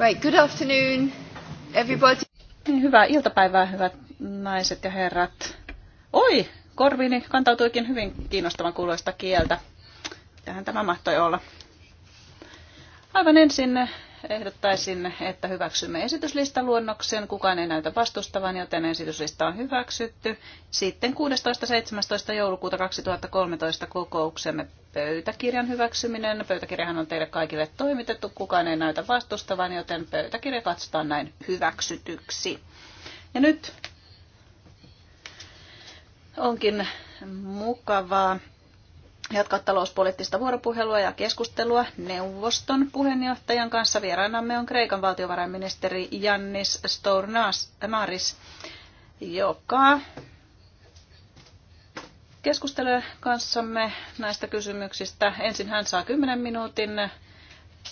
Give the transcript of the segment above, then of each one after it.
Right, good afternoon, everybody. Hyvää iltapäivää, hyvät naiset ja herrat. Oi, korviini kantautuikin hyvin kiinnostavan kuuloista kieltä. Tähän tämä mahtoi olla. Aivan ensin ehdottaisin, että hyväksymme esityslistaluonnoksen. Kukaan ei näytä vastustavan, joten esityslista on hyväksytty. Sitten 16.17. joulukuuta 2013 kokouksemme pöytäkirjan hyväksyminen. Pöytäkirjahan on teille kaikille toimitettu. Kukaan ei näytä vastustavan, joten pöytäkirja katsotaan näin hyväksytyksi. Ja nyt onkin mukavaa jatkaa talouspoliittista vuoropuhelua ja keskustelua neuvoston puheenjohtajan kanssa. Vierainamme on Kreikan valtiovarainministeri Jannis Stournaris, joka keskustelee kanssamme näistä kysymyksistä. Ensin hän saa 10 minuutin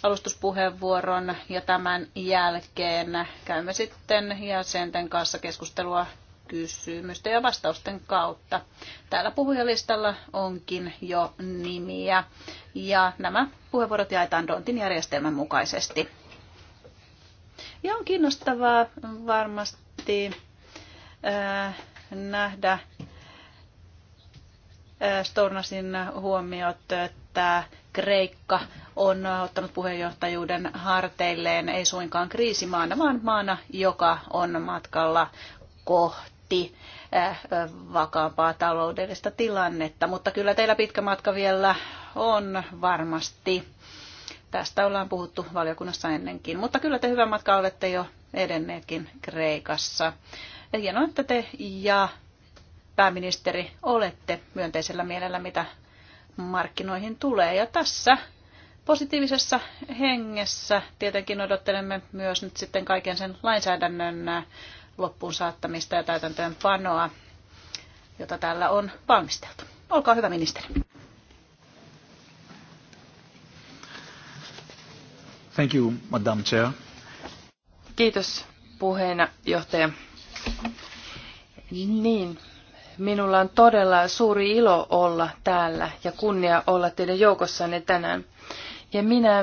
alustuspuheenvuoron ja tämän jälkeen käymme sitten jäsenten kanssa keskustelua kysymysten ja vastausten kautta. Täällä puhujalistalla onkin jo nimiä ja nämä puheenvuorot jaetaan Dontin järjestelmän mukaisesti. Ja on kiinnostavaa varmasti äh, nähdä äh, Stornasin huomiot, että Kreikka on ottanut puheenjohtajuuden harteilleen, ei suinkaan kriisimaana, vaan maana, joka on matkalla kohti helpotti äh, vakaampaa taloudellista tilannetta, mutta kyllä teillä pitkä matka vielä on varmasti. Tästä ollaan puhuttu valiokunnassa ennenkin, mutta kyllä te hyvän matkaa olette jo edenneetkin Kreikassa. Hienoa, että te ja pääministeri olette myönteisellä mielellä, mitä markkinoihin tulee. Ja tässä positiivisessa hengessä tietenkin odottelemme myös nyt sitten kaiken sen lainsäädännön loppuun saattamista ja täytäntöönpanoa, jota täällä on valmisteltu. Olkaa hyvä ministeri. Thank you, Madam Chair. Kiitos puheenjohtaja. Niin, minulla on todella suuri ilo olla täällä ja kunnia olla teidän joukossanne tänään. Ja minä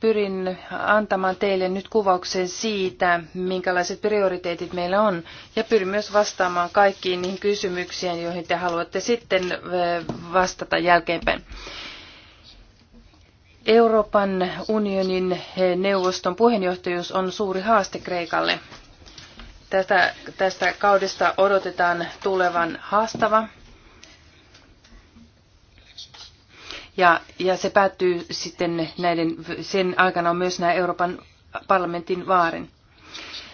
pyrin antamaan teille nyt kuvauksen siitä, minkälaiset prioriteetit meillä on. Ja pyrin myös vastaamaan kaikkiin niihin kysymyksiin, joihin te haluatte sitten vastata jälkeenpäin. Euroopan unionin neuvoston puheenjohtajuus on suuri haaste Kreikalle. Tästä, tästä kaudesta odotetaan tulevan haastava Ja, ja se päättyy sitten näiden, sen aikana on myös nämä Euroopan parlamentin vaarin.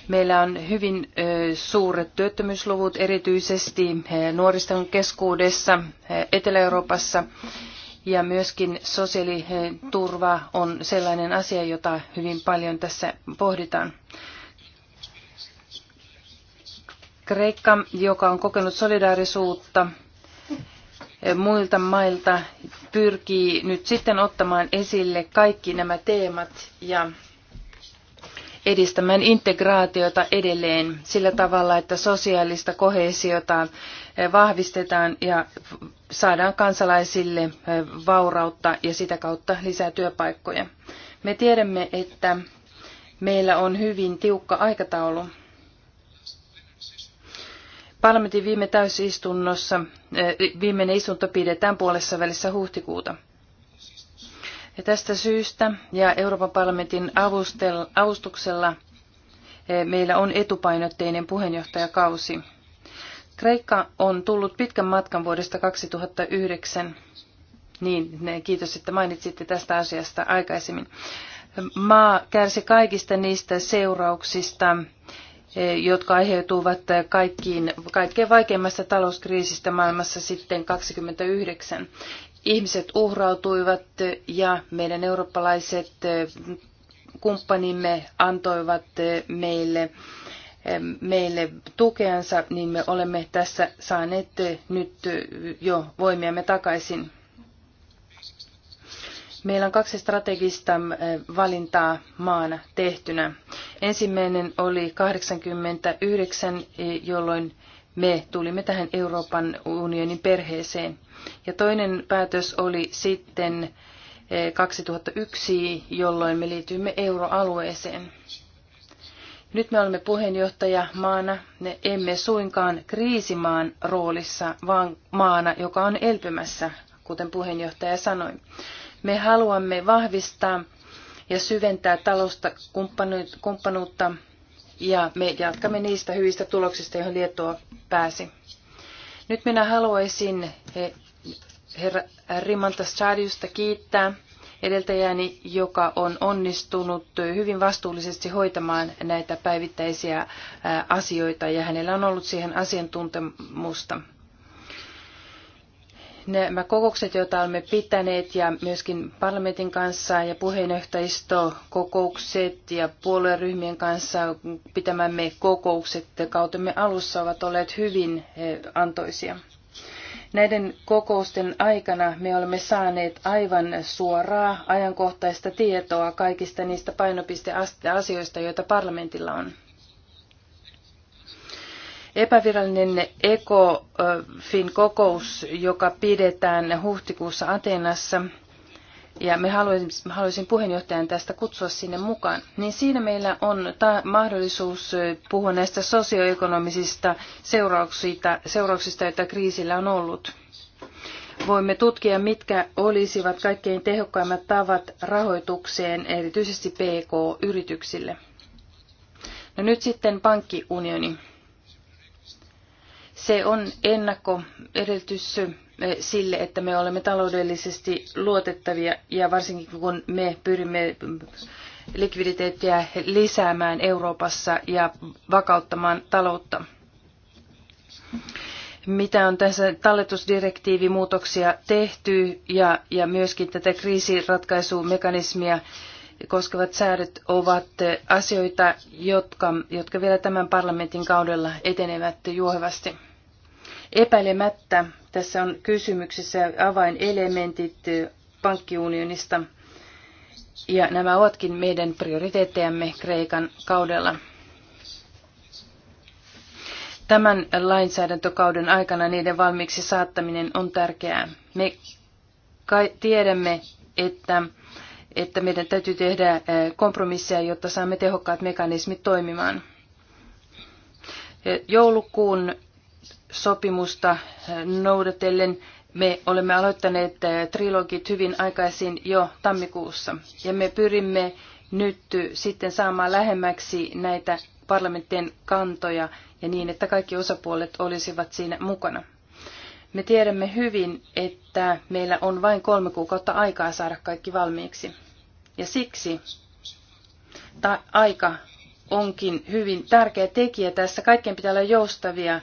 Meillä on hyvin suuret työttömyysluvut, erityisesti nuoristen keskuudessa, Etelä-Euroopassa. Ja myöskin sosiaaliturva on sellainen asia, jota hyvin paljon tässä pohditaan. Kreikka, joka on kokenut solidaarisuutta muilta mailta pyrkii nyt sitten ottamaan esille kaikki nämä teemat ja edistämään integraatiota edelleen sillä tavalla, että sosiaalista kohesiota eh, vahvistetaan ja saadaan kansalaisille eh, vaurautta ja sitä kautta lisää työpaikkoja. Me tiedämme, että meillä on hyvin tiukka aikataulu Parlamentin viime täysistunnossa, eh, viimeinen istunto pidetään puolessa välissä huhtikuuta. Ja tästä syystä ja Euroopan parlamentin avustuksella eh, meillä on etupainotteinen puheenjohtajakausi. Kreikka on tullut pitkän matkan vuodesta 2009. Niin, kiitos, että mainitsitte tästä asiasta aikaisemmin. Maa kärsi kaikista niistä seurauksista, jotka aiheutuvat kaikkiin, kaikkein vaikeimmasta talouskriisistä maailmassa sitten 29. Ihmiset uhrautuivat ja meidän eurooppalaiset kumppanimme antoivat meille, meille tukeansa, niin me olemme tässä saaneet nyt jo voimiamme takaisin. Meillä on kaksi strategista eh, valintaa maana tehtynä. Ensimmäinen oli 89, eh, jolloin me tulimme tähän Euroopan unionin perheeseen. Ja toinen päätös oli sitten 2001, eh, jolloin me liityimme euroalueeseen. Nyt me olemme puheenjohtajamaana, ne emme suinkaan kriisimaan roolissa, vaan maana, joka on elpymässä, kuten puheenjohtaja sanoi. Me haluamme vahvistaa ja syventää talousta kumppanuutta ja me jatkamme niistä hyvistä tuloksista, joihin Liettua pääsi. Nyt minä haluaisin herra Rimanta Stadiusta kiittää edeltäjäni, joka on onnistunut hyvin vastuullisesti hoitamaan näitä päivittäisiä asioita ja hänellä on ollut siihen asiantuntemusta nämä kokoukset, joita olemme pitäneet ja myöskin parlamentin kanssa ja puheenjohtajistokokoukset ja puolueryhmien kanssa pitämämme kokoukset kautemme alussa ovat olleet hyvin eh, antoisia. Näiden kokousten aikana me olemme saaneet aivan suoraa ajankohtaista tietoa kaikista niistä painopisteasioista, joita parlamentilla on. Epävirallinen ECOFIN kokous, joka pidetään huhtikuussa Atenassa, ja me haluaisin, haluaisin puheenjohtajan tästä kutsua sinne mukaan, niin siinä meillä on ta- mahdollisuus puhua näistä sosioekonomisista seurauksista, seurauksista, joita kriisillä on ollut. Voimme tutkia, mitkä olisivat kaikkein tehokkaimmat tavat rahoitukseen, erityisesti PK-yrityksille. No nyt sitten pankkiunioni. Se on ennakkoedellytys eh, sille, että me olemme taloudellisesti luotettavia ja varsinkin kun me pyrimme likviditeettiä lisäämään Euroopassa ja vakauttamaan taloutta. Mitä on tässä talletusdirektiivimuutoksia tehty ja, ja myöskin tätä kriisiratkaisumekanismia koskevat säädöt ovat eh, asioita, jotka, jotka vielä tämän parlamentin kaudella etenevät juohevasti. Epäilemättä tässä on kysymyksessä avainelementit pankkiunionista, ja nämä ovatkin meidän prioriteettejamme Kreikan kaudella. Tämän lainsäädäntökauden aikana niiden valmiiksi saattaminen on tärkeää. Me kai tiedämme, että, että meidän täytyy tehdä kompromisseja, jotta saamme tehokkaat mekanismit toimimaan. Joulukuun sopimusta noudatellen me olemme aloittaneet eh, trilogit hyvin aikaisin jo tammikuussa ja me pyrimme nyt eh, sitten saamaan lähemmäksi näitä parlamenttien kantoja ja niin, että kaikki osapuolet olisivat siinä mukana. Me tiedämme hyvin, että meillä on vain kolme kuukautta aikaa saada kaikki valmiiksi. Ja siksi tämä aika onkin hyvin tärkeä tekijä tässä. Kaikkien pitää olla joustavia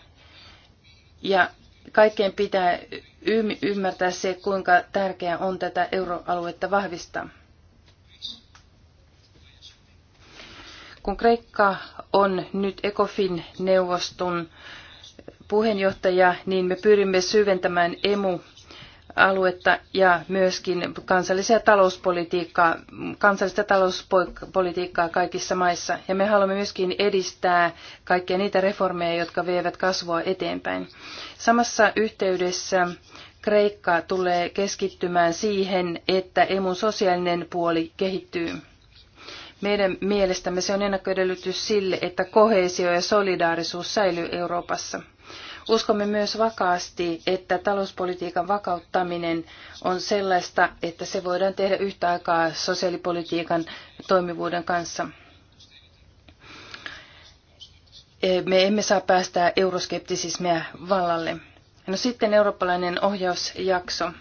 ja kaikkeen pitää ymmärtää se, kuinka tärkeää on tätä euroaluetta vahvistaa. Kun Kreikka on nyt ECOFIN-neuvoston puheenjohtaja, niin me pyrimme syventämään emu aluetta ja myöskin kansallisia talouspolitiikkaa, kansallista talouspolitiikkaa kaikissa maissa. Ja me haluamme myöskin edistää kaikkia niitä reformeja, jotka vievät kasvua eteenpäin. Samassa yhteydessä Kreikka tulee keskittymään siihen, että emun sosiaalinen puoli kehittyy. Meidän mielestämme se on ennakkoedellytys sille, että kohesio ja solidaarisuus säilyy Euroopassa. Uskomme myös vakaasti, että talouspolitiikan vakauttaminen on sellaista, että se voidaan tehdä yhtä aikaa sosiaalipolitiikan toimivuuden kanssa. Me emme saa päästää euroskeptisismiä vallalle. No sitten eurooppalainen ohjausjakso.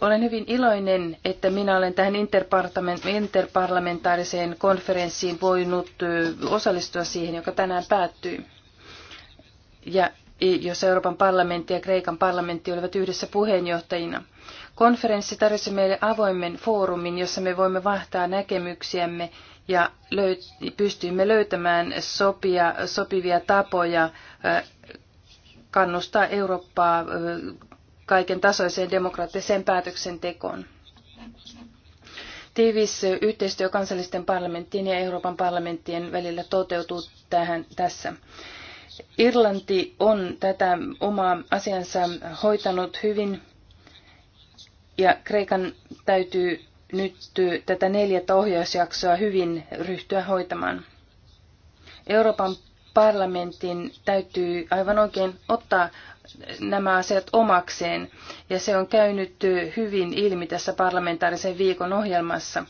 Olen hyvin iloinen, että minä olen tähän interparlamentaariseen konferenssiin voinut osallistua siihen, joka tänään päättyy. Ja jossa Euroopan parlamentti ja Kreikan parlamentti olivat yhdessä puheenjohtajina. Konferenssi tarjosi meille avoimen foorumin, jossa me voimme vahtaa näkemyksiämme ja löy- pystyimme löytämään sopia, sopivia tapoja kannustaa Eurooppaa kaiken tasoiseen demokraattiseen päätöksentekoon. Tiivis yhteistyö kansallisten parlamenttien ja Euroopan parlamenttien välillä toteutuu tähän, tässä. Irlanti on tätä omaa asiansa hoitanut hyvin ja Kreikan täytyy nyt tätä neljättä ohjausjaksoa hyvin ryhtyä hoitamaan. Euroopan parlamentin täytyy aivan oikein ottaa nämä asiat omakseen, ja se on käynyt hyvin ilmi tässä parlamentaarisen viikon ohjelmassa.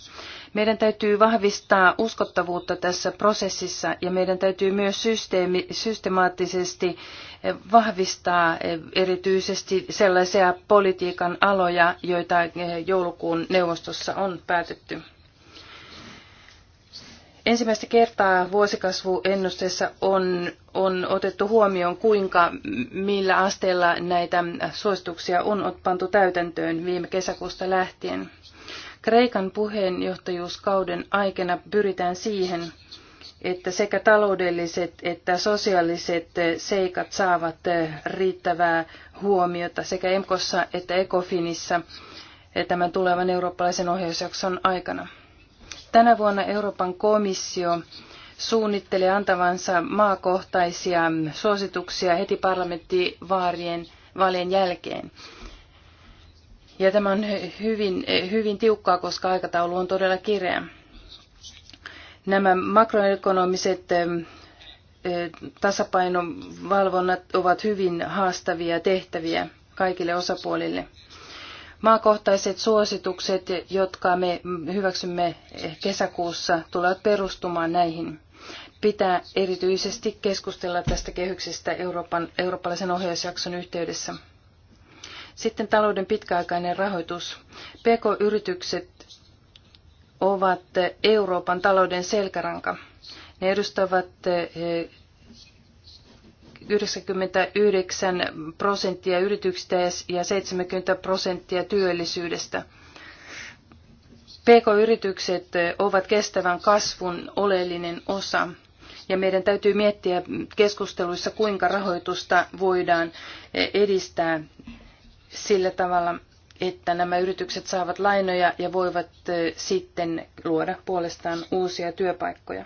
Meidän täytyy vahvistaa uskottavuutta tässä prosessissa ja meidän täytyy myös systeemi, systemaattisesti vahvistaa erityisesti sellaisia politiikan aloja, joita joulukuun neuvostossa on päätetty. Ensimmäistä kertaa vuosikasvuennusteessa on, on otettu huomioon, kuinka millä asteella näitä suosituksia on pantu täytäntöön viime kesäkuusta lähtien. Kreikan puheenjohtajuuskauden aikana pyritään siihen, että sekä taloudelliset että sosiaaliset seikat saavat riittävää huomiota sekä EMKossa että ECOFINissa tämän tulevan eurooppalaisen ohjausjakson aikana. Tänä vuonna Euroopan komissio suunnittelee antavansa maakohtaisia suosituksia heti parlamenttivaarien vaalien jälkeen. Ja tämä on hyvin, hyvin tiukkaa, koska aikataulu on todella kireä. Nämä makroekonomiset tasapainovalvonnat ovat hyvin haastavia tehtäviä kaikille osapuolille. Maakohtaiset suositukset, jotka me hyväksymme kesäkuussa, tulevat perustumaan näihin. Pitää erityisesti keskustella tästä kehyksestä Euroopan, eurooppalaisen ohjausjakson yhteydessä. Sitten talouden pitkäaikainen rahoitus. PK-yritykset ovat Euroopan talouden selkäranka. Ne edustavat 99 eh, prosenttia yrityksistä ja 70 prosenttia työllisyydestä. PK-yritykset eh, ovat kestävän kasvun oleellinen osa ja meidän täytyy miettiä keskusteluissa, kuinka rahoitusta voidaan eh, edistää sillä tavalla, että nämä yritykset saavat lainoja ja voivat sitten luoda puolestaan uusia työpaikkoja.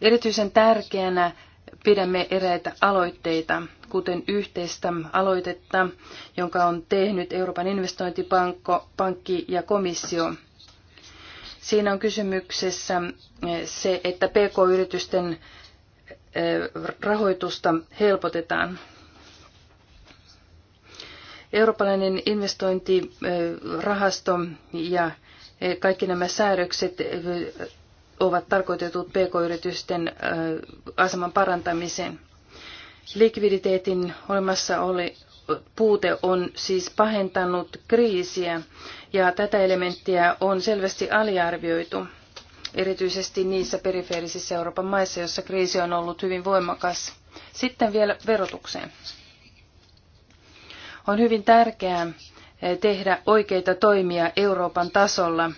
Erityisen tärkeänä pidämme eräitä aloitteita, kuten yhteistä aloitetta, jonka on tehnyt Euroopan investointipankki ja komissio. Siinä on kysymyksessä se, että pk-yritysten rahoitusta helpotetaan. Eurooppalainen investointirahasto ja eh, kaikki nämä säädökset eh, ovat tarkoitetut pk-yritysten eh, aseman parantamiseen. Likviditeetin olemassa oli puute on siis pahentanut kriisiä ja tätä elementtiä on selvästi aliarvioitu, erityisesti niissä perifeerisissä Euroopan maissa, joissa kriisi on ollut hyvin voimakas. Sitten vielä verotukseen. On hyvin tärkeää eh, tehdä oikeita toimia Euroopan tasolla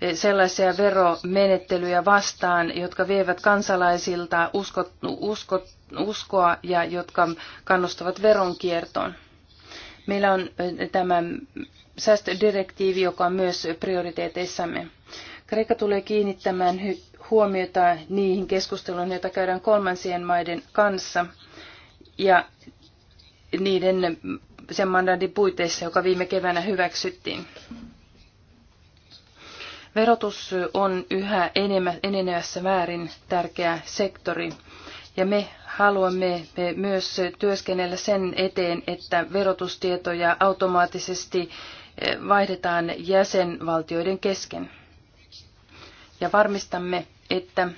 eh, sellaisia veromenettelyjä vastaan, jotka vievät kansalaisilta usko, usko, uskoa ja jotka kannustavat veronkiertoon. Meillä on eh, tämä säästödirektiivi, joka on myös prioriteeteissamme. Kreikka tulee kiinnittämään huomiota niihin keskusteluihin, joita käydään kolmansien maiden kanssa ja niiden sen mandaatin puitteissa, joka viime keväänä hyväksyttiin. Verotus on yhä enenevässä määrin tärkeä sektori ja me haluamme me myös työskennellä sen eteen, että verotustietoja automaattisesti eh, vaihdetaan jäsenvaltioiden kesken. Ja varmistamme, että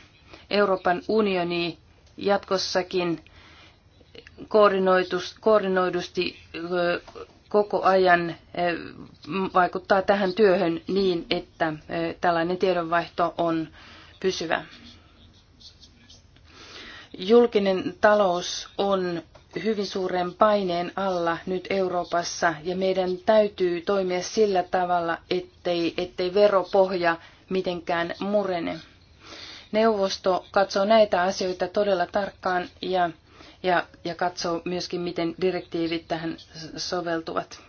Euroopan unioni jatkossakin koordinoidusti koko ajan vaikuttaa tähän työhön niin, että tällainen tiedonvaihto on pysyvä. Julkinen talous on hyvin suuren paineen alla nyt Euroopassa ja meidän täytyy toimia sillä tavalla, ettei, ettei veropohja mitenkään murene. Neuvosto katsoo näitä asioita todella tarkkaan ja ja, ja katsoo myöskin, miten direktiivit tähän soveltuvat.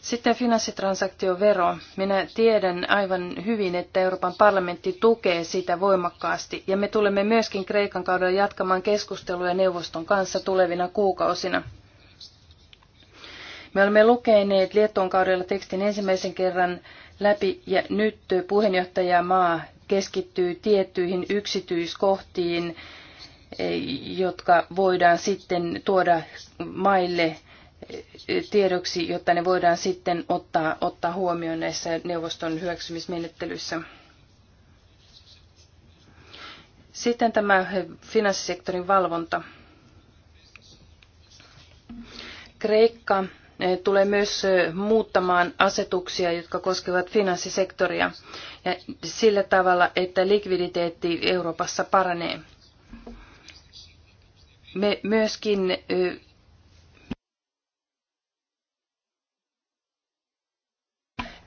Sitten finanssitransaktiovero. Minä tiedän aivan hyvin, että Euroopan parlamentti tukee sitä voimakkaasti, ja me tulemme myöskin Kreikan kaudella jatkamaan keskusteluja neuvoston kanssa tulevina kuukausina. Me olemme lukeneet Liettuan kaudella tekstin ensimmäisen kerran läpi, ja nyt puheenjohtajamaa keskittyy tiettyihin yksityiskohtiin, jotka voidaan sitten tuoda maille tiedoksi, jotta ne voidaan sitten ottaa, ottaa huomioon näissä neuvoston hyväksymismenettelyissä. Sitten tämä finanssisektorin valvonta. Kreikka eh, tulee myös eh, muuttamaan asetuksia, jotka koskevat finanssisektoria ja sillä tavalla, että likviditeetti Euroopassa paranee. Me myöskin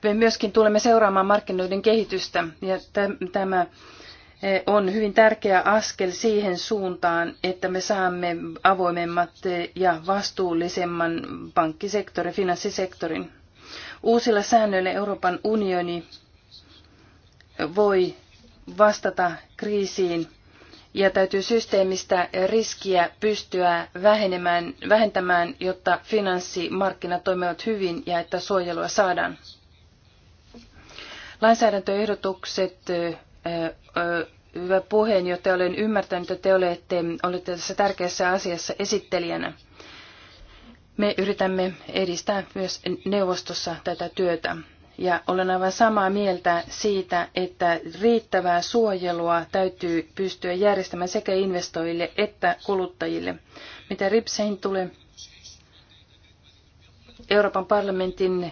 me myöskin tulemme seuraamaan markkinoiden kehitystä ja tämä on hyvin tärkeä askel siihen suuntaan, että me saamme avoimemmat ja vastuullisemman pankkisektorin, finanssisektorin. Uusilla säännöillä Euroopan unioni voi vastata kriisiin ja täytyy systeemistä riskiä pystyä vähentämään, jotta finanssimarkkinat toimivat hyvin ja että suojelua saadaan. Lainsäädäntöehdotukset, hyvä puheenjohtaja, olen ymmärtänyt, että te olette, olette tässä tärkeässä asiassa esittelijänä. Me yritämme edistää myös neuvostossa tätä työtä. Ja olen aivan samaa mieltä siitä, että riittävää suojelua täytyy pystyä järjestämään sekä investoijille että kuluttajille. Mitä Ripsein tulee Euroopan parlamentin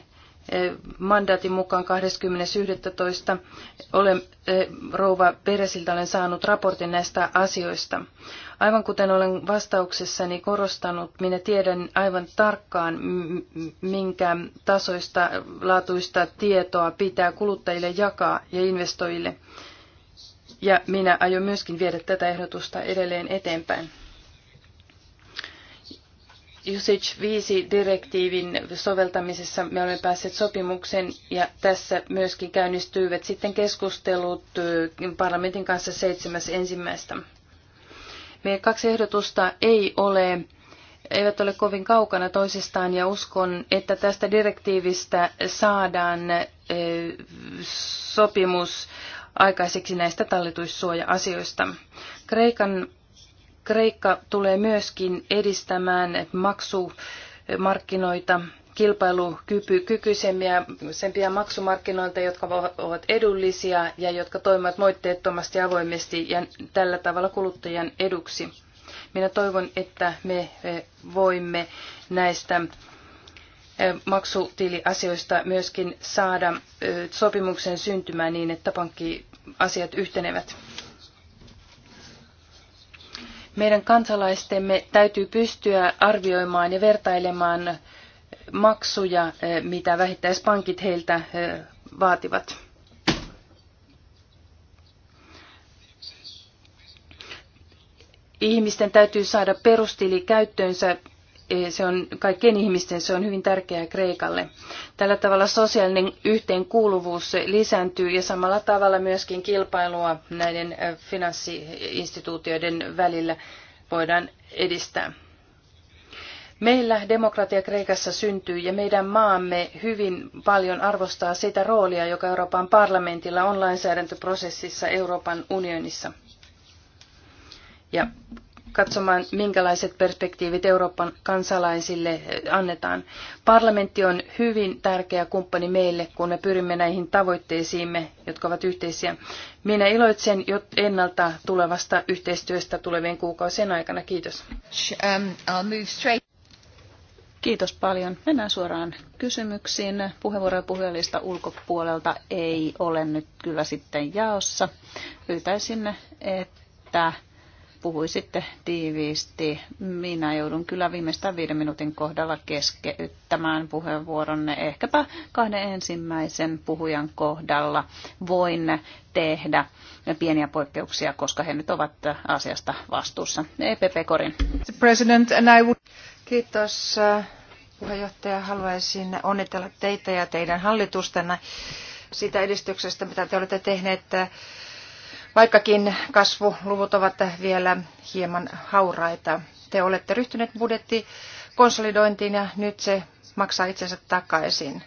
Eh, mandaatin mukaan 20.11. Olen eh, rouva Peresiltä olen saanut raportin näistä asioista. Aivan kuten olen vastauksessani korostanut, minä tiedän aivan tarkkaan, minkä tasoista laatuista tietoa pitää kuluttajille jakaa ja investoijille. Ja minä aion myöskin viedä tätä ehdotusta edelleen eteenpäin. Usage 5-direktiivin soveltamisessa me olemme päässeet sopimuksen ja tässä myöskin käynnistyivät sitten keskustelut parlamentin kanssa 7.1. Meidän kaksi ehdotusta ei ole, eivät ole kovin kaukana toisistaan ja uskon, että tästä direktiivistä saadaan sopimus aikaiseksi näistä talletuissuoja-asioista. Kreikan Kreikka tulee myöskin edistämään maksumarkkinoita kilpailukykyisempiä sempiä maksumarkkinoita, jotka ovat edullisia ja jotka toimivat moitteettomasti avoimesti ja tällä tavalla kuluttajan eduksi. Minä toivon, että me eh, voimme näistä eh, maksutiliasioista myöskin saada eh, sopimuksen syntymään niin, että pankkiasiat yhtenevät. Meidän kansalaistemme täytyy pystyä arvioimaan ja vertailemaan maksuja, eh, mitä vähittäispankit heiltä eh, vaativat. Ihmisten täytyy saada perustili käyttöönsä Eh, se on kaikkien ihmisten, se on hyvin tärkeää Kreikalle. Tällä tavalla sosiaalinen yhteenkuuluvuus lisääntyy ja samalla tavalla myöskin kilpailua näiden eh, finanssiinstituutioiden välillä voidaan edistää. Meillä demokratia Kreikassa syntyy ja meidän maamme hyvin paljon arvostaa sitä roolia, joka Euroopan parlamentilla on lainsäädäntöprosessissa Euroopan unionissa. Ja katsomaan, minkälaiset perspektiivit Euroopan kansalaisille eh, annetaan. Parlamentti on hyvin tärkeä kumppani meille, kun me pyrimme näihin tavoitteisiimme, jotka ovat yhteisiä. Minä iloitsen jo ennalta tulevasta yhteistyöstä tulevien kuukausien aikana. Kiitos. Um, Kiitos paljon. Mennään suoraan kysymyksiin. Puheenvuoroja puhujalista ulkopuolelta ei ole nyt kyllä sitten jaossa. Pyytäisin, että Puhui sitten tiiviisti. Minä joudun kyllä viimeistään viiden minuutin kohdalla keskeyttämään puheenvuoronne. Ehkäpä kahden ensimmäisen puhujan kohdalla voin tehdä pieniä poikkeuksia, koska he nyt ovat asiasta vastuussa. EPP Korin. President and I would... Kiitos äh, puheenjohtaja. Haluaisin onnitella teitä ja teidän hallitustanne siitä edistyksestä, mitä te olette tehneet äh, Vaikkakin kasvuluvut ovat vielä hieman hauraita. Te olette ryhtyneet budjetti konsolidointiin ja nyt se maksaa itsensä takaisin.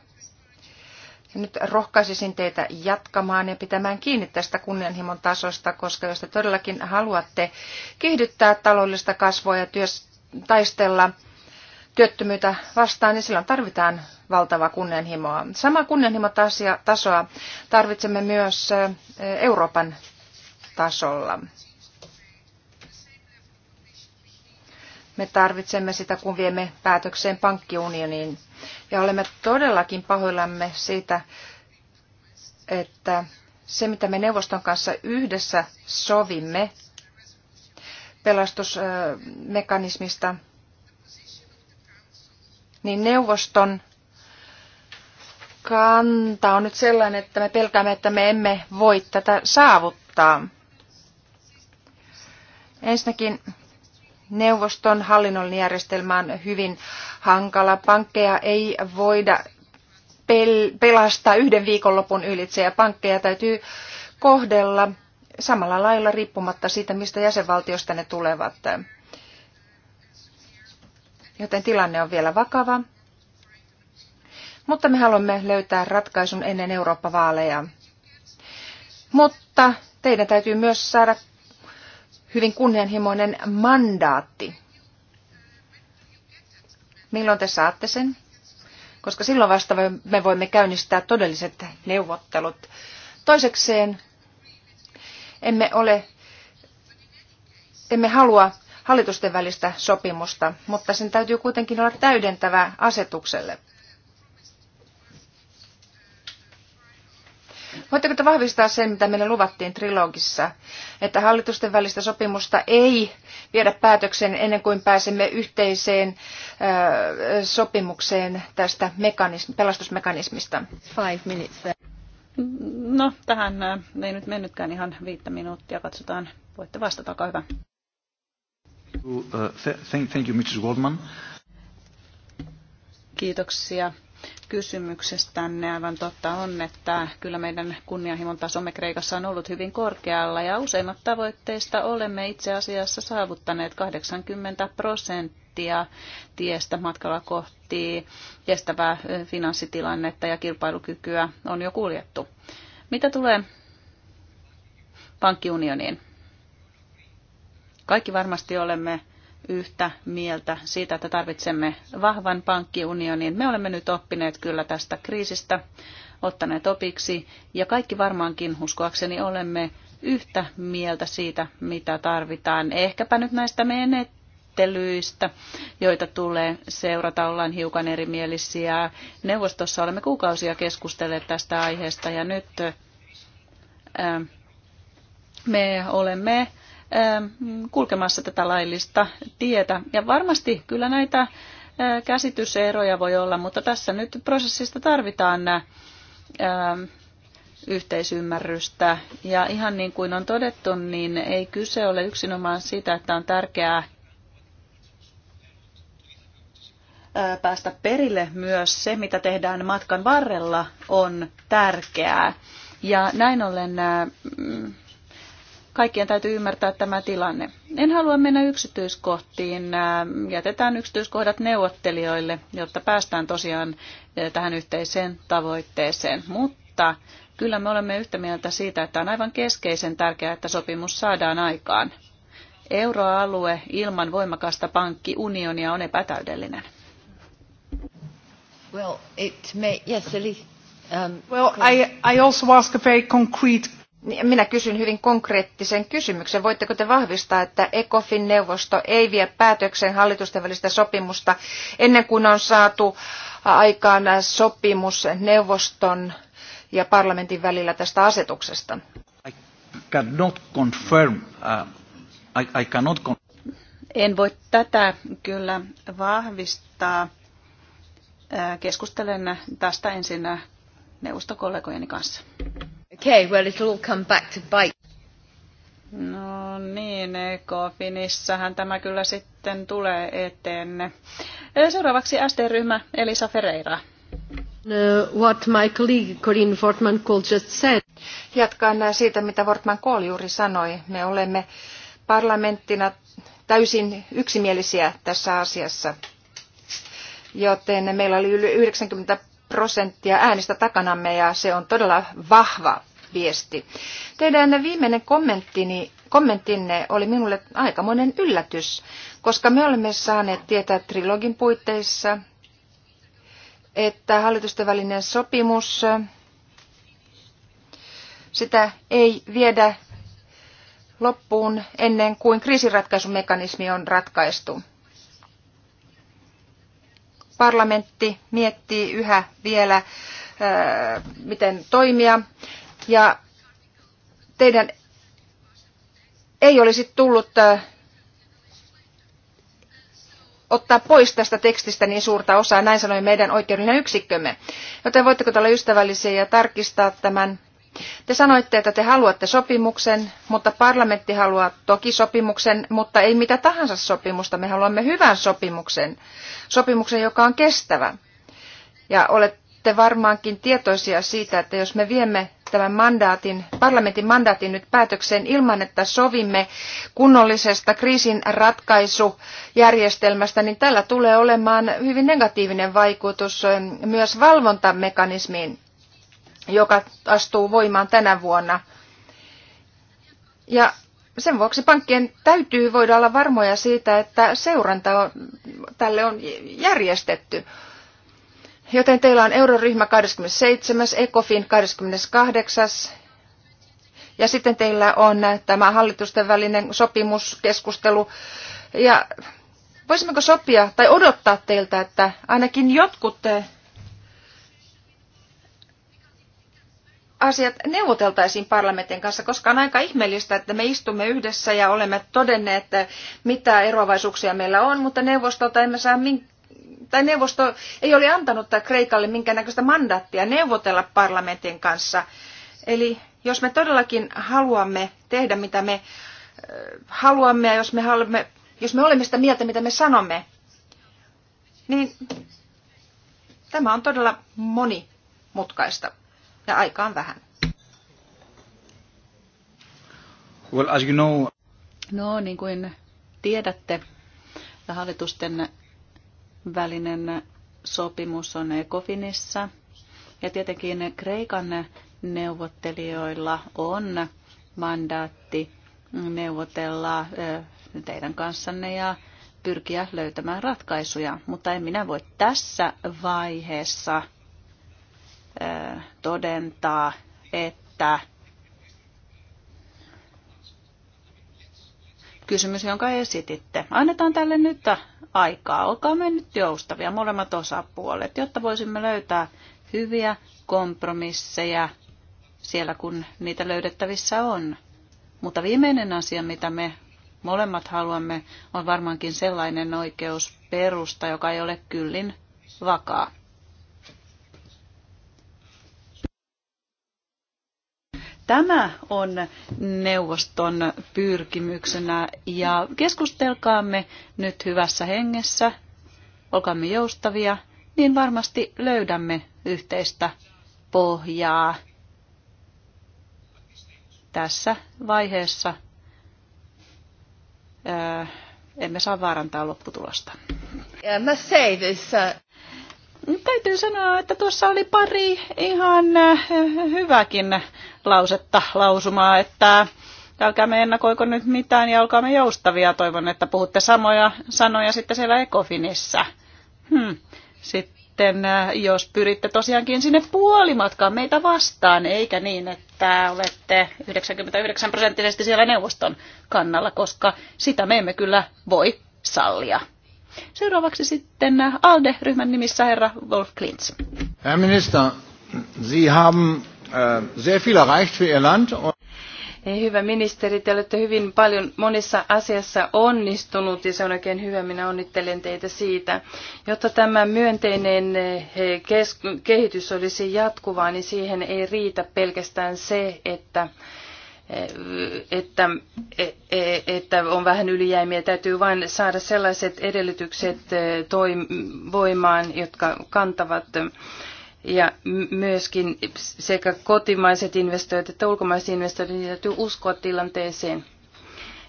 Ja nyt rohkaisisin teitä jatkamaan ja pitämään kiinni tästä kunnianhimon tasosta, koska jos te todellakin haluatte kiihdyttää taloudellista kasvua ja työs, taistella työttömyyttä vastaan, niin silloin tarvitaan valtavaa kunnianhimoa. Samaa kunnianhimotasoa tarvitsemme myös Euroopan tasolla. Me tarvitsemme sitä, kun viemme päätökseen pankkiunioniin. Ja olemme todellakin pahoillamme siitä, että se, mitä me neuvoston kanssa yhdessä sovimme pelastusmekanismista, niin neuvoston kanta on nyt sellainen, että me pelkäämme, että me emme voi tätä saavuttaa. Ensinnäkin neuvoston hallinnollinen järjestelmä on hyvin hankala. Pankkeja ei voida pel- pelastaa yhden viikonlopun ylitse ja pankkeja täytyy kohdella samalla lailla riippumatta siitä, mistä jäsenvaltiosta ne tulevat. Joten tilanne on vielä vakava. Mutta me haluamme löytää ratkaisun ennen Eurooppa-vaaleja. Mutta teidän täytyy myös saada hyvin kunnianhimoinen mandaatti. Milloin te saatte sen? Koska silloin vasta me voimme käynnistää todelliset neuvottelut. Toisekseen emme ole, emme halua hallitusten välistä sopimusta, mutta sen täytyy kuitenkin olla täydentävä asetukselle. Voitteko te vahvistaa sen, mitä meille luvattiin trilogissa, että hallitusten välistä sopimusta ei viedä päätöksen ennen kuin pääsemme yhteiseen ö, sopimukseen tästä mekanism, pelastusmekanismista? Five minutes. No, tähän ei nyt mennytkään ihan viittä minuuttia. Katsotaan, voitte vastata, olkaa hyvä. Uh, thank you, Mrs. Goldman. Kiitoksia kysymyksestänne. Aivan totta on, että kyllä meidän kunnianhimon tasomme Kreikassa on ollut hyvin korkealla ja useimmat tavoitteista olemme itse asiassa saavuttaneet 80 prosenttia tiestä matkalla kohti kestävää finanssitilannetta ja kilpailukykyä on jo kuljettu. Mitä tulee pankkiunioniin? Kaikki varmasti olemme yhtä mieltä siitä, että tarvitsemme vahvan pankkiunionin. Me olemme nyt oppineet kyllä tästä kriisistä, ottaneet opiksi ja kaikki varmaankin uskoakseni olemme yhtä mieltä siitä, mitä tarvitaan. Ehkäpä nyt näistä menettelyistä, joita tulee seurata, ollaan hiukan erimielisiä. Neuvostossa olemme kuukausia keskustelleet tästä aiheesta ja nyt me olemme Ähm, kulkemassa tätä laillista tietä. Ja varmasti kyllä näitä äh, käsityseroja voi olla, mutta tässä nyt prosessista tarvitaan nämä äh, ähm, yhteisymmärrystä. Ja ihan niin kuin on todettu, niin ei kyse ole yksinomaan sitä, että on tärkeää äh, päästä perille myös se, mitä tehdään matkan varrella, on tärkeää. Ja näin ollen mm, kaikkien täytyy ymmärtää tämä tilanne. En halua mennä yksityiskohtiin. Äh, jätetään yksityiskohdat neuvottelijoille, jotta päästään tosiaan äh, tähän yhteiseen tavoitteeseen. Mutta kyllä me olemme yhtä mieltä siitä, että on aivan keskeisen tärkeää, että sopimus saadaan aikaan. Euroalue ilman voimakasta pankkiunionia on epätäydellinen. Well, it may, yes, Elise. Um, well, I, I also ask a very concrete niin, minä kysyn hyvin konkreettisen kysymyksen. Voitteko te vahvistaa, että ECOFin neuvosto ei vie päätökseen hallitusten välistä sopimusta ennen kuin on saatu aikaan sopimus neuvoston ja parlamentin välillä tästä asetuksesta? I cannot confirm, uh, I, I cannot con- en voi tätä kyllä vahvistaa. Keskustelen tästä ensin neuvostokollegojeni kanssa. Okay, well it'll all come back to bite. No niin, Ekofinissähän tämä kyllä sitten tulee eteenne. Seuraavaksi SD-ryhmä Elisa Ferreira. No, what my colleague Corinne Fortman Cole just said. Jatkan äh, siitä, mitä Fortman Cole juuri sanoi. Me olemme parlamenttina täysin yksimielisiä tässä asiassa. Joten meillä oli yli 90 prosenttia äänistä takanamme ja se on todella vahva viesti. Teidän viimeinen kommenttini, kommenttinne oli minulle aikamoinen yllätys, koska me olemme saaneet tietää trilogin puitteissa, että hallitusten välinen sopimus, sitä ei viedä loppuun ennen kuin kriisiratkaisumekanismi on ratkaistu. Parlamentti miettii yhä vielä, miten toimia. Ja teidän ei olisi tullut ottaa pois tästä tekstistä niin suurta osaa, näin sanoi meidän oikeudellinen yksikkömme. Joten voitteko olla ystävällisiä ja tarkistaa tämän? Te sanoitte, että te haluatte sopimuksen, mutta parlamentti haluaa toki sopimuksen, mutta ei mitä tahansa sopimusta. Me haluamme hyvän sopimuksen, sopimuksen, joka on kestävä. Ja olette varmaankin tietoisia siitä, että jos me viemme tämän mandaatin, parlamentin mandaatin nyt päätökseen ilman, että sovimme kunnollisesta kriisin ratkaisujärjestelmästä, niin tällä tulee olemaan hyvin negatiivinen vaikutus ähm, myös valvontamekanismiin, joka astuu voimaan tänä vuonna. Ja sen vuoksi pankkien täytyy voida olla varmoja siitä, että seuranta on, tälle on järjestetty. Joten teillä on euroryhmä 27. ECOFIN 28. Ja sitten teillä on tämä hallitusten välinen sopimuskeskustelu. Ja voisimmeko sopia tai odottaa teiltä, että ainakin jotkut eh, asiat neuvoteltaisiin parlamentin kanssa, koska on aika ihmeellistä, että me istumme yhdessä ja olemme todenneet, eh, mitä eroavaisuuksia meillä on, mutta neuvostolta emme saa minkäänlaista tai neuvosto ei ole antanut Kreikalle minkäännäköistä mandaattia neuvotella parlamentin kanssa. Eli jos me todellakin haluamme tehdä mitä me äh, haluamme ja jos me, haluamme, jos me olemme sitä mieltä mitä me sanomme, niin tämä on todella monimutkaista ja aikaan vähän. Well, as you know... No niin kuin tiedätte, hallitusten välinen sopimus on Ecofinissa. Ja tietenkin Kreikan neuvottelijoilla on mandaatti neuvotella teidän kanssanne ja pyrkiä löytämään ratkaisuja, mutta en minä voi tässä vaiheessa todentaa, että kysymys, jonka esititte. Annetaan tälle nyt aikaa. Olkaa me nyt joustavia molemmat osapuolet, jotta voisimme löytää hyviä kompromisseja siellä, kun niitä löydettävissä on. Mutta viimeinen asia, mitä me molemmat haluamme, on varmaankin sellainen oikeusperusta, joka ei ole kyllin vakaa. Tämä on neuvoston pyrkimyksenä ja keskustelkaamme nyt hyvässä hengessä, olkaamme joustavia, niin varmasti löydämme yhteistä pohjaa tässä vaiheessa. emme saa vaarantaa lopputulosta. Yeah, I must say this, uh... Täytyy sanoa, että tuossa oli pari ihan äh, hyväkin lausetta lausumaa, että älkäämme ennakoiko nyt mitään ja olkaamme joustavia. Toivon, että puhutte samoja sanoja sitten siellä Ekofinissä. Hmm. Sitten äh, jos pyritte tosiaankin sinne puolimatkaan meitä vastaan, eikä niin, että olette 99 prosenttisesti siellä neuvoston kannalla, koska sitä me emme kyllä voi sallia. Seuraavaksi sitten äh, ALDE-ryhmän nimissä herra Wolf Klintz. Herr Minister, Sie haben äh, sehr viel erreicht für Ihr Land. Hyvä ministeri, te olette hyvin paljon monissa asiassa onnistunut ja se on oikein hyvä. Minä onnittelen teitä siitä. Jotta tämä myönteinen eh, kehitys olisi jatkuvaa, niin siihen ei riitä pelkästään se, että että, e, että on vähän ylijäämiä. Täytyy vain saada sellaiset edellytykset e, toim, voimaan, jotka kantavat ja myöskin sekä kotimaiset investoijat että ulkomaiset investoijat niin täytyy uskoa tilanteeseen.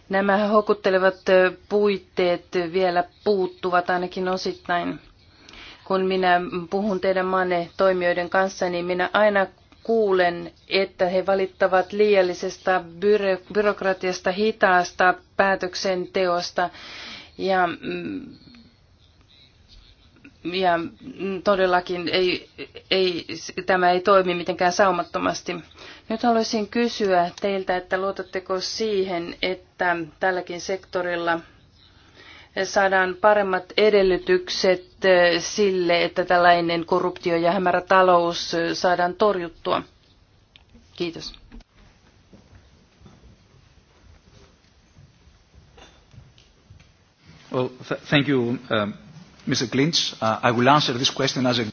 Nämä hokuttelevat e, puitteet vielä puuttuvat ainakin osittain kun minä puhun teidän maanne toimijoiden kanssa, niin minä aina kuulen, että he valittavat liiallisesta byrokratiasta, hitaasta päätöksenteosta ja, mm, ja todellakin ei, ei, tämä ei toimi mitenkään saumattomasti. Nyt haluaisin kysyä teiltä, että luotatteko siihen, että tälläkin sektorilla – saadaan paremmat edellytykset eh, sille, että tällainen korruptio ja hämärä talous eh, saadaan torjuttua. Kiitos. Well, thank you, Mr. Um, Clinch. Uh, I will answer this question as a...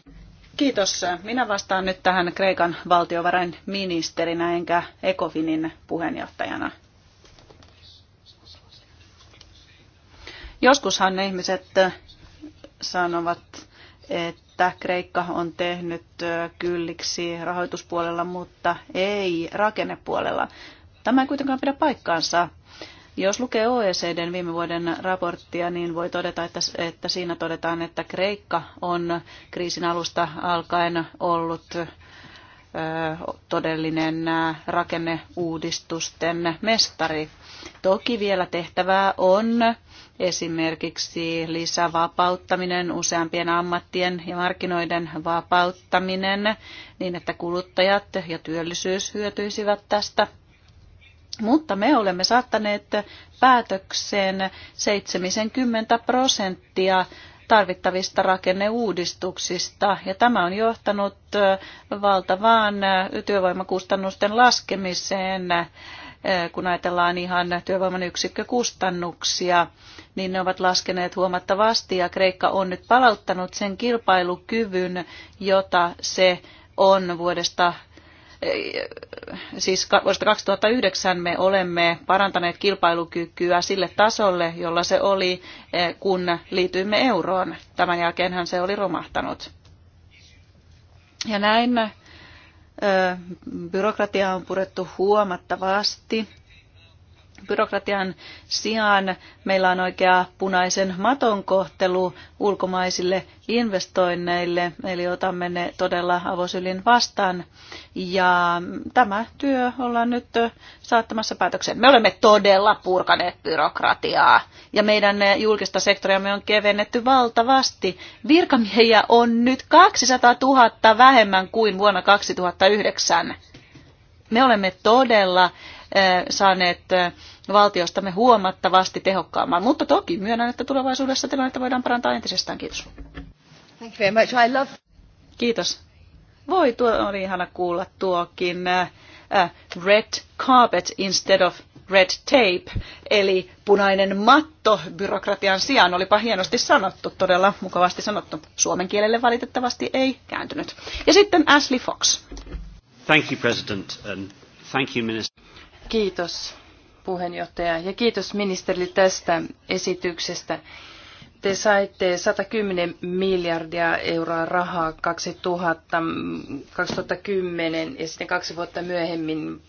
Kiitos. Minä vastaan nyt tähän Kreikan valtiovarainministerinä enkä Ekofinin puheenjohtajana. Joskushan ihmiset äh, sanovat, että Kreikka on tehnyt äh, kylliksi rahoituspuolella, mutta ei rakennepuolella. Tämä ei kuitenkaan pidä paikkaansa. Jos lukee OECDn viime vuoden raporttia, niin voi todeta, että, että siinä todetaan, että Kreikka on kriisin alusta alkaen ollut todellinen rakenneuudistusten mestari. Toki vielä tehtävää on esimerkiksi lisävapauttaminen, useampien ammattien ja markkinoiden vapauttaminen niin, että kuluttajat ja työllisyys hyötyisivät tästä. Mutta me olemme saattaneet päätökseen 70 prosenttia tarvittavista rakenneuudistuksista. Ja tämä on johtanut valtavaan työvoimakustannusten laskemiseen, kun ajatellaan ihan työvoiman yksikkökustannuksia, niin ne ovat laskeneet huomattavasti ja Kreikka on nyt palauttanut sen kilpailukyvyn, jota se on vuodesta siis vuodesta 2009 me olemme parantaneet kilpailukykyä sille tasolle, jolla se oli, eh, kun liityimme euroon. Tämän jälkeenhän se oli romahtanut. Ja näin eh, byrokratia on purettu huomattavasti byrokratian sijaan meillä on oikea punaisen maton kohtelu ulkomaisille investoinneille, eli otamme ne todella avosylin vastaan. Ja tämä työ ollaan nyt saattamassa päätökseen. Me olemme todella purkaneet byrokratiaa ja meidän julkista sektoriamme on kevennetty valtavasti. Virkamiehiä on nyt 200 000 vähemmän kuin vuonna 2009. Me olemme todella eh, saaneet eh, valtiostamme huomattavasti tehokkaamman. Mutta toki myönnän, että tulevaisuudessa tilannetta voidaan parantaa entisestään. Kiitos. Thank you very much. I love... Kiitos. Voi, tuo oli ihana kuulla tuokin uh, red carpet instead of red tape, eli punainen matto byrokratian sijaan. Olipa hienosti sanottu, todella mukavasti sanottu. Suomen kielelle valitettavasti ei kääntynyt. Ja sitten Ashley Fox. Thank you, President, and thank you, Minister. Kiitos puheenjohtaja, ja kiitos ministerille tästä esityksestä. Te saitte 110 miljardia euroa rahaa 2000, 2010 ja sitten kaksi vuotta myöhemmin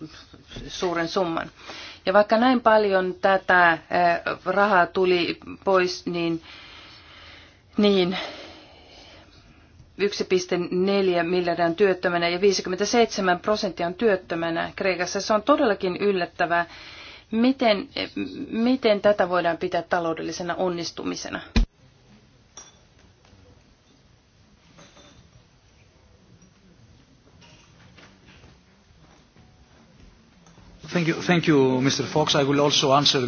suuren summan. Ja vaikka näin paljon tätä rahaa tuli pois, niin, niin 1,4 miljardia on työttömänä ja 57 prosenttia on työttömänä Kreikassa. Se on todellakin yllättävää. Miten, miten tätä voidaan pitää taloudellisena onnistumisena? Thank you, thank you, Mr. Fox. I will also answer.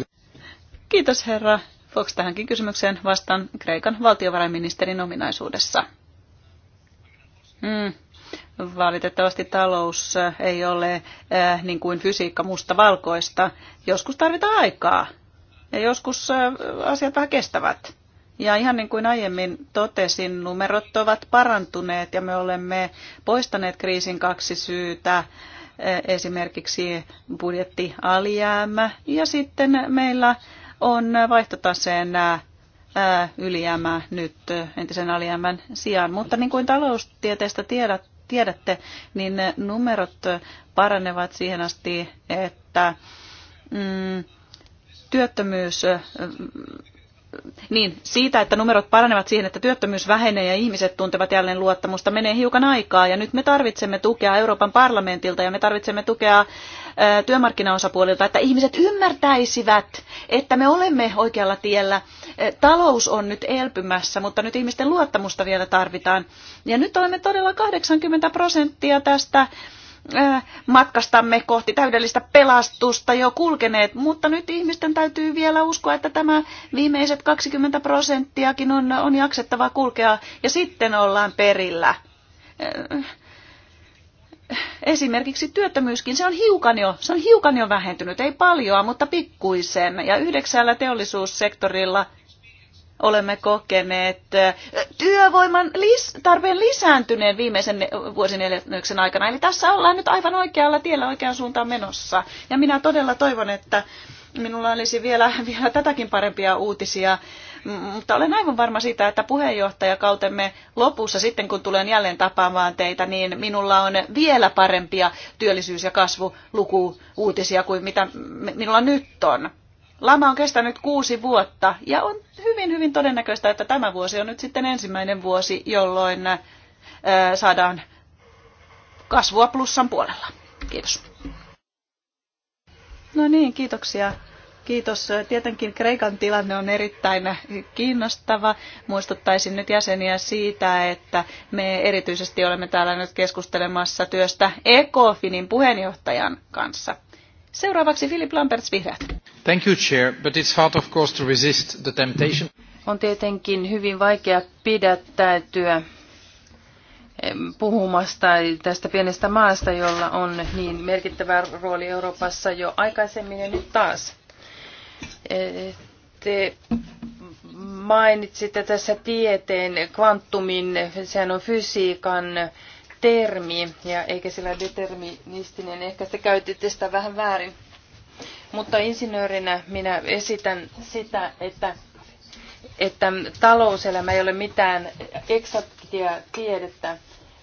Kiitos herra Fox tähänkin kysymykseen vastaan Kreikan valtiovarainministerin ominaisuudessa. Mm. Valitettavasti talous eh, ei ole eh, niin kuin fysiikka musta-valkoista. Joskus tarvitaan aikaa ja joskus eh, asiat vähän kestävät. Ja ihan niin kuin aiemmin totesin, numerot ovat parantuneet ja me olemme poistaneet kriisin kaksi syytä esimerkiksi budjettialijäämä ja sitten meillä on vaihtotaseen ylijäämä nyt entisen alijäämän sijaan. Mutta niin kuin taloustieteestä tiedät, tiedätte, niin ne numerot paranevat siihen asti, että mm, työttömyys niin, siitä, että numerot paranevat siihen, että työttömyys vähenee ja ihmiset tuntevat jälleen luottamusta, menee hiukan aikaa. Ja nyt me tarvitsemme tukea Euroopan parlamentilta ja me tarvitsemme tukea työmarkkinaosapuolilta, että ihmiset ymmärtäisivät, että me olemme oikealla tiellä. Talous on nyt elpymässä, mutta nyt ihmisten luottamusta vielä tarvitaan. Ja nyt olemme todella 80 prosenttia tästä Äh, matkastamme kohti täydellistä pelastusta jo kulkeneet, mutta nyt ihmisten täytyy vielä uskoa, että tämä viimeiset 20 prosenttiakin on, on jaksettava kulkea ja sitten ollaan perillä. Äh, esimerkiksi työttömyyskin, se on hiukan jo, se on hiukan jo vähentynyt, ei paljoa, mutta pikkuisen. Ja yhdeksällä teollisuussektorilla – olemme kokeneet työvoiman lis- tarpeen lisääntyneen viimeisen vuosineljänneksen aikana. Eli tässä ollaan nyt aivan oikealla tiellä oikeaan suuntaan menossa. Ja minä todella toivon, että minulla olisi vielä, vielä tätäkin parempia uutisia. Mutta olen aivan varma siitä, että puheenjohtajakautemme lopussa, sitten kun tulen jälleen tapaamaan teitä, niin minulla on vielä parempia työllisyys- ja kasvulukuuutisia uutisia kuin mitä minulla nyt on. Lama on kestänyt kuusi vuotta ja on hyvin, hyvin todennäköistä, että tämä vuosi on nyt sitten ensimmäinen vuosi, jolloin äh, saadaan kasvua plussan puolella. Kiitos. No niin, kiitoksia. Kiitos. Tietenkin Kreikan tilanne on erittäin kiinnostava. Muistuttaisin nyt jäseniä siitä, että me erityisesti olemme täällä nyt keskustelemassa työstä ECOFINin puheenjohtajan kanssa. Seuraavaksi Philip Lamberts Vihreät. Thank you, Chair, but it's hard of course to resist the temptation. On tietenkin hyvin vaikea pidättäytyä puhumasta tästä pienestä maasta, jolla on niin merkittävä rooli Euroopassa jo aikaisemmin ja nyt taas. E, te mainitsitte tässä tieteen, kvanttumin, sehän on fysiikan termi, ja eikä sillä deterministinen, ehkä te käytitte sitä vähän väärin. Mutta insinöörinä minä esitän sitä, että, että talouselämä ei ole mitään eksaktia tiedettä,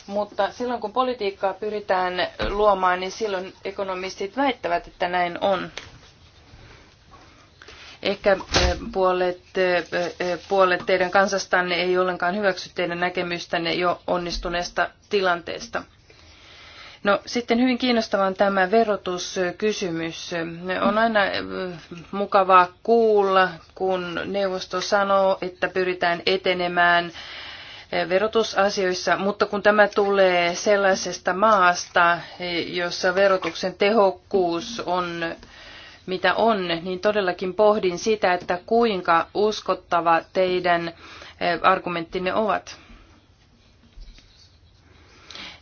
mutta silloin kun politiikkaa pyritään luomaan, niin silloin ekonomistit väittävät, että näin on. Ehkä eh, puolet, eh, eh, puolet teidän kansastanne ei ollenkaan hyväksy teidän näkemystänne jo onnistuneesta tilanteesta. No sitten hyvin on tämä verotuskysymys. On aina mukavaa kuulla, kun neuvosto sanoo, että pyritään etenemään verotusasioissa, mutta kun tämä tulee sellaisesta maasta, jossa verotuksen tehokkuus on mitä on, niin todellakin pohdin sitä, että kuinka uskottava teidän eh, argumenttinne ovat.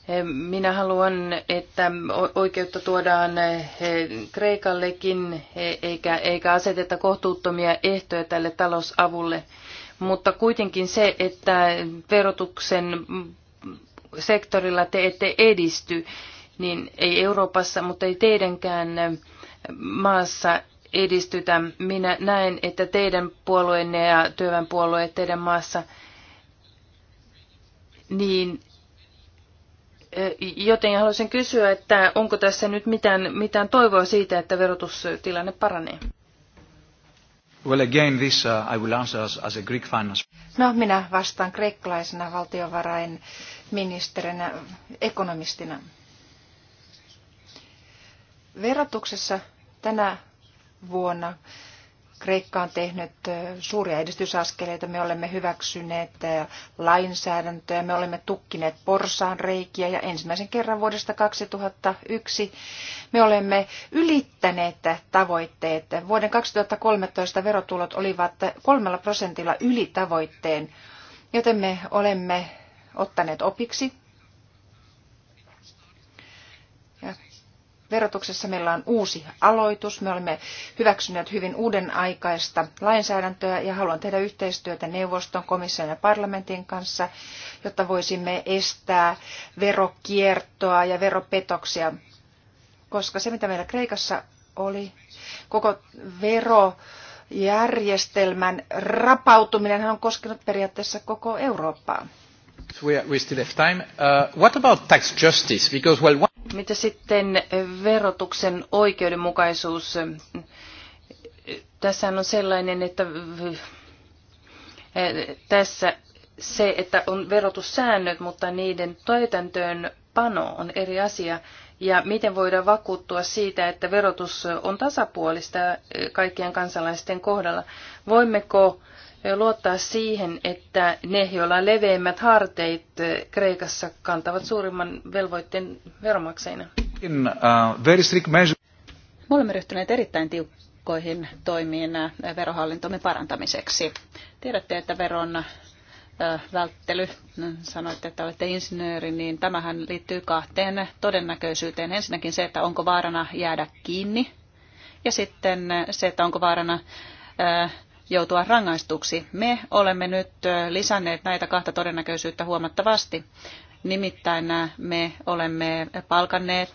Eh, minä haluan, että oikeutta tuodaan eh, Kreikallekin, eikä, eikä aseteta kohtuuttomia ehtoja tälle talousavulle. Mutta kuitenkin se, että verotuksen sektorilla te ette edisty, niin ei Euroopassa, mutta ei teidänkään maassa edistytä. Minä näen, että teidän puolueenne ja työväenpuolueet teidän maassa, niin joten haluaisin kysyä, että onko tässä nyt mitään, mitään toivoa siitä, että verotustilanne paranee? Well, again, this uh, I will answer as, as a Greek No, minä vastaan kreikkalaisena valtiovarainministerinä, ekonomistina. Verotuksessa tänä vuonna Kreikka on tehnyt suuria edistysaskeleita. Me olemme hyväksyneet lainsäädäntöä, me olemme tukkineet porsaan reikiä ja ensimmäisen kerran vuodesta 2001 me olemme ylittäneet tavoitteet. Vuoden 2013 verotulot olivat kolmella prosentilla yli tavoitteen, joten me olemme ottaneet opiksi verotuksessa meillä on uusi aloitus. Me olemme hyväksyneet hyvin uuden aikaista lainsäädäntöä ja haluan tehdä yhteistyötä neuvoston, komission ja parlamentin kanssa, jotta voisimme estää verokiertoa ja veropetoksia, koska se mitä meillä Kreikassa oli, koko verojärjestelmän rapautuminen on koskenut periaatteessa koko Eurooppaa. Mitä sitten verotuksen oikeudenmukaisuus? Tässä on sellainen, että eh, tässä se, että on verotussäännöt, mutta niiden täytäntöön pano on eri asia. Ja miten voidaan vakuuttua siitä, että verotus on tasapuolista eh, kaikkien kansalaisten kohdalla? Voimmeko luottaa siihen, että ne, joilla on leveimmät harteit eh, Kreikassa, kantavat suurimman velvoitteen veromakseina. In, uh, very strict Me olemme ryhtyneet erittäin tiukkoihin toimiin eh, verohallintomme parantamiseksi. Tiedätte, että veron eh, välttely, mm, sanoitte, että olette insinööri, niin tämähän liittyy kahteen todennäköisyyteen. Ensinnäkin se, että onko vaarana jäädä kiinni, ja sitten se, että onko vaarana joutua rangaistuksi. Me olemme nyt lisänneet näitä kahta todennäköisyyttä huomattavasti. Nimittäin me olemme palkanneet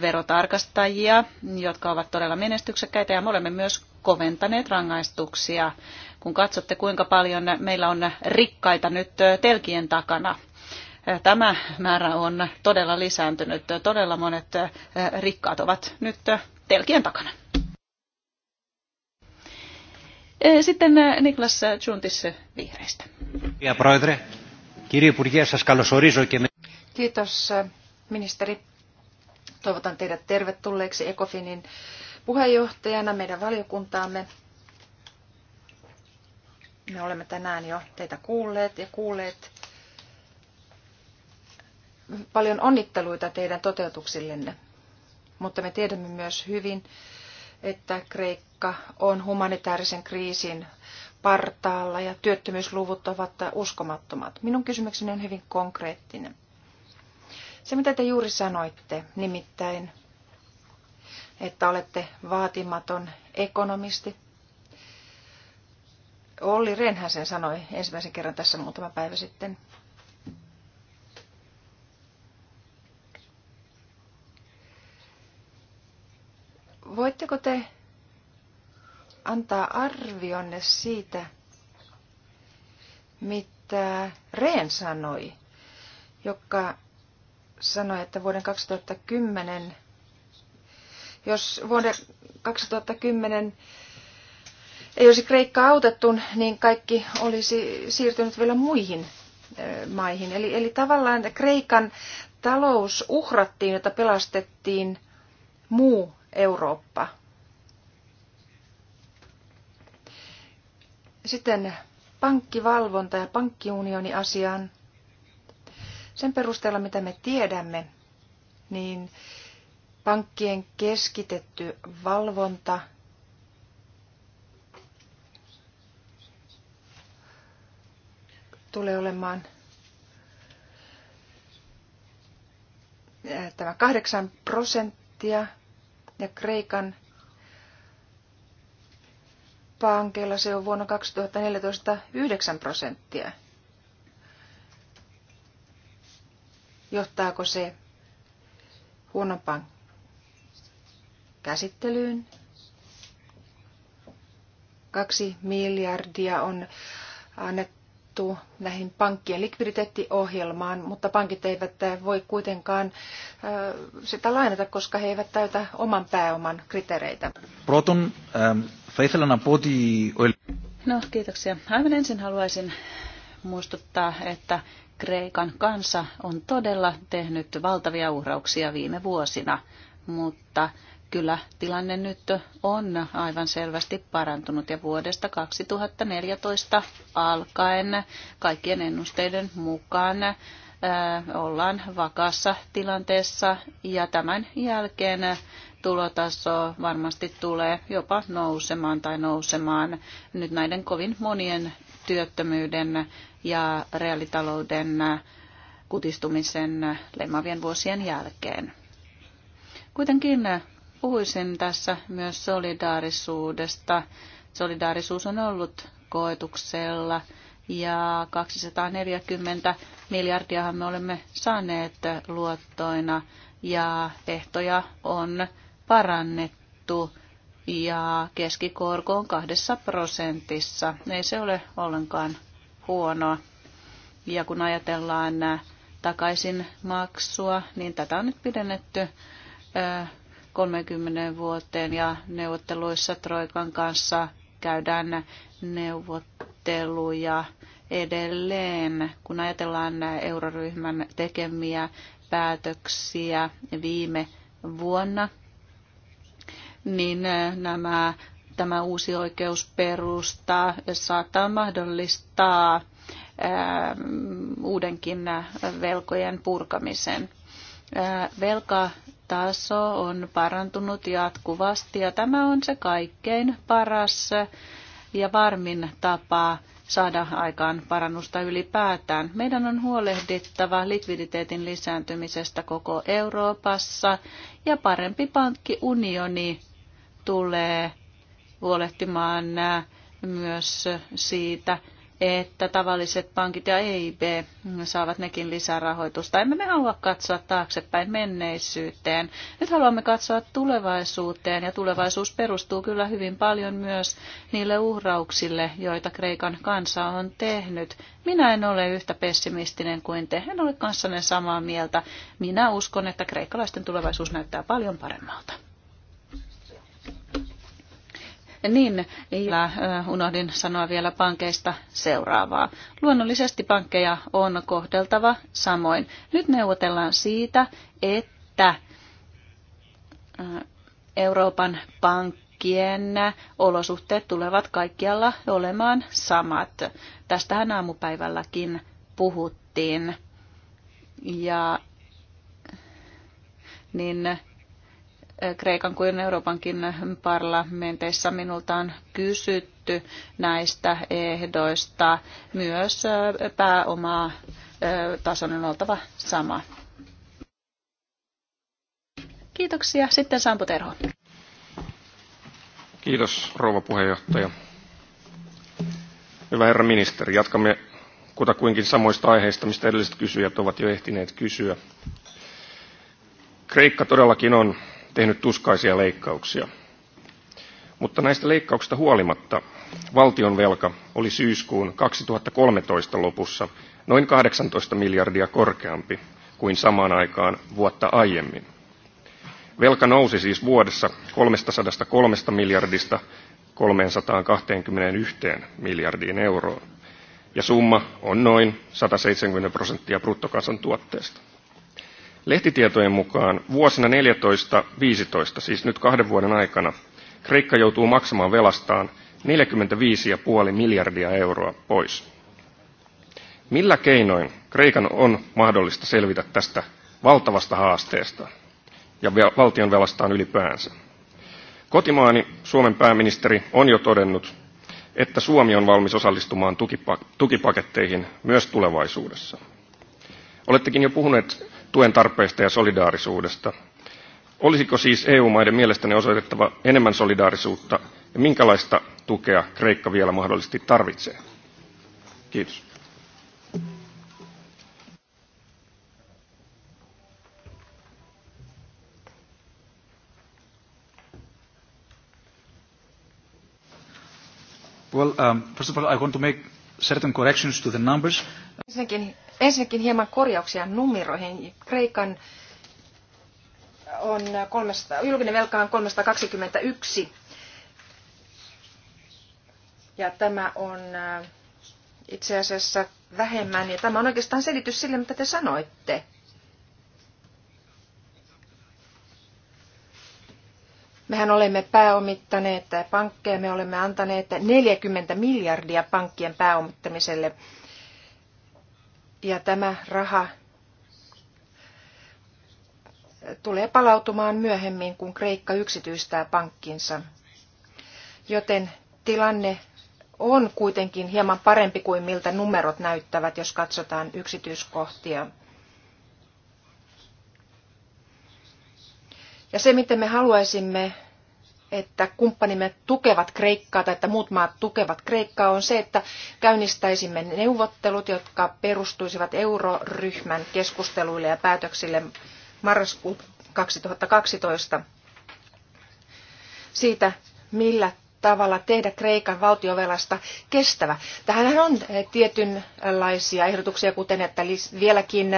verotarkastajia, jotka ovat todella menestyksekkäitä, ja me olemme myös koventaneet rangaistuksia. Kun katsotte, kuinka paljon meillä on rikkaita nyt telkien takana, tämä määrä on todella lisääntynyt. Todella monet rikkaat ovat nyt telkien takana. Sitten Niklas Juntis vihreistä. Kiitos ministeri. Toivotan teidät tervetulleeksi Ekofinin puheenjohtajana meidän valiokuntaamme. Me olemme tänään jo teitä kuulleet ja kuulleet paljon onnitteluita teidän toteutuksillenne, mutta me tiedämme myös hyvin, että Kreikka on humanitaarisen kriisin partaalla ja työttömyysluvut ovat uskomattomat. Minun kysymykseni on hyvin konkreettinen. Se, mitä te juuri sanoitte, nimittäin, että olette vaatimaton ekonomisti. Olli Renhän sen sanoi ensimmäisen kerran tässä muutama päivä sitten. Voitteko te antaa arvionne siitä, mitä Reen sanoi, joka sanoi, että vuoden 2010, jos vuoden 2010 ei olisi Kreikka autettu, niin kaikki olisi siirtynyt vielä muihin maihin. Eli, eli tavallaan Kreikan talous uhrattiin, jota pelastettiin muu Eurooppa. Sitten pankkivalvonta ja pankkiunioni asiaan. Sen perusteella, mitä me tiedämme, niin pankkien keskitetty valvonta tulee olemaan tämä 8 prosenttia ja Kreikan pankeilla se on vuonna 2014 9 prosenttia. Johtaako se huonompaan käsittelyyn? Kaksi miljardia on annettu viitattu näihin pankkien likviditeettiohjelmaan, mutta pankit eivät voi kuitenkaan äh, sitä lainata, koska he eivät täytä oman pääoman kriteereitä. Proton, ähm, No, kiitoksia. Aivan ensin haluaisin muistuttaa, että Kreikan kansa on todella tehnyt valtavia uhrauksia viime vuosina, mutta kyllä tilanne nyt on aivan selvästi parantunut ja vuodesta 2014 alkaen kaikkien ennusteiden mukaan ollaan vakaassa tilanteessa ja tämän jälkeen tulotaso varmasti tulee jopa nousemaan tai nousemaan nyt näiden kovin monien työttömyyden ja reaalitalouden kutistumisen leimavien vuosien jälkeen. Kuitenkin puhuisin tässä myös solidaarisuudesta. Solidaarisuus on ollut koetuksella ja 240 miljardiahan me olemme saaneet luottoina ja ehtoja on parannettu ja keskikorko on kahdessa prosentissa. Ei se ole ollenkaan huonoa. Ja kun ajatellaan takaisin maksua, niin tätä on nyt pidennetty 30 vuoteen ja neuvotteluissa Troikan kanssa käydään neuvotteluja edelleen, kun ajatellaan euroryhmän tekemiä päätöksiä viime vuonna, niin nämä, tämä uusi oikeusperusta saattaa mahdollistaa ähm, uudenkin velkojen purkamisen. Äh, velka taso on parantunut jatkuvasti ja tämä on se kaikkein paras ja varmin tapa saada aikaan parannusta ylipäätään. Meidän on huolehdittava likviditeetin lisääntymisestä koko Euroopassa ja parempi pankkiunioni tulee huolehtimaan myös siitä, että tavalliset pankit ja EIB saavat nekin lisärahoitusta. Emme me halua katsoa taaksepäin menneisyyteen. Nyt haluamme katsoa tulevaisuuteen ja tulevaisuus perustuu kyllä hyvin paljon myös niille uhrauksille, joita Kreikan kansa on tehnyt. Minä en ole yhtä pessimistinen kuin te. En ole kanssanne samaa mieltä. Minä uskon, että kreikkalaisten tulevaisuus näyttää paljon paremmalta. Niin, ja äh, unohdin sanoa vielä pankeista seuraavaa. Luonnollisesti pankkeja on kohdeltava samoin. Nyt neuvotellaan siitä, että äh, Euroopan pankkien olosuhteet tulevat kaikkialla olemaan samat. Tästähän aamupäivälläkin puhuttiin. Ja niin Kreikan kuin Euroopankin parlamenteissa minulta on kysytty näistä ehdoista. Myös pääomaa tason on oltava sama. Kiitoksia. Sitten Sampo Terho. Kiitos rouva puheenjohtaja. Hyvä herra ministeri, jatkamme kutakuinkin samoista aiheista, mistä edelliset kysyjät ovat jo ehtineet kysyä. Kreikka todellakin on tehnyt tuskaisia leikkauksia. Mutta näistä leikkauksista huolimatta valtionvelka oli syyskuun 2013 lopussa noin 18 miljardia korkeampi kuin samaan aikaan vuotta aiemmin. Velka nousi siis vuodessa 303 miljardista 321 miljardiin euroon, ja summa on noin 170 prosenttia bruttokansantuotteesta. Lehtitietojen mukaan vuosina 14-15, siis nyt kahden vuoden aikana, Kreikka joutuu maksamaan velastaan 45,5 miljardia euroa pois. Millä keinoin Kreikan on mahdollista selvitä tästä valtavasta haasteesta ja valtion velastaan ylipäänsä? Kotimaani Suomen pääministeri on jo todennut, että Suomi on valmis osallistumaan tukipaketteihin myös tulevaisuudessa. Olettekin jo puhuneet tuen tarpeesta ja solidaarisuudesta. Olisiko siis EU-maiden mielestäni osoitettava enemmän solidaarisuutta ja minkälaista tukea Kreikka vielä mahdollisesti tarvitsee? Kiitos. Well, um, first of all, I want to make certain corrections to the numbers. Ensinnäkin, ensinnäkin hieman korjauksia numeroihin. Kreikan on 300, julkinen velka on 321. Ja tämä on äh, itse asiassa vähemmän. Ja tämä on oikeastaan selitys sille, mitä te sanoitte. Mehän olemme pääomittaneet pankkeja, me olemme antaneet 40 miljardia pankkien pääomittamiselle ja tämä raha tulee palautumaan myöhemmin, kun Kreikka yksityistää pankkinsa. Joten tilanne on kuitenkin hieman parempi kuin miltä numerot näyttävät, jos katsotaan yksityiskohtia. Ja se, miten me haluaisimme että kumppanimme tukevat Kreikkaa tai että muut maat tukevat Kreikkaa, on se, että käynnistäisimme neuvottelut, jotka perustuisivat euroryhmän keskusteluille ja päätöksille marraskuun 2012 siitä, millä tavalla tehdä Kreikan valtiovelasta kestävä. Tähän on tietynlaisia ehdotuksia, kuten että vieläkin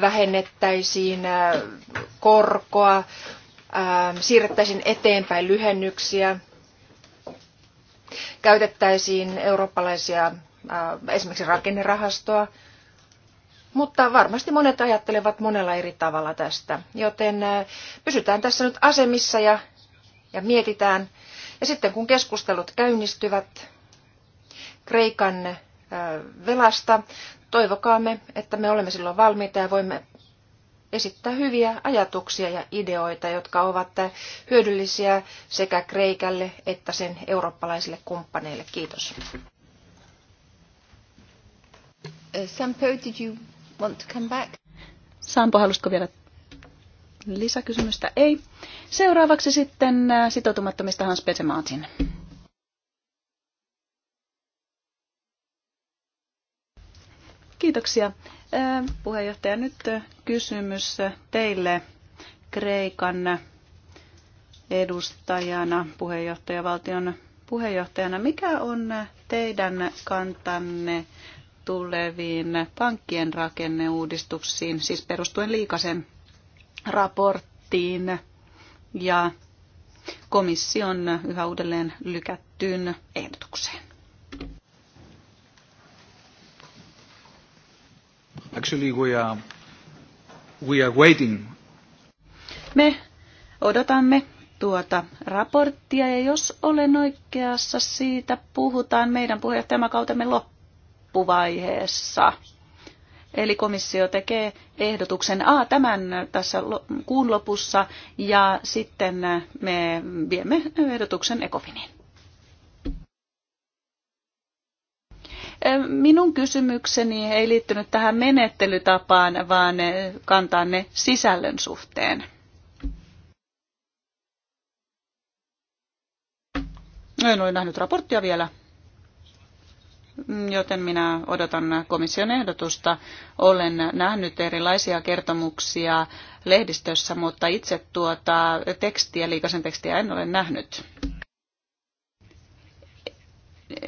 vähennettäisiin korkoa, Ähm, siirrettäisiin eteenpäin lyhennyksiä, käytettäisiin eurooppalaisia äh, esimerkiksi rakennerahastoa, mutta varmasti monet ajattelevat monella eri tavalla tästä, joten äh, pysytään tässä nyt asemissa ja, ja mietitään. Ja sitten kun keskustelut käynnistyvät Kreikan äh, velasta, toivokaamme, että me olemme silloin valmiita ja voimme esittää hyviä ajatuksia ja ideoita, jotka ovat hyödyllisiä sekä Kreikalle että sen eurooppalaisille kumppaneille. Kiitos. Uh, Sampo, did you want to come back? Sampo, vielä lisäkysymystä? Ei. Seuraavaksi sitten uh, sitoutumattomista Hans Peter Kiitoksia. Puheenjohtaja, nyt kysymys teille Kreikan edustajana, puheenjohtajavaltion puheenjohtajana. Mikä on teidän kantanne tuleviin pankkien rakenneuudistuksiin, siis perustuen liikasen raporttiin ja komission yhä uudelleen lykättyyn ehdotukseen? Actually we are, we are waiting. Me odotamme tuota raporttia ja jos olen oikeassa, siitä puhutaan meidän puheenjohtajamakautemme loppuvaiheessa. Eli komissio tekee ehdotuksen A tämän tässä kuun lopussa ja sitten me viemme ehdotuksen ECOFINiin. Minun kysymykseni ei liittynyt tähän menettelytapaan, vaan eh, kantaanne sisällön suhteen. En ole nähnyt raporttia vielä, joten minä odotan komission ehdotusta. Olen nähnyt erilaisia kertomuksia lehdistössä, mutta itse tuota tekstiä, liikasen tekstiä en ole nähnyt.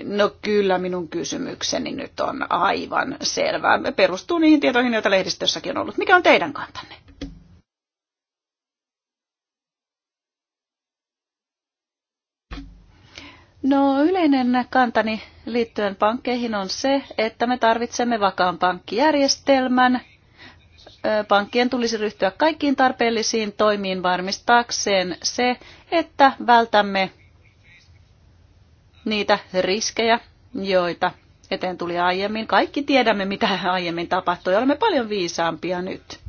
No kyllä minun kysymykseni nyt on aivan selvää Perustuu niihin tietoihin, joita lehdistössäkin on ollut. Mikä on teidän kantanne? No yleinen kantani liittyen pankkeihin on se, että me tarvitsemme vakaan pankkijärjestelmän. Pankkien tulisi ryhtyä kaikkiin tarpeellisiin toimiin varmistaakseen se, että vältämme niitä riskejä, joita eteen tuli aiemmin. Kaikki tiedämme, mitä aiemmin tapahtui. Olemme paljon viisaampia nyt.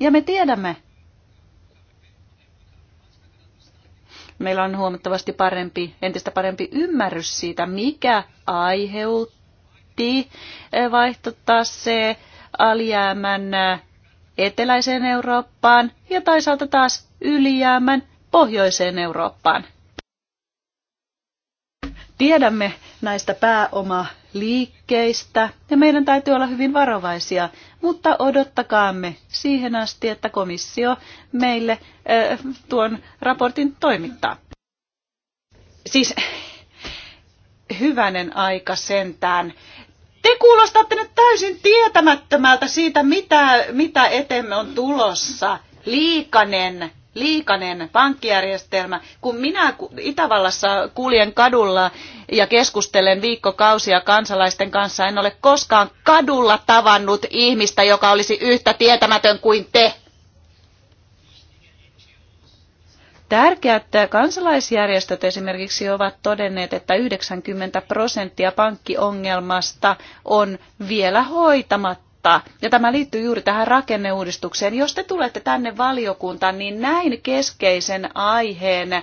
Ja me tiedämme. Meillä on huomattavasti parempi, entistä parempi ymmärrys siitä, mikä aiheutti eh, se alijäämän eh, eteläiseen Eurooppaan ja toisaalta taas ylijäämän pohjoiseen Eurooppaan. Tiedämme näistä pääomaliikkeistä ja meidän täytyy olla hyvin varovaisia, mutta odottakaamme siihen asti, että komissio meille äh, tuon raportin toimittaa. Siis hyvänen aika sentään. Te kuulostatte nyt täysin tietämättömältä siitä, mitä, mitä eteemme on tulossa. Liikanen liikanen pankkijärjestelmä. Kun minä Itävallassa kuljen kadulla ja keskustelen viikkokausia kansalaisten kanssa, en ole koskaan kadulla tavannut ihmistä, joka olisi yhtä tietämätön kuin te. että kansalaisjärjestöt esimerkiksi ovat todenneet, että 90 prosenttia pankkiongelmasta on vielä hoitamatta totta, ja tämä liittyy juuri tähän rakenneuudistukseen, jos te tulette tänne valiokuntaan, niin näin keskeisen aiheen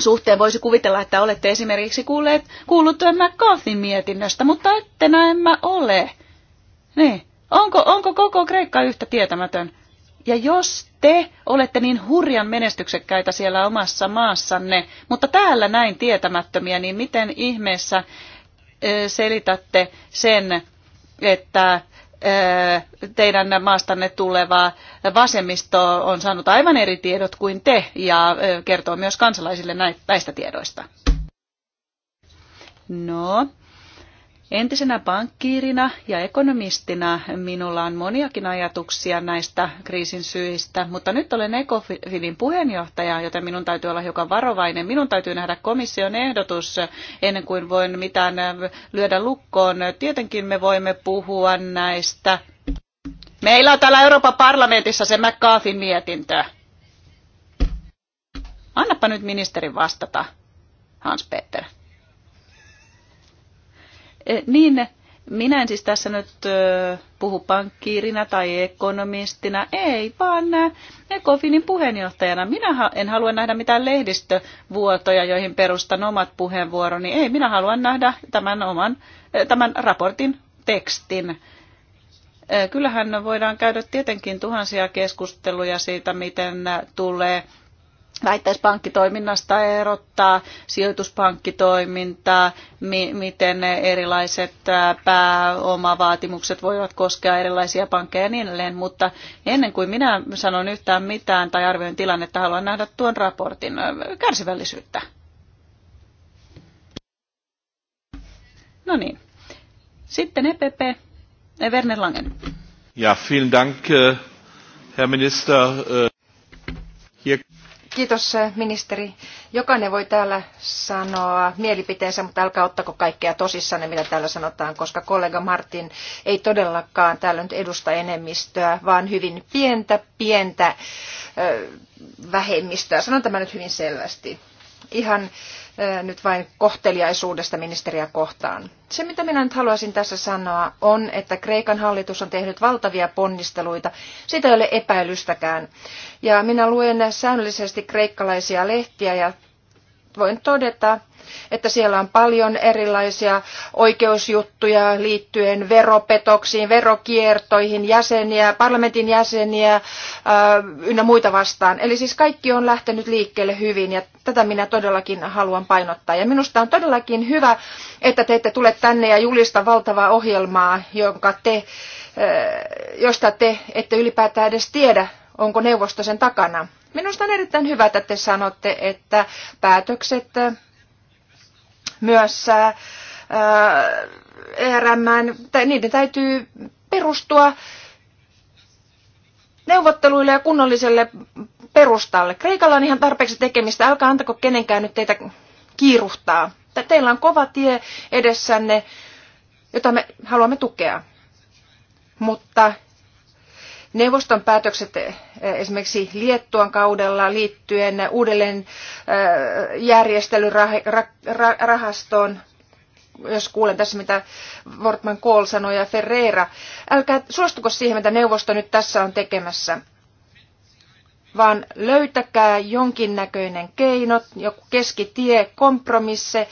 suhteen voisi kuvitella, että olette esimerkiksi kuulleet, kuullut McCarthyn mietinnöstä, mutta ette näin mä ole. Niin. Onko, onko koko Kreikka yhtä tietämätön? Ja jos te olette niin hurjan menestyksekkäitä siellä omassa maassanne, mutta täällä näin tietämättömiä, niin miten ihmeessä selitätte sen, että teidän maastanne tuleva vasemmisto on saanut aivan eri tiedot kuin te ja kertoo myös kansalaisille näistä tiedoista. No, Entisenä pankkiirina ja ekonomistina minulla on moniakin ajatuksia näistä kriisin syistä, mutta nyt olen Ecofinin puheenjohtaja, joten minun täytyy olla hiukan varovainen. Minun täytyy nähdä komission ehdotus ennen kuin voin mitään lyödä lukkoon. Tietenkin me voimme puhua näistä. Meillä on täällä Euroopan parlamentissa se McCarthyn mietintö. Annapa nyt ministerin vastata, Hans-Peter niin minä en siis tässä nyt puhu pankkiirina tai ekonomistina, ei, vaan Ecofinin puheenjohtajana. Minä en halua nähdä mitään lehdistövuotoja, joihin perustan omat puheenvuoroni. Ei, minä haluan nähdä tämän, oman, tämän raportin tekstin. Kyllähän voidaan käydä tietenkin tuhansia keskusteluja siitä, miten tulee väittäispankkitoiminnasta erottaa sijoituspankkitoimintaa, mi- miten erilaiset pääomavaatimukset voivat koskea erilaisia pankkeja ja niin edelleen. Mutta ennen kuin minä sanon yhtään mitään tai arvioin tilannetta, haluan nähdä tuon raportin kärsivällisyyttä. No niin. Sitten EPP, Werner Langen. Ja, vielen Dank, äh, Herr Minister. Äh, hier Kiitos eh, ministeri. Jokainen voi täällä sanoa mielipiteensä, mutta älkää ottako kaikkea tosissanne, mitä täällä sanotaan, koska kollega Martin ei todellakaan täällä nyt edusta enemmistöä, vaan hyvin pientä, pientä ö, vähemmistöä. Sanon tämä nyt hyvin selvästi. Ihan nyt vain kohteliaisuudesta ministeriä kohtaan. Se, mitä minä nyt haluaisin tässä sanoa, on, että Kreikan hallitus on tehnyt valtavia ponnisteluita. Siitä ei ole epäilystäkään. Ja minä luen säännöllisesti kreikkalaisia lehtiä ja voin todeta, että siellä on paljon erilaisia oikeusjuttuja liittyen veropetoksiin, verokiertoihin, jäseniä, parlamentin jäseniä äh, ynnä muita vastaan. Eli siis kaikki on lähtenyt liikkeelle hyvin ja tätä minä todellakin haluan painottaa. Ja minusta on todellakin hyvä, että te ette tule tänne ja julista valtavaa ohjelmaa, jonka te äh, josta te ette ylipäätään edes tiedä, onko neuvosto sen takana. Minusta on erittäin hyvä, että te sanotte, että päätökset äh, myös ERM, niiden täytyy perustua neuvotteluille ja kunnolliselle perustalle. Kreikalla on ihan tarpeeksi tekemistä, älkää antako kenenkään nyt teitä kiiruhtaa. Teillä on kova tie edessänne, jota me haluamme tukea. Mutta Neuvoston päätökset eh, esimerkiksi Liettuan kaudella liittyen uudelleen eh, järjestelyrahastoon, jos kuulen tässä mitä Wortman Kohl sanoi ja Ferreira, älkää suostuko siihen, mitä neuvosto nyt tässä on tekemässä vaan löytäkää jonkinnäköinen keino, joku keskitie, kompromisse,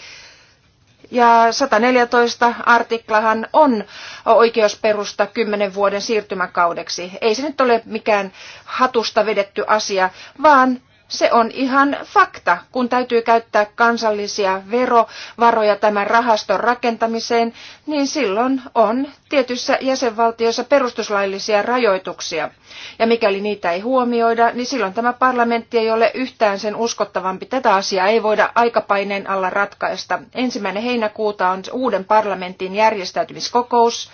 ja 114 artiklahan on oikeusperusta kymmenen vuoden siirtymäkaudeksi. Ei se nyt ole mikään hatusta vedetty asia, vaan se on ihan fakta, kun täytyy käyttää kansallisia verovaroja tämän rahaston rakentamiseen, niin silloin on tietyissä jäsenvaltioissa perustuslaillisia rajoituksia. Ja mikäli niitä ei huomioida, niin silloin tämä parlamentti ei ole yhtään sen uskottavampi. Tätä asiaa ei voida aikapaineen alla ratkaista. Ensimmäinen heinäkuuta on uuden parlamentin järjestäytymiskokous.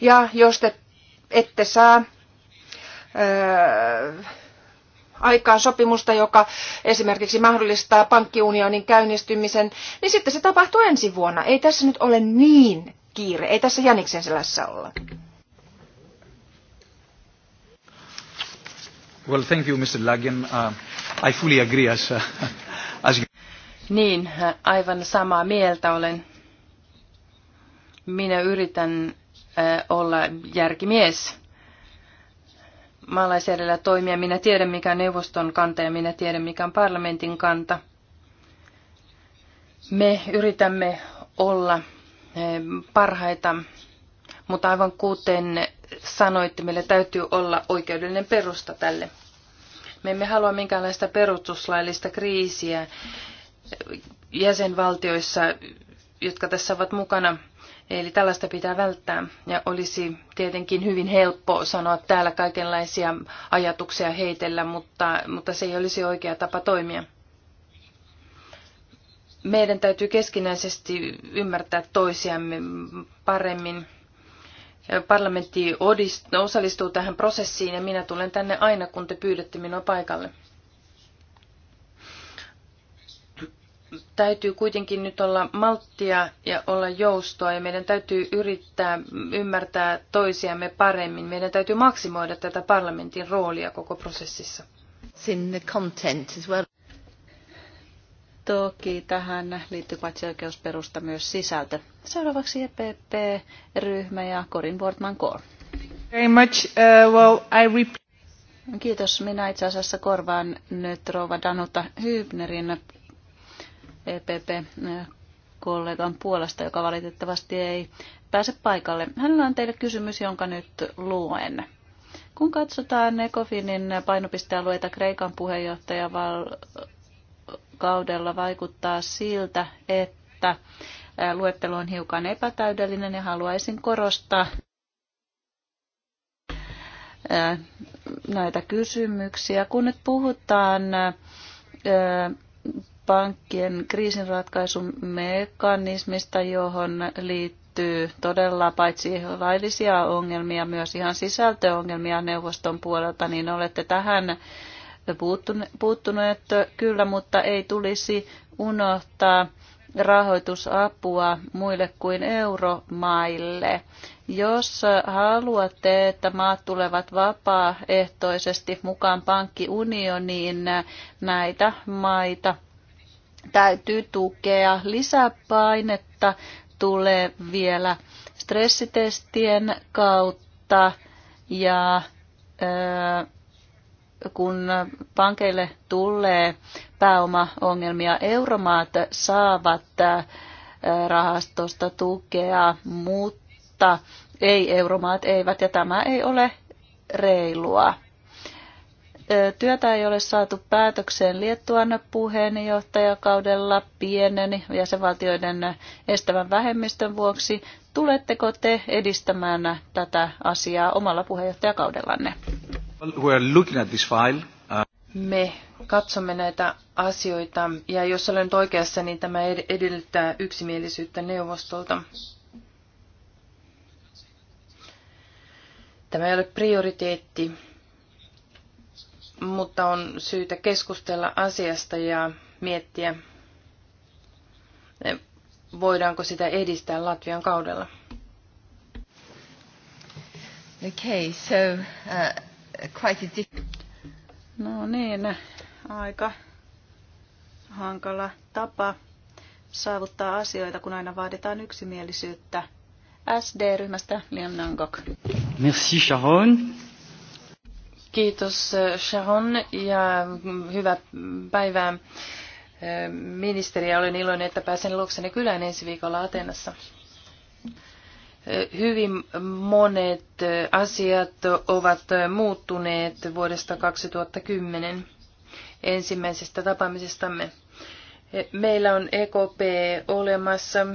Ja jos te ette saa öö, aikaan sopimusta, joka esimerkiksi mahdollistaa pankkiunionin käynnistymisen, niin sitten se tapahtuu ensi vuonna. Ei tässä nyt ole niin kiire, ei tässä jäniksen selässä olla. Well, thank you, Mr. Lagen. Uh, I fully agree as, uh, as you... Niin, uh, aivan samaa mieltä olen. Minä yritän uh, olla järkimies maalaisjärjellä toimia. Minä tiedän, mikä on neuvoston kanta ja minä tiedän, mikä on parlamentin kanta. Me yritämme olla eh, parhaita, mutta aivan kuten sanoitte, meillä täytyy olla oikeudellinen perusta tälle. Me emme halua minkäänlaista perustuslaillista kriisiä jäsenvaltioissa, jotka tässä ovat mukana – Eli tällaista pitää välttää. Ja olisi tietenkin hyvin helppo sanoa täällä kaikenlaisia ajatuksia heitellä, mutta, mutta se ei olisi oikea tapa toimia. Meidän täytyy keskinäisesti ymmärtää toisiamme paremmin. Parlamentti osallistuu tähän prosessiin ja minä tulen tänne aina, kun te pyydätte minua paikalle. täytyy kuitenkin nyt olla malttia ja olla joustoa ja meidän täytyy yrittää ymmärtää toisiamme paremmin. Meidän täytyy maksimoida tätä parlamentin roolia koko prosessissa. Sinne content as well. Toki tähän liittyy paitsi oikeusperusta myös sisältö. Seuraavaksi EPP-ryhmä ja Corin Wortman Core. Very much, uh, well, I Kiitos. Minä itse asiassa korvaan nyt rouva Danuta Hybnerin EPP-kollegan eh, puolesta, joka valitettavasti ei pääse paikalle. Hänellä on teille kysymys, jonka nyt luen. Kun katsotaan Ecofinin painopistealueita Kreikan puheenjohtajakaudella, vaikuttaa siltä, että eh, luettelo on hiukan epätäydellinen ja haluaisin korostaa eh, näitä kysymyksiä. Kun nyt puhutaan pankkien kriisinratkaisun mekanismista, johon liittyy todella paitsi laillisia ongelmia, myös ihan sisältöongelmia neuvoston puolelta, niin olette tähän puuttuneet kyllä, mutta ei tulisi unohtaa rahoitusapua muille kuin euromaille. Jos haluatte, että maat tulevat vapaaehtoisesti mukaan pankkiunioniin, näitä maita täytyy tukea. Lisäpainetta tulee vielä stressitestien kautta ja kun pankeille tulee pääomaongelmia, euromaat saavat rahastosta tukea, mutta ei euromaat eivät ja tämä ei ole reilua. Työtä ei ole saatu päätökseen Liettuan puheenjohtajakaudella pienen jäsenvaltioiden estävän vähemmistön vuoksi. Tuletteko te edistämään tätä asiaa omalla puheenjohtajakaudellanne? Uh, Me katsomme näitä asioita ja jos olen nyt oikeassa, niin tämä edellyttää yksimielisyyttä neuvostolta. Tämä ei ole prioriteetti mutta on syytä keskustella asiasta ja miettiä, eh, voidaanko sitä edistää Latvian kaudella. Okay, so, uh, quite a no niin, aika hankala tapa saavuttaa asioita, kun aina vaaditaan yksimielisyyttä. SD-ryhmästä Liam Nangok. Merci Sharon. Kiitos eh, Sharon ja hyvää päivää eh, ministeriä. Olen iloinen, että pääsen luokseni kylään ensi viikolla Atenassa. Eh, hyvin monet asiat ovat muuttuneet vuodesta 2010 ensimmäisestä tapaamisestamme. Meillä on EKP olemassa,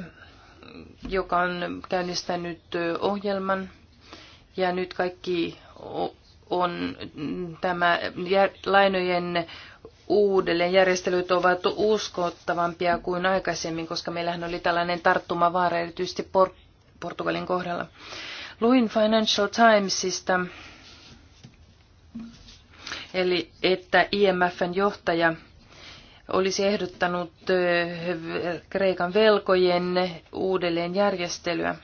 joka on käynnistänyt ohjelman ja nyt kaikki on tämä lainojen uudelleenjärjestelyt ovat uskottavampia kuin aikaisemmin, koska meillähän oli tällainen tarttumavaara erityisesti Por- Portugalin kohdalla. Luin Financial Timesista, eli että IMFn johtaja olisi ehdottanut Kreikan velkojen uudelleenjärjestelyä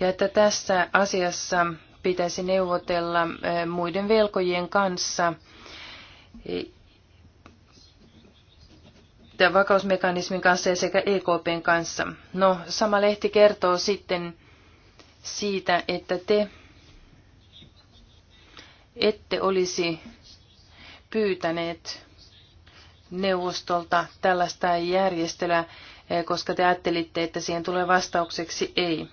ja että tässä asiassa pitäisi neuvotella muiden velkojien kanssa vakausmekanismin kanssa ja sekä EKPn kanssa. No, sama lehti kertoo sitten siitä, että te ette olisi pyytäneet neuvostolta tällaista järjestelyä, koska te ajattelitte, että siihen tulee vastaukseksi ei.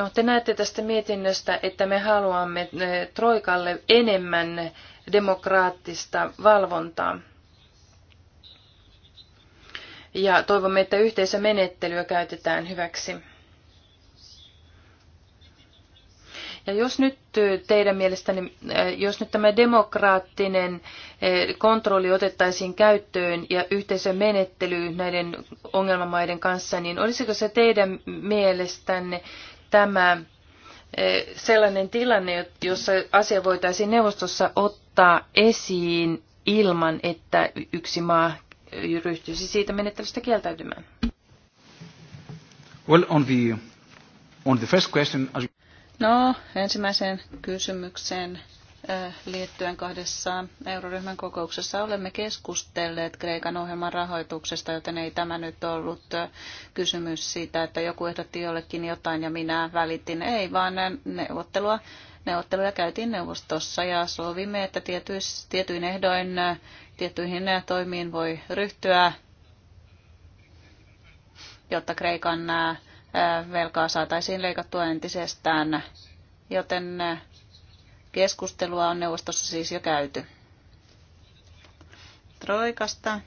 No, te näette tästä mietinnöstä, että me haluamme eh, Troikalle enemmän demokraattista valvontaa. Ja toivomme, että yhteisömenettelyä käytetään hyväksi. Ja jos nyt eh, teidän mielestäni, eh, jos nyt tämä demokraattinen kontrolli otettaisiin käyttöön ja yhteisömenettely näiden ongelmamaiden kanssa, niin olisiko se teidän mielestänne tämä e, sellainen tilanne, jossa asia voitaisiin neuvostossa ottaa esiin ilman, että yksi maa ryhtyisi siitä menettelystä kieltäytymään? Well, on the, on the first question... No, ensimmäiseen kysymykseen Äh, liittyen kahdessa euroryhmän kokouksessa olemme keskustelleet Kreikan ohjelman rahoituksesta, joten ei tämä nyt ollut äh, kysymys siitä, että joku ehdotti jollekin jotain ja minä välitin. Ei, vaan neuvottelua, neuvotteluja käytiin neuvostossa ja sovimme, että tietyin ehdoin äh, tiettyihin toimiin voi ryhtyä, jotta Kreikan velkaa saataisiin leikattua entisestään. Joten Keskustelua on neuvostossa siis jo käyty. Troikasta,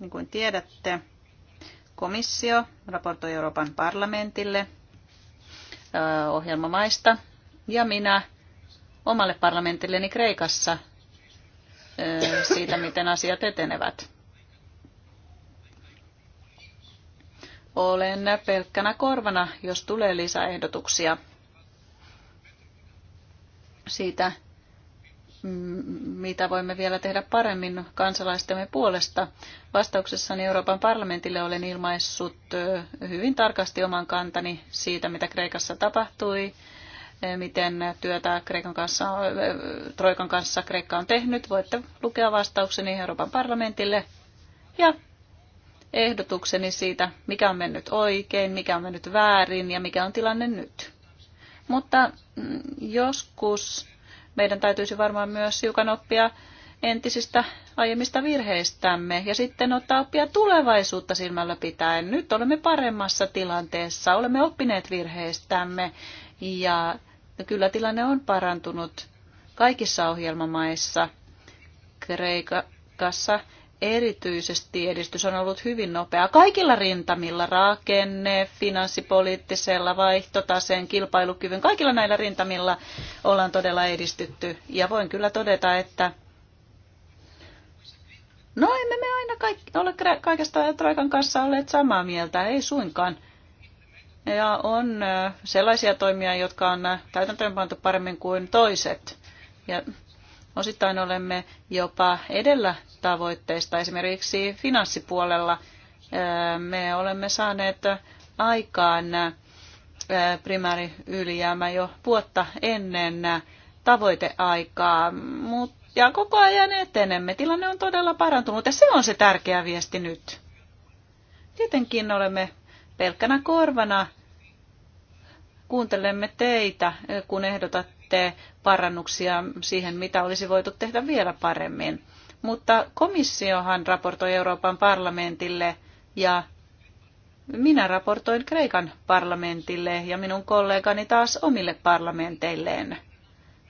niin kuin tiedätte, komissio raportoi Euroopan parlamentille ohjelmamaista ja minä omalle parlamentilleni Kreikassa siitä, miten asiat etenevät. Olen pelkkänä korvana, jos tulee lisäehdotuksia siitä, mm, mitä voimme vielä tehdä paremmin kansalaistemme puolesta. Vastauksessani Euroopan parlamentille olen ilmaissut hyvin tarkasti oman kantani siitä, mitä Kreikassa tapahtui, miten työtä Kreikan kanssa, Troikan kanssa Kreikka on tehnyt. Voitte lukea vastaukseni Euroopan parlamentille ja ehdotukseni siitä, mikä on mennyt oikein, mikä on mennyt väärin ja mikä on tilanne nyt. Mutta mm, joskus meidän täytyisi varmaan myös hiukan oppia entisistä aiemmista virheistämme ja sitten ottaa oppia tulevaisuutta silmällä pitäen. Nyt olemme paremmassa tilanteessa, olemme oppineet virheistämme ja kyllä tilanne on parantunut kaikissa ohjelmamaissa. Kreikassa erityisesti edistys on ollut hyvin nopea kaikilla rintamilla, rakenne, finanssipoliittisella, vaihtotaseen, kilpailukyvyn, kaikilla näillä rintamilla ollaan todella edistytty. Ja voin kyllä todeta, että no emme me aina kaikki, ole kaikesta Troikan kanssa olleet samaa mieltä, ei suinkaan. Ja on sellaisia toimia, jotka on täytäntöönpantu paremmin kuin toiset. Ja Osittain olemme jopa edellä tavoitteista. Esimerkiksi finanssipuolella me olemme saaneet aikaan primääri ylijäämä jo vuotta ennen tavoiteaikaa, mutta ja koko ajan etenemme. Tilanne on todella parantunut ja se on se tärkeä viesti nyt. Tietenkin olemme pelkkänä korvana, kuuntelemme teitä, kun ehdotatte sitten parannuksia siihen, mitä olisi voitu tehdä vielä paremmin. Mutta komissiohan raportoi Euroopan parlamentille ja minä raportoin Kreikan parlamentille ja minun kollegani taas omille parlamenteilleen.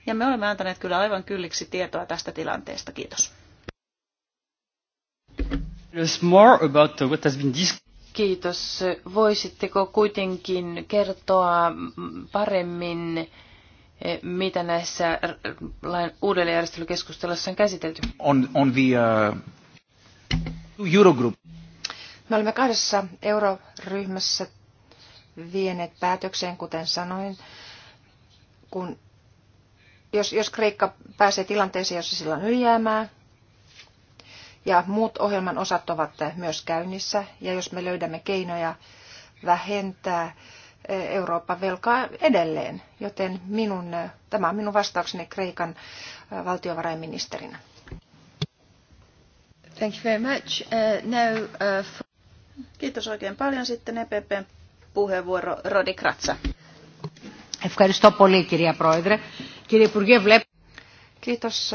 Ja me olemme antaneet kyllä aivan kylliksi tietoa tästä tilanteesta. Kiitos. Kiitos. Voisitteko kuitenkin kertoa paremmin mitä näissä äh, lain uudelleenjärjestelykeskusteluissa on käsitelty? On, on the, uh, Eurogroup. Me olemme kahdessa euroryhmässä vieneet päätökseen, kuten sanoin, kun jos, jos Kreikka pääsee tilanteeseen, jossa sillä on ylijäämää, ja muut ohjelman osat ovat myös käynnissä, ja jos me löydämme keinoja vähentää Eurooppa velkaa edelleen, joten minun, tämä on minun vastaukseni Kreikan valtiovarainministerinä. Thank you very much. Uh, now, uh, for... Kiitos oikein paljon sitten EPPn puheenvuoro Rodi Kratsa. Ευχαριστώ πολύ κυρία Πρόεδρε. Κύριε Υπουργέ, βλέπω... Kiitos,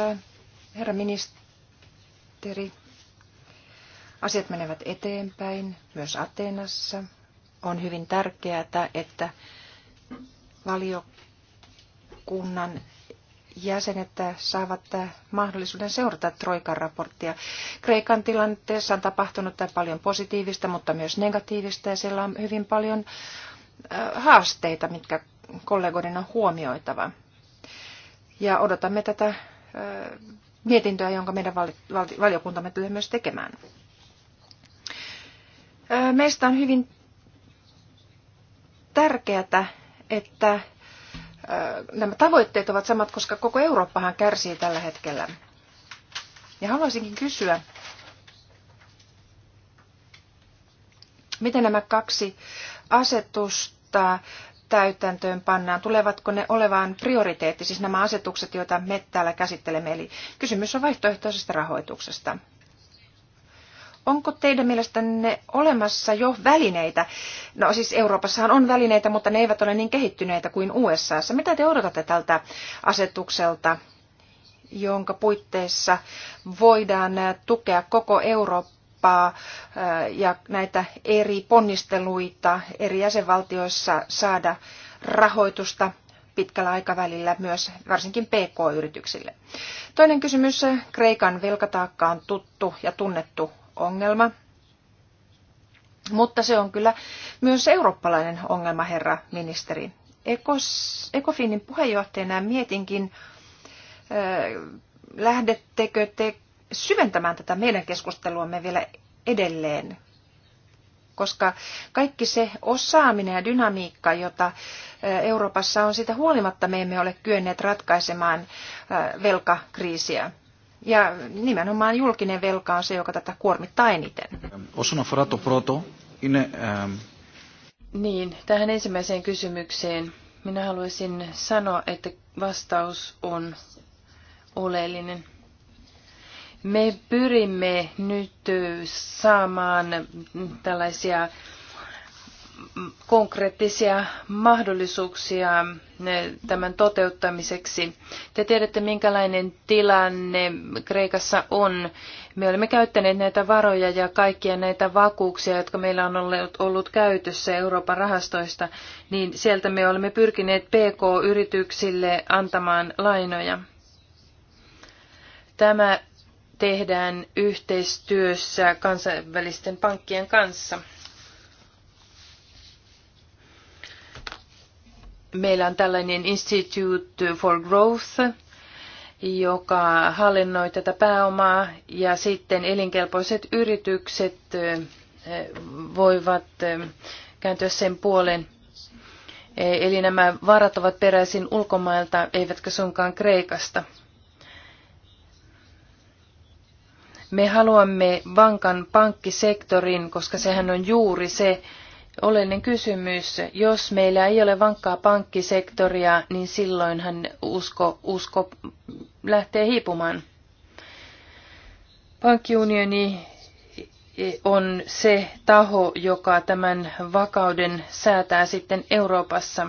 herra ministeri. Asiat menevät eteenpäin myös Ateenassa – on hyvin tärkeää, että valiokunnan jäsenet saavat mahdollisuuden seurata Troikan raporttia. Kreikan tilanteessa on tapahtunut paljon positiivista, mutta myös negatiivista ja siellä on hyvin paljon haasteita, mitkä kollegoiden on huomioitava. Ja odotamme tätä mietintöä, jonka meidän valiokuntamme tulee myös tekemään. Meistä on hyvin tärkeää, että nämä tavoitteet ovat samat, koska koko Eurooppahan kärsii tällä hetkellä. Ja haluaisinkin kysyä, miten nämä kaksi asetusta täytäntöön pannaan? Tulevatko ne olevaan prioriteetti, siis nämä asetukset, joita me täällä käsittelemme? Eli kysymys on vaihtoehtoisesta rahoituksesta onko teidän mielestänne olemassa jo välineitä? No siis Euroopassahan on välineitä, mutta ne eivät ole niin kehittyneitä kuin USA. Mitä te odotatte tältä asetukselta, jonka puitteissa voidaan tukea koko Eurooppaa äh, ja näitä eri ponnisteluita eri jäsenvaltioissa saada rahoitusta pitkällä aikavälillä myös varsinkin PK-yrityksille. Toinen kysymys. Kreikan velkataakka on tuttu ja tunnettu ongelma. Mutta se on kyllä myös eurooppalainen ongelma, herra ministeri. Ekos, Ekofinin puheenjohtajana mietinkin, lähdettekö te syventämään tätä meidän keskusteluamme vielä edelleen, koska kaikki se osaaminen ja dynamiikka, jota Euroopassa on, sitä huolimatta me emme ole kyenneet ratkaisemaan velkakriisiä. Ja nimenomaan julkinen velka on se, joka tätä kuormittaa eniten. Osuna frato proto, ine, ähm. Niin, tähän ensimmäiseen kysymykseen minä haluaisin sanoa, että vastaus on oleellinen. Me pyrimme nyt saamaan tällaisia konkreettisia mahdollisuuksia tämän toteuttamiseksi. Te tiedätte, minkälainen tilanne Kreikassa on. Me olemme käyttäneet näitä varoja ja kaikkia näitä vakuuksia, jotka meillä on ollut käytössä Euroopan rahastoista, niin sieltä me olemme pyrkineet PK-yrityksille antamaan lainoja. Tämä tehdään yhteistyössä kansainvälisten pankkien kanssa. meillä on tällainen Institute for Growth, joka hallinnoi tätä pääomaa ja sitten elinkelpoiset yritykset voivat kääntyä sen puolen. E, eli nämä varat ovat peräisin ulkomailta, eivätkä suinkaan Kreikasta. Me haluamme vankan pankkisektorin, koska sehän on juuri se, oleellinen kysymys. Jos meillä ei ole vankkaa pankkisektoria, niin silloinhan usko, usko lähtee hiipumaan. Pankkiunioni on se taho, joka tämän vakauden säätää sitten Euroopassa.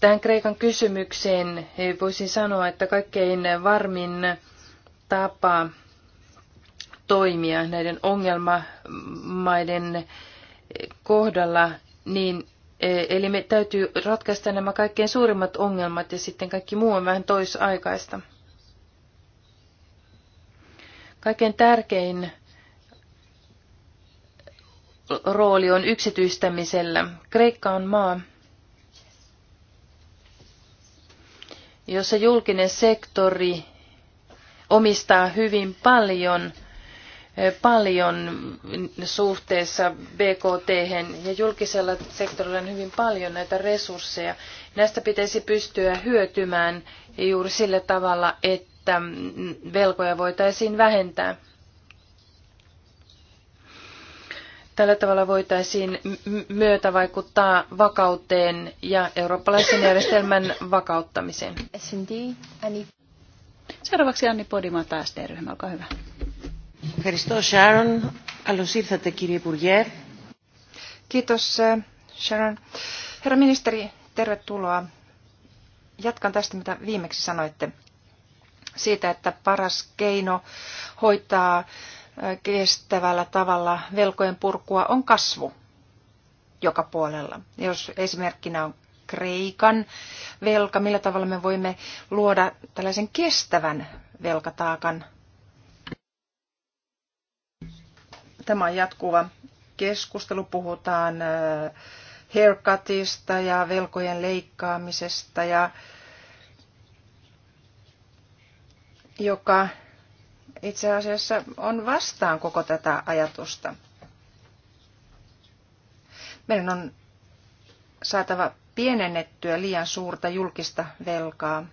Tähän Kreikan kysymykseen voisin sanoa, että kaikkein varmin tapa toimia näiden ongelmamaiden kohdalla, niin e, eli me täytyy ratkaista nämä kaikkein suurimmat ongelmat ja sitten kaikki muu on vähän toisaikaista. Kaikkein tärkein rooli on yksityistämisellä. Kreikka on maa, jossa julkinen sektori omistaa hyvin paljon – paljon suhteessa BKT ja julkisella sektorilla on hyvin paljon näitä resursseja. Näistä pitäisi pystyä hyötymään juuri sillä tavalla, että velkoja voitaisiin vähentää. Tällä tavalla voitaisiin myötä vaikuttaa vakauteen ja eurooppalaisen järjestelmän vakauttamiseen. Seuraavaksi Anni Podima ST-ryhmä, olkaa hyvä. Ευχαριστώ, Sharon. Καλώς ήρθατε, κύριε Υπουργέ. Kiitos, Sharon. Herra ministeri, tervetuloa. Jatkan tästä, mitä viimeksi sanoitte. Siitä, että paras keino hoitaa kestävällä tavalla velkojen purkua on kasvu joka puolella. Jos esimerkkinä on Kreikan velka, millä tavalla me voimme luoda tällaisen kestävän velkataakan Tämä on jatkuva keskustelu. Puhutaan haircutista ja velkojen leikkaamisesta, ja joka itse asiassa on vastaan koko tätä ajatusta. Meidän on saatava pienennettyä liian suurta julkista velkaa.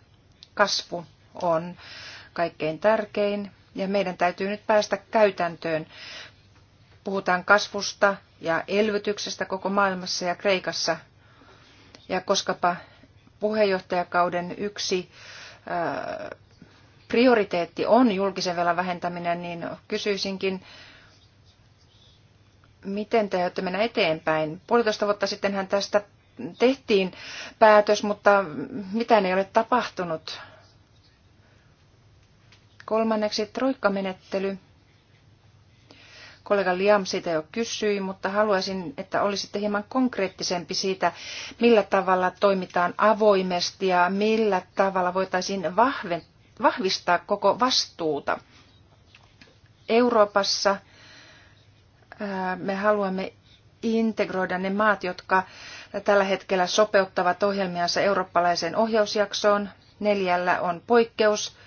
Kasvu on kaikkein tärkein ja meidän täytyy nyt päästä käytäntöön puhutaan kasvusta ja elvytyksestä koko maailmassa ja Kreikassa. Ja koskapa puheenjohtajakauden yksi prioriteetti on julkisen velan vähentäminen, niin kysyisinkin, miten te ajatte mennä eteenpäin? Puolitoista vuotta sittenhän tästä tehtiin päätös, mutta mitään ei ole tapahtunut. Kolmanneksi troikkamenettely. menettely Kollega Liam siitä jo kysyi, mutta haluaisin, että olisitte hieman konkreettisempi siitä, millä tavalla toimitaan avoimesti ja millä tavalla voitaisiin vahvistaa koko vastuuta. Euroopassa me haluamme integroida ne maat, jotka tällä hetkellä sopeuttavat ohjelmiansa eurooppalaiseen ohjausjaksoon. Neljällä on poikkeus,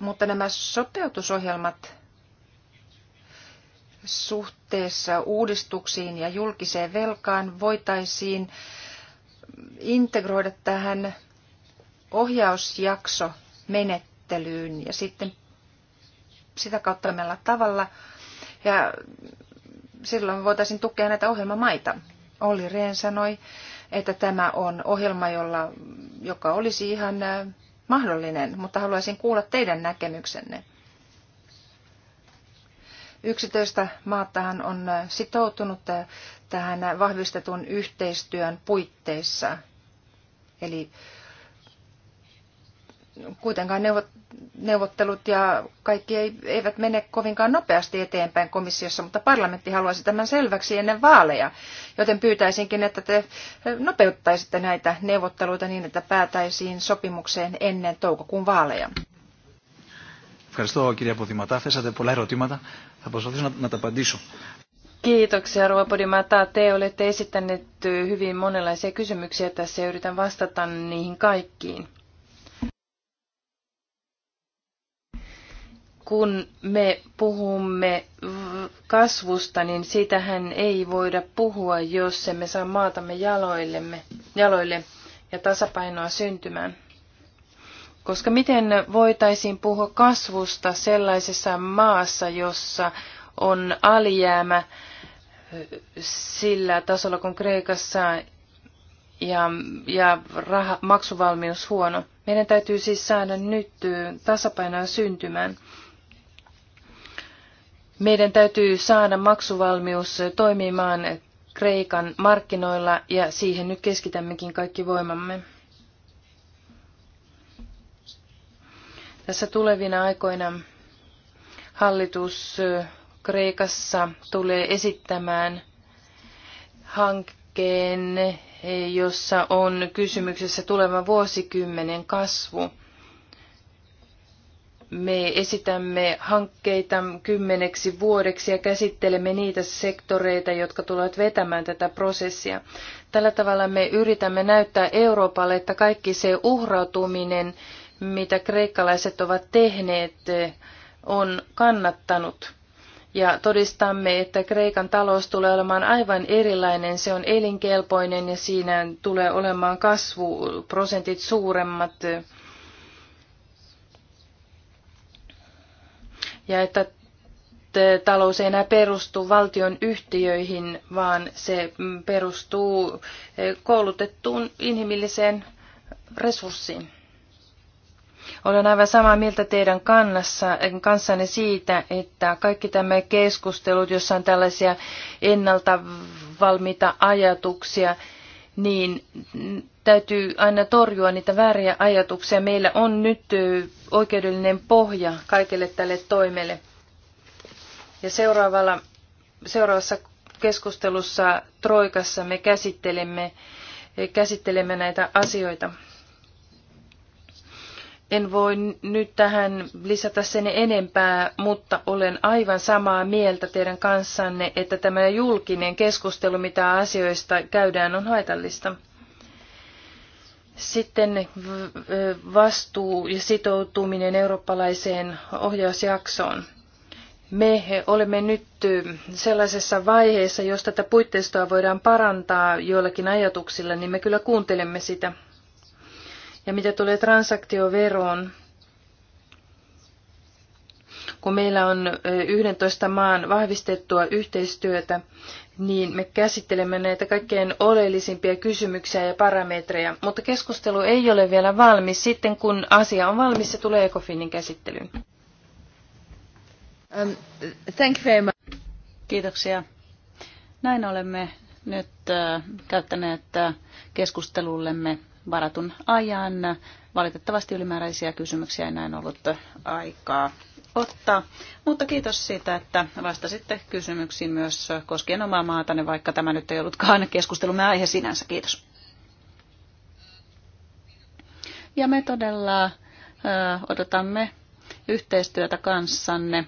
mutta nämä sopeutusohjelmat suhteessa uudistuksiin ja julkiseen velkaan voitaisiin integroida tähän ohjausjakso menettelyyn ja sitten sitä kautta tämällä tavalla. Ja silloin voitaisiin tukea näitä ohjelmamaita. Olli Rehn sanoi, että tämä on ohjelma, jolla, joka olisi ihan äh, mahdollinen, mutta haluaisin kuulla teidän näkemyksenne. 11 maatahan on sitoutunut tähän vahvistetun yhteistyön puitteissa. Eli kuitenkaan neuvottelut ja kaikki eivät mene kovinkaan nopeasti eteenpäin komissiossa, mutta parlamentti haluaisi tämän selväksi ennen vaaleja, joten pyytäisinkin, että te nopeuttaisitte näitä neuvotteluita niin, että päätäisiin sopimukseen ennen toukokuun vaaleja. Ευχαριστώ κύριε Αποδηματά. Θέσατε πολλά ερωτήματα. Θα προσπαθήσω να, να τα απαντήσω. Kiitoksia Rova Podimata. Te olette esittäneet hyvin monenlaisia kysymyksiä tässä ja yritän vastata niihin kaikkiin. Kun me puhumme kasvusta, niin sitähän ei voida puhua, jos emme saa maatamme jaloillemme, jaloille ja tasapainoa syntymään. Koska miten voitaisiin puhua kasvusta sellaisessa maassa, jossa on alijäämä sillä tasolla kuin Kreikassa ja, ja raha, maksuvalmius huono. Meidän täytyy siis saada nyt tasapainoa syntymään. Meidän täytyy saada maksuvalmius toimimaan Kreikan markkinoilla ja siihen nyt keskitämmekin kaikki voimamme. Tässä tulevina aikoina hallitus Kreikassa tulee esittämään hankkeen, e, jossa on kysymyksessä tulevan vuosikymmenen kasvu. Me esitämme hankkeita kymmeneksi vuodeksi ja käsittelemme niitä sektoreita, jotka tulevat vetämään tätä prosessia. Tällä tavalla me yritämme näyttää Euroopalle, että kaikki se uhrautuminen, mitä kreikkalaiset ovat tehneet, on kannattanut. Ja todistamme, että Kreikan talous tulee olemaan aivan erilainen. Se on elinkelpoinen ja siinä tulee olemaan kasvuprosentit suuremmat. Ja että talous ei enää perustu valtion yhtiöihin, vaan se perustuu koulutettuun inhimilliseen resurssiin. Olen aivan samaa mieltä teidän kannassa, kanssanne siitä, että kaikki tämä keskustelut, jossa on tällaisia ennalta valmiita ajatuksia, niin täytyy aina torjua niitä vääriä ajatuksia. Meillä on nyt oikeudellinen pohja kaikille tälle toimelle. Ja seuraavalla, seuraavassa keskustelussa Troikassa me käsittelemme, käsittelemme näitä asioita. En voi nyt tähän lisätä sen enempää, mutta olen aivan samaa mieltä teidän kanssanne, että tämä julkinen keskustelu, mitä asioista käydään, on haitallista. Sitten vastuu ja sitoutuminen eurooppalaiseen ohjausjaksoon. Me olemme nyt sellaisessa vaiheessa, jos tätä puitteistoa voidaan parantaa joillakin ajatuksilla, niin me kyllä kuuntelemme sitä. Ja mitä tulee transaktioveroon, kun meillä on 11 maan vahvistettua yhteistyötä, niin me käsittelemme näitä kaikkein oleellisimpia kysymyksiä ja parametreja, mutta keskustelu ei ole vielä valmis. Sitten kun asia on valmis, se tulee Ecofinin käsittelyyn. Um, thank you very much. Kiitoksia. Näin olemme nyt käyttäneet keskustelullemme varatun ajan. Valitettavasti ylimääräisiä kysymyksiä ei näin ollut aikaa ottaa. Mutta kiitos siitä, että vastasitte kysymyksiin myös koskien omaa maatanne, vaikka tämä nyt ei ollutkaan keskustelumme aihe sinänsä. Kiitos. Ja me todella odotamme yhteistyötä kanssanne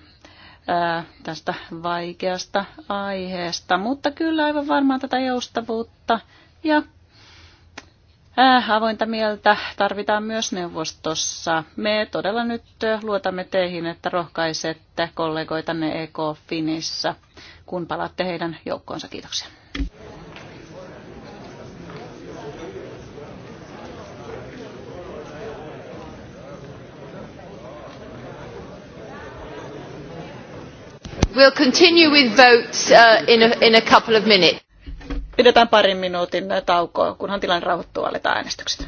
tästä vaikeasta aiheesta, mutta kyllä aivan varmaan tätä joustavuutta ja Äh, avointa mieltä tarvitaan myös neuvostossa. Me todella nyt luotamme teihin, että rohkaisette kollegoitanne EK-Finissa, kun palaatte heidän joukkoonsa. Kiitoksia. We'll continue with votes uh, in, a, in a couple of minutes pidetään parin minuutin taukoa, kunhan tilanne rauhoittuu, aletaan äänestykset.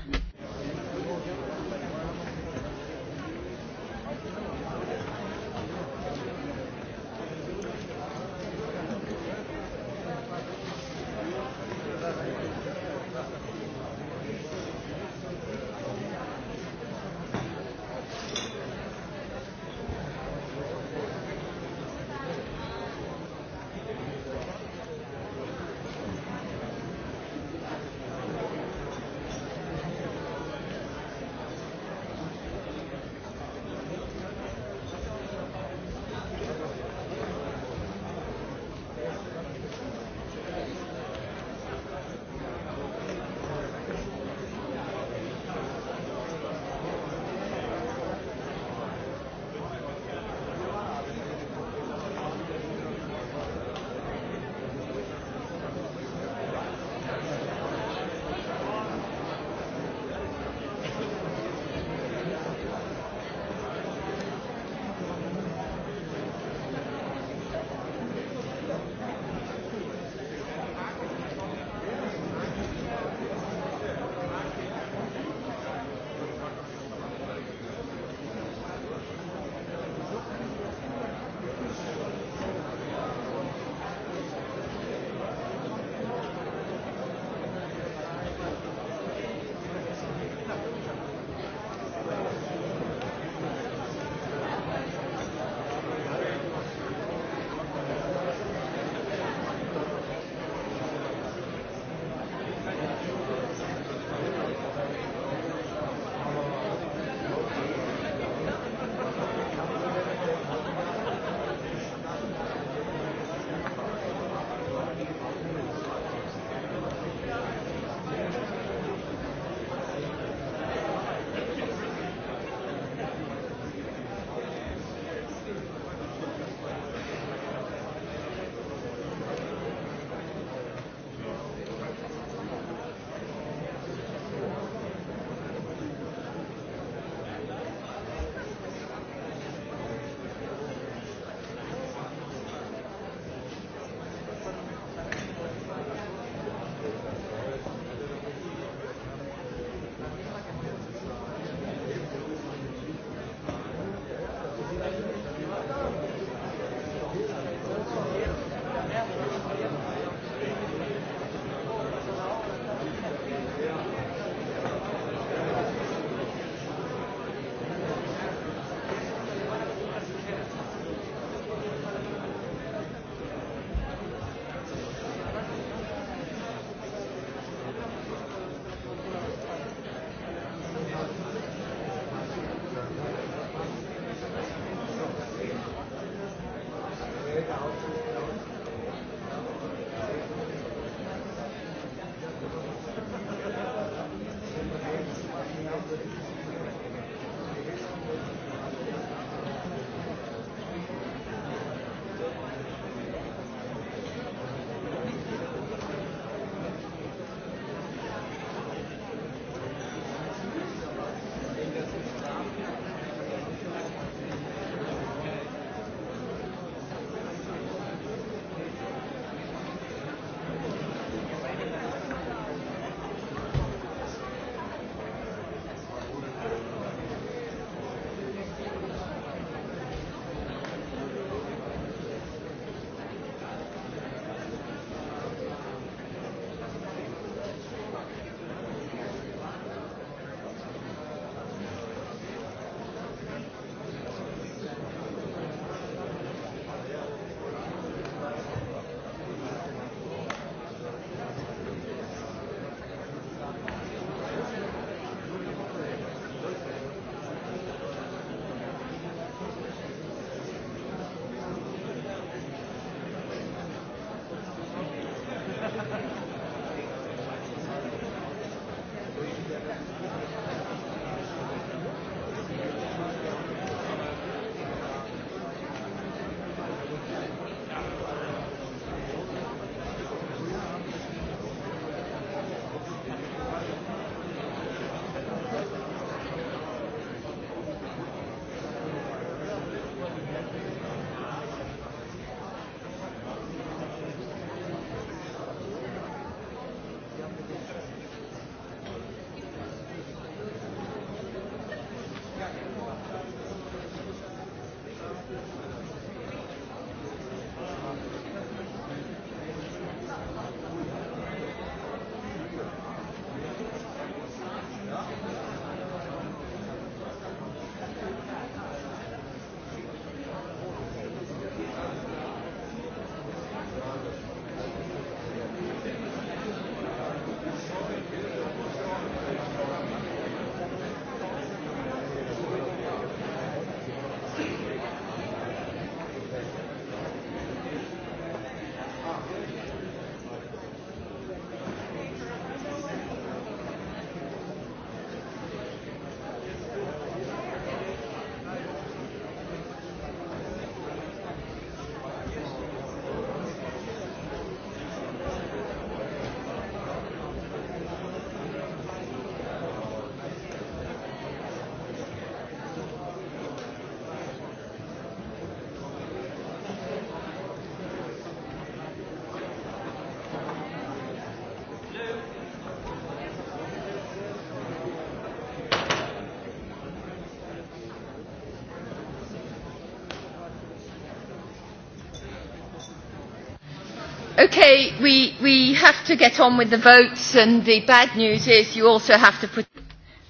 Okay, we, we have to get on with the votes and the bad news is you also have to put...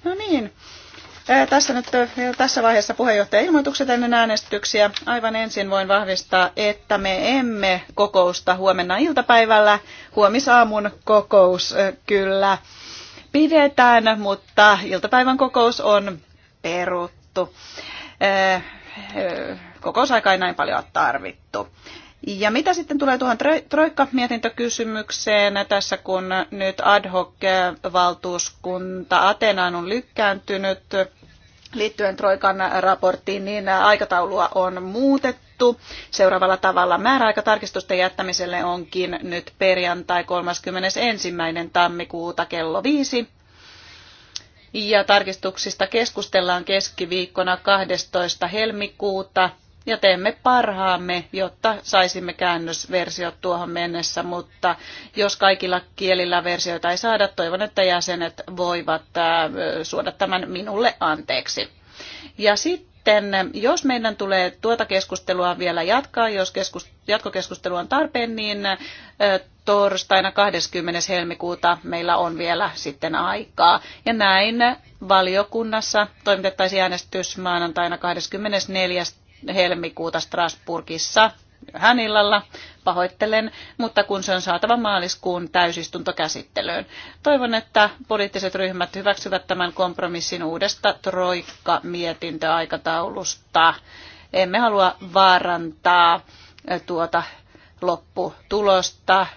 No niin. Tässä nyt tässä vaiheessa puheenjohtajan ilmoitukset ennen äänestyksiä. Aivan ensin voin vahvistaa, että me emme kokousta huomenna iltapäivällä. Huomisaamun kokous kyllä pidetään, mutta iltapäivän kokous on peruttu. Kokousaika ei näin paljon tarvittu. Ja mitä sitten tulee tuohon Troikka-mietintökysymykseen, tässä kun nyt ad hoc-valtuuskunta eh, Atenaan on lykkääntynyt liittyen Troikan raporttiin, niin aikataulua on muutettu. Seuraavalla tavalla määräaikatarkistusten jättämiselle onkin nyt perjantai 31. tammikuuta kello 5. Ja tarkistuksista keskustellaan keskiviikkona 12. helmikuuta ja teemme parhaamme, jotta saisimme käännösversiot tuohon mennessä, mutta jos kaikilla kielillä versioita ei saada, toivon, että jäsenet voivat äh, suoda tämän minulle anteeksi. Ja sitten, jos meidän tulee tuota keskustelua vielä jatkaa, jos jatkokeskustelu on tarpeen, niin äh, torstaina 20. helmikuuta meillä on vielä sitten aikaa. Ja näin valiokunnassa toimitettaisiin äänestys maanantaina 24 helmikuuta Strasburgissa hän illalla, pahoittelen, mutta kun se on saatava maaliskuun täysistuntokäsittelyyn. Toivon, että poliittiset ryhmät hyväksyvät tämän kompromissin uudesta troikka-mietintöaikataulusta. Emme halua vaarantaa tuota lopputulosta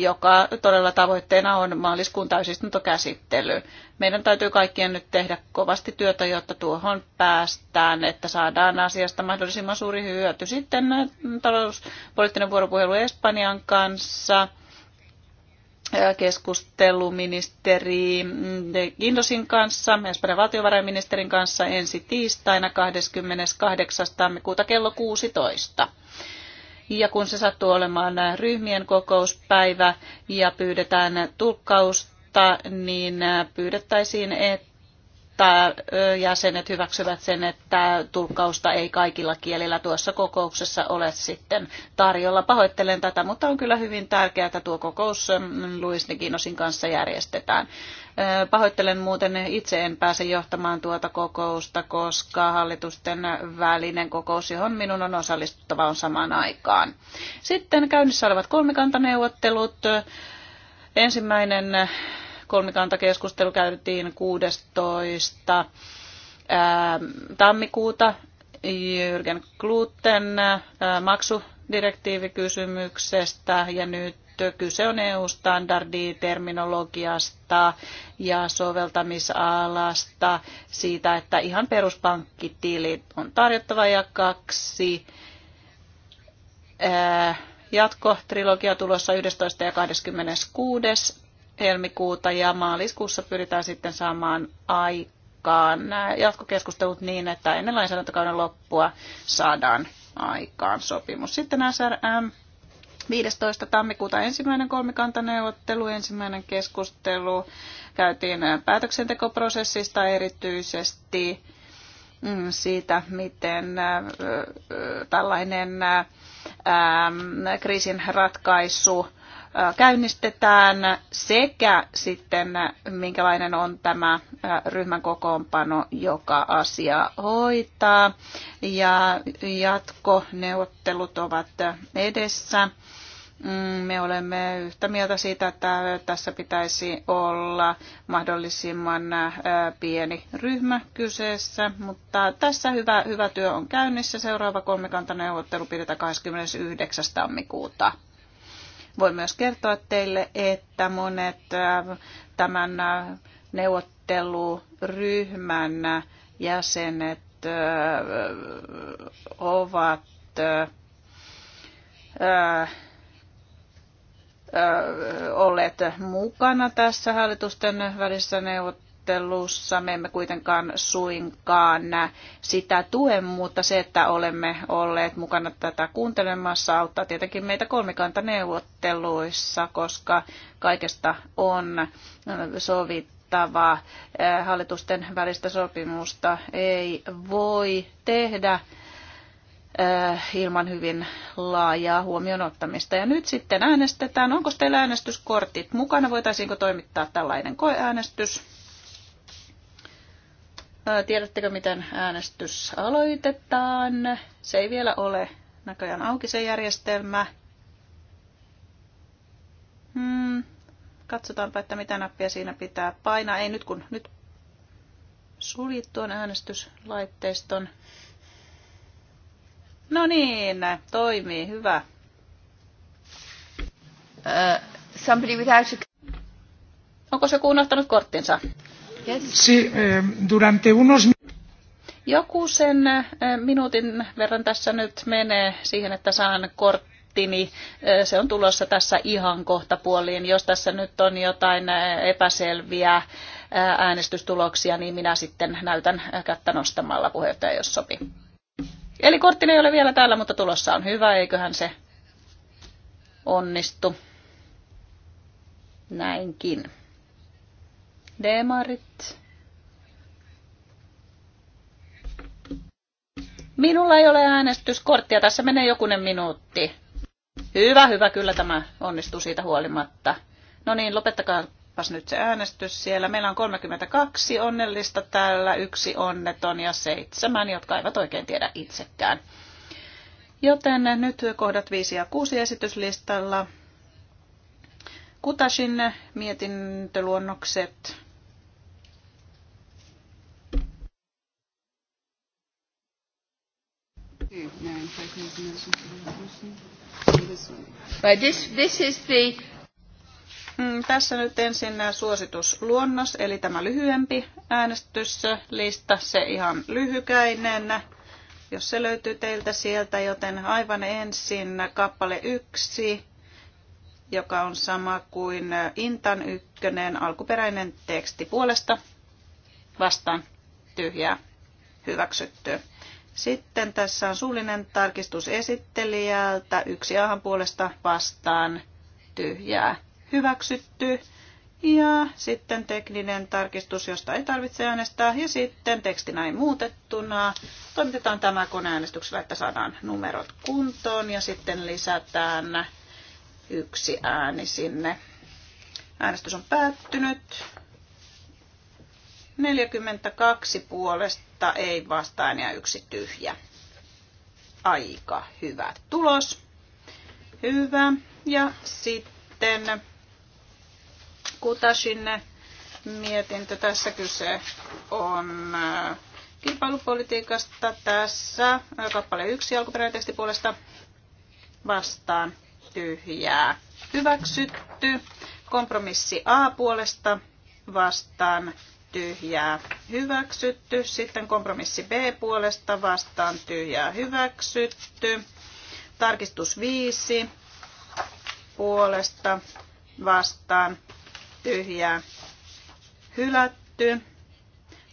joka todella tavoitteena on maaliskuun täysistuntokäsittely. Meidän täytyy kaikkien nyt tehdä kovasti työtä, jotta tuohon päästään, että saadaan asiasta mahdollisimman suuri hyöty. Sitten talouspoliittinen vuoropuhelu Espanjan kanssa keskusteluministeri mm, Gindosin kanssa, Espanjan valtiovarainministerin kanssa ensi tiistaina 28. tammikuuta kello 16 ja kun se sattuu olemaan ryhmien kokouspäivä ja pyydetään tulkkausta, niin pyydetään että että jäsenet hyväksyvät sen, että tulkkausta ei kaikilla kielillä tuossa kokouksessa ole sitten tarjolla. Pahoittelen tätä, mutta on kyllä hyvin tärkeää, että tuo kokous Luis Nikinosin kanssa järjestetään. Pahoittelen muuten, itse en pääse johtamaan tuota kokousta, koska hallitusten välinen kokous, johon minun on osallistuttava, on samaan aikaan. Sitten käynnissä olevat kolmikantaneuvottelut. Ensimmäinen kolmikantakeskustelu käytiin 16. tammikuuta Jürgen Kluten maksudirektiivikysymyksestä ja nyt Kyse on EU-standarditerminologiasta ja soveltamisalasta siitä, että ihan peruspankkitili on tarjottava ja kaksi jatkotrilogia tulossa 11. ja 26. helmikuuta ja maaliskuussa pyritään sitten saamaan aikaan nämä jatkokeskustelut niin, että ennen lainsäädäntökauden loppua saadaan aikaan sopimus. Sitten SRM 15. tammikuuta ensimmäinen kolmikantaneuvottelu, ensimmäinen keskustelu käytiin päätöksentekoprosessista erityisesti mm, siitä, miten tällainen kriisin ratkaisu käynnistetään sekä sitten minkälainen on tämä ryhmän kokoonpano, joka asia hoitaa. Ja jatkoneuvottelut ovat edessä. Mm, me olemme yhtä mieltä siitä, että tässä pitäisi olla mahdollisimman äh, pieni ryhmä kyseessä, mutta tässä hyvä, hyvä työ on käynnissä. Seuraava kolmikantaneuvottelu pidetään 29. tammikuuta. Voin myös kertoa teille, että monet äh, tämän äh, neuvotteluryhmän jäsenet ovat olleet mukana tässä hallitusten välissä neuvottelussa. Me emme kuitenkaan suinkaan sitä tue, mutta se, että olemme olleet mukana tätä kuuntelemassa, auttaa tietenkin meitä kolmikantaneuvotteluissa, koska kaikesta on sovittava. Hallitusten välistä sopimusta ei voi tehdä Äh, ilman hyvin laajaa huomioon ottamista. Ja nyt sitten äänestetään, onko teillä äänestyskortit mukana, voitaisiinko toimittaa tällainen koeäänestys. Äh, tiedättekö, miten äänestys aloitetaan? Se ei vielä ole näköjään auki se järjestelmä. Hmm. Katsotaanpa, että mitä nappia siinä pitää painaa. Ei nyt kun nyt suljit tuon äänestyslaitteiston. No niin, toimii, hyvä. Uh, somebody without a... Onko se unohtanut korttinsa? Yes. Si, uh, eh, durante unos... Joku sen eh, minuutin verran tässä nyt menee siihen, että saan korttini. Eh, se on tulossa tässä ihan kohta puoliin. Jos tässä nyt on jotain epäselviä äänestystuloksia, niin minä sitten näytän kättä nostamalla puheenjohtaja, jos sopii. Eli korttini ei ole vielä täällä, mutta tulossa on hyvä, eiköhän se onnistu. Näinkin. Demarit. Minulla ei ole äänestyskorttia, tässä menee jokunen minuutti. Hyvä, hyvä, kyllä tämä onnistuu siitä huolimatta. No niin, lopettakaa Katsotaanpas nyt se äänestys siellä. Meillä on 32 onnellista täällä, yksi onneton ja seitsemän, jotka eivät oikein tiedä itsekään. Joten nyt kohdat 5 ja 6 esityslistalla. Kutasin mietintöluonnokset. But this, this is the Mm, tässä nyt ensin suositusluonnos, eli tämä lyhyempi äänestyslista, se ihan lyhykäinen, jos se löytyy teiltä sieltä, joten aivan ensin kappale yksi, joka on sama kuin Intan ykkönen, alkuperäinen teksti puolesta, vastaan tyhjää, hyväksytty. Sitten tässä on suullinen tarkistus esittelijältä, yksi ahan puolesta vastaan tyhjää hyväksytty. Ja sitten tekninen tarkistus, josta ei tarvitse äänestää. Ja sitten teksti näin muutettuna. Toimitetaan tämä koneäänestyksellä, että saadaan numerot kuntoon. Ja sitten lisätään yksi ääni sinne. Äänestys on päättynyt. 42 puolesta, ei vastaan ja yksi tyhjä. Aika hyvä tulos. Hyvä. Ja sitten mietin, mietintö. Tässä kyse on äh, kilpailupolitiikasta. Tässä äh, kappale yksi alkuperäinen teksti puolesta vastaan tyhjää. Hyväksytty. Kompromissi A puolesta vastaan tyhjää hyväksytty. Sitten kompromissi B puolesta vastaan tyhjää hyväksytty. Tarkistus 5 puolesta vastaan tyhjää hylätty.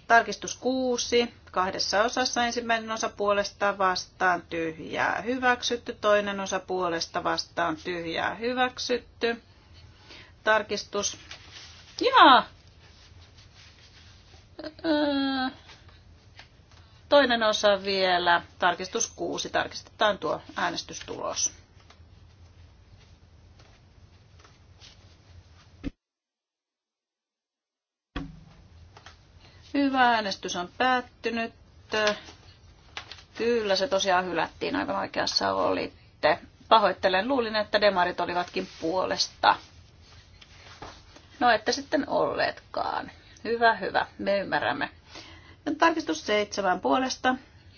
Tarkistus 6 kahdessa osassa. Ensimmäinen osa puolesta vastaan tyhjää hyväksytty. Toinen osa puolesta vastaan tyhjää hyväksytty. Tarkistus. Jaa! Öö, toinen osa vielä. Tarkistus 6. Tarkistetaan tuo äänestystulos. Hyvä, äänestys on päättynyt. Kyllä se tosiaan hylättiin, aivan oikeassa olitte. Pahoittelen, luulin, että demarit olivatkin puolesta. No, että sitten olleetkaan. Hyvä, hyvä, me ymmärrämme. Tarkistus seitsemän puolesta,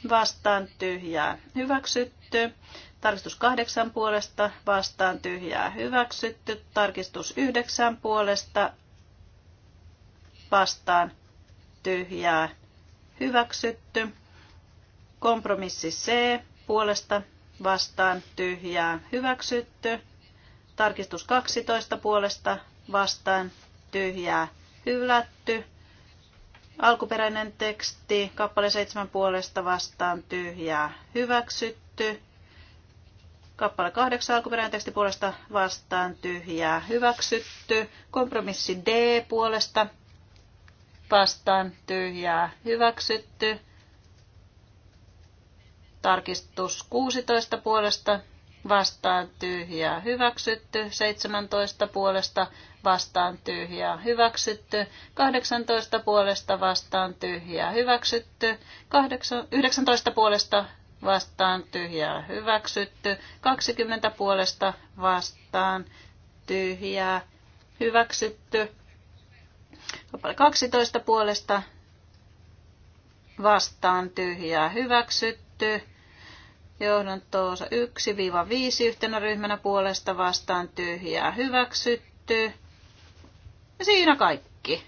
vastaan tyhjää, hyväksytty. Tarkistus kahdeksan puolesta, vastaan tyhjää, hyväksytty. Tarkistus yhdeksän puolesta, vastaan tyhjää hyväksytty. Kompromissi C puolesta vastaan tyhjää hyväksytty. Tarkistus 12 puolesta vastaan tyhjää hylätty. Alkuperäinen teksti kappale 7 puolesta vastaan tyhjää hyväksytty. Kappale 8 alkuperäinen teksti puolesta vastaan tyhjää hyväksytty. Kompromissi D puolesta vastaan tyhjää hyväksytty. Tarkistus 16 puolesta vastaan tyhjää hyväksytty, 17 puolesta vastaan tyhjää hyväksytty, 18 puolesta vastaan tyhjää hyväksytty, 19 puolesta vastaan tyhjää hyväksytty, 20 puolesta vastaan tyhjää hyväksytty, Kappale 12 puolesta vastaan tyhjää hyväksytty. Johdanto-osa 1-5 yhtenä ryhmänä puolesta vastaan tyhjää hyväksytty. Ja siinä kaikki.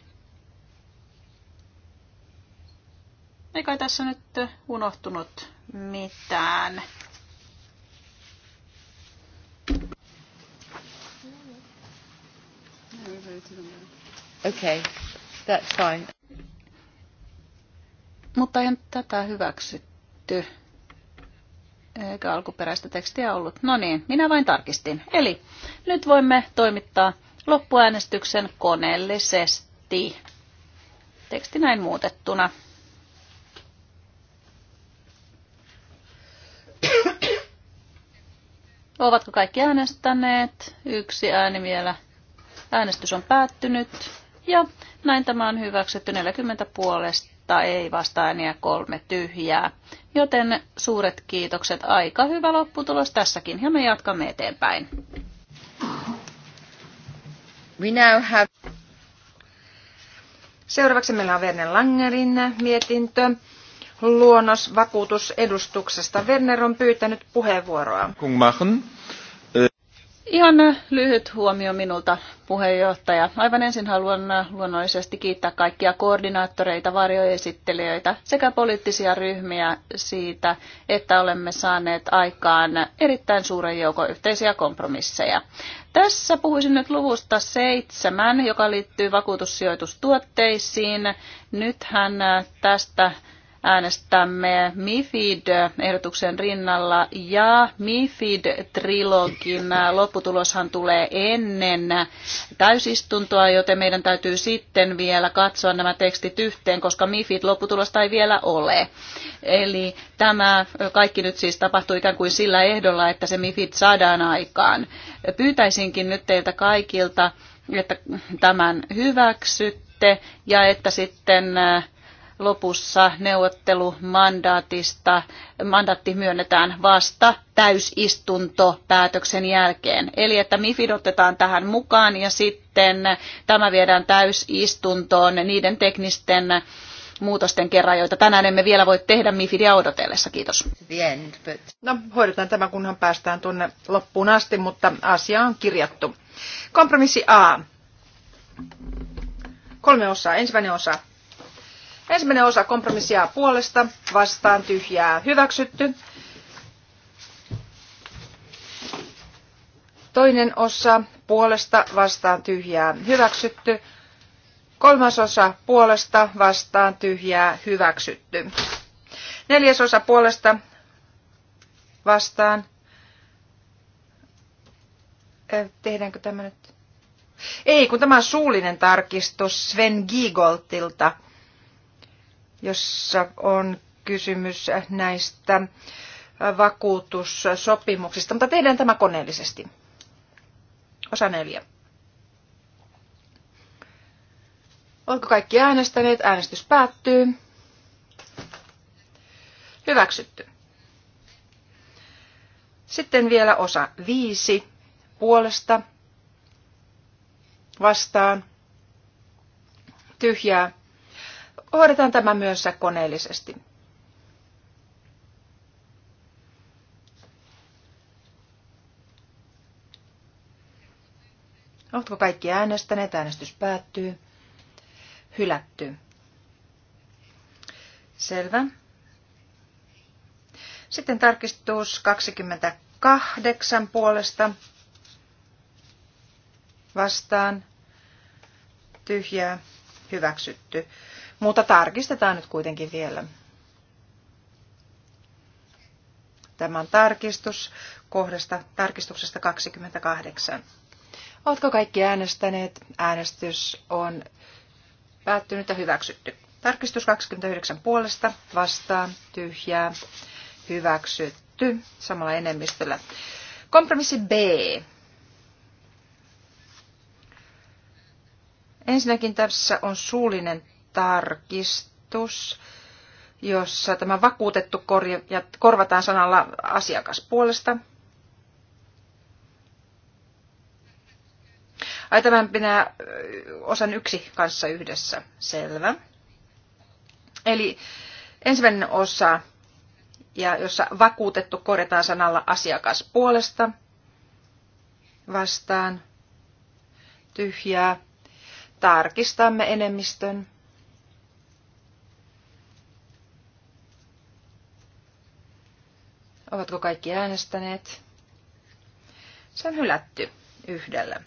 Eikä tässä nyt unohtunut mitään. Everybody to Okay, that's fine. Mutta en tätä hyväksytty. Eikä alkuperäistä tekstiä ollut. No niin, minä vain tarkistin. Eli nyt voimme toimittaa loppuäänestyksen koneellisesti. Teksti näin muutettuna. Ovatko kaikki äänestäneet? Yksi ääni vielä. Äänestys on päättynyt. Ja näin tämä on hyväksytty 40 puolesta, ei vasta ääniä kolme tyhjää. Joten suuret kiitokset, aika hyvä lopputulos tässäkin ja me jatkamme eteenpäin. We now have... Seuraavaksi meillä on Werner Langerin mietintö. Luonnos vakuutusedustuksesta. Werner on pyytänyt puheenvuoroa. Machen. Ihan äh, lyhyt huomio minulta, puheenjohtaja. Aivan ensin haluan äh, luonnollisesti kiittää kaikkia koordinaattoreita, varjoesittelijöitä sekä poliittisia ryhmiä siitä, että olemme saaneet aikaan erittäin suuren joukon yhteisiä kompromisseja. Tässä puhuisin nyt luvusta seitsemän, joka liittyy vakuutussijoitustuotteisiin. Nythän äh, tästä äänestämme MIFID-ehdotuksen rinnalla ja MIFID-trilogin lopputuloshan tulee ennen täysistuntoa, joten meidän täytyy sitten vielä katsoa nämä tekstit yhteen, koska MIFID-lopputulosta ei vielä ole. Eli tämä kaikki nyt siis tapahtuu ikään kuin sillä ehdolla, että se MIFID saadaan aikaan. Pyytäisinkin nyt teiltä kaikilta, että tämän hyväksytte ja että sitten lopussa neuvottelumandaatista mandaatti myönnetään vasta täysistuntopäätöksen jälkeen. Eli että MIFID otetaan tähän mukaan ja sitten tämä viedään täysistuntoon niiden teknisten muutosten kerran, joita tänään emme vielä voi tehdä MIFIDia odotellessa. Kiitos. End, but... No, hoidetaan tämä, kunhan päästään tuonne loppuun asti, mutta asia on kirjattu. Kompromissi A. Kolme osaa. Ensimmäinen osa Ensimmäinen osa kompromissia puolesta, vastaan tyhjää hyväksytty. Toinen osa puolesta, vastaan tyhjää hyväksytty. Kolmas osa puolesta, vastaan tyhjää hyväksytty. Neljäs osa puolesta, vastaan. Tehdäänkö tämä nyt? Ei, kun tämä on suullinen tarkistus Sven Giegoltilta jossa on kysymys näistä vakuutussopimuksista, mutta tehdään tämä koneellisesti. Osa neljä. Oletko kaikki äänestäneet? Äänestys päättyy. Hyväksytty. Sitten vielä osa viisi puolesta vastaan tyhjää Hoidetaan tämä myös koneellisesti. Oletko kaikki äänestäneet? Äänestys päättyy. Hylätty. Selvä. Sitten tarkistus 28 puolesta. Vastaan. Tyhjää. Hyväksytty. Mutta tarkistetaan nyt kuitenkin vielä. tämän tarkistus kohdasta, tarkistuksesta 28. Oletko kaikki äänestäneet? Äänestys on päättynyt ja hyväksytty. Tarkistus 29 puolesta, vastaan, tyhjää, hyväksytty samalla enemmistöllä. Kompromissi B. Ensinnäkin tässä on suullinen tarkistus, jossa tämä vakuutettu korja, korvataan sanalla asiakaspuolesta. Ai tämän pitää osan yksi kanssa yhdessä. Selvä. Eli ensimmäinen osa, ja jossa vakuutettu korjataan sanalla asiakaspuolesta vastaan tyhjää. Tarkistamme enemmistön. Ovatko kaikki äänestäneet? Se on hylätty yhdellä.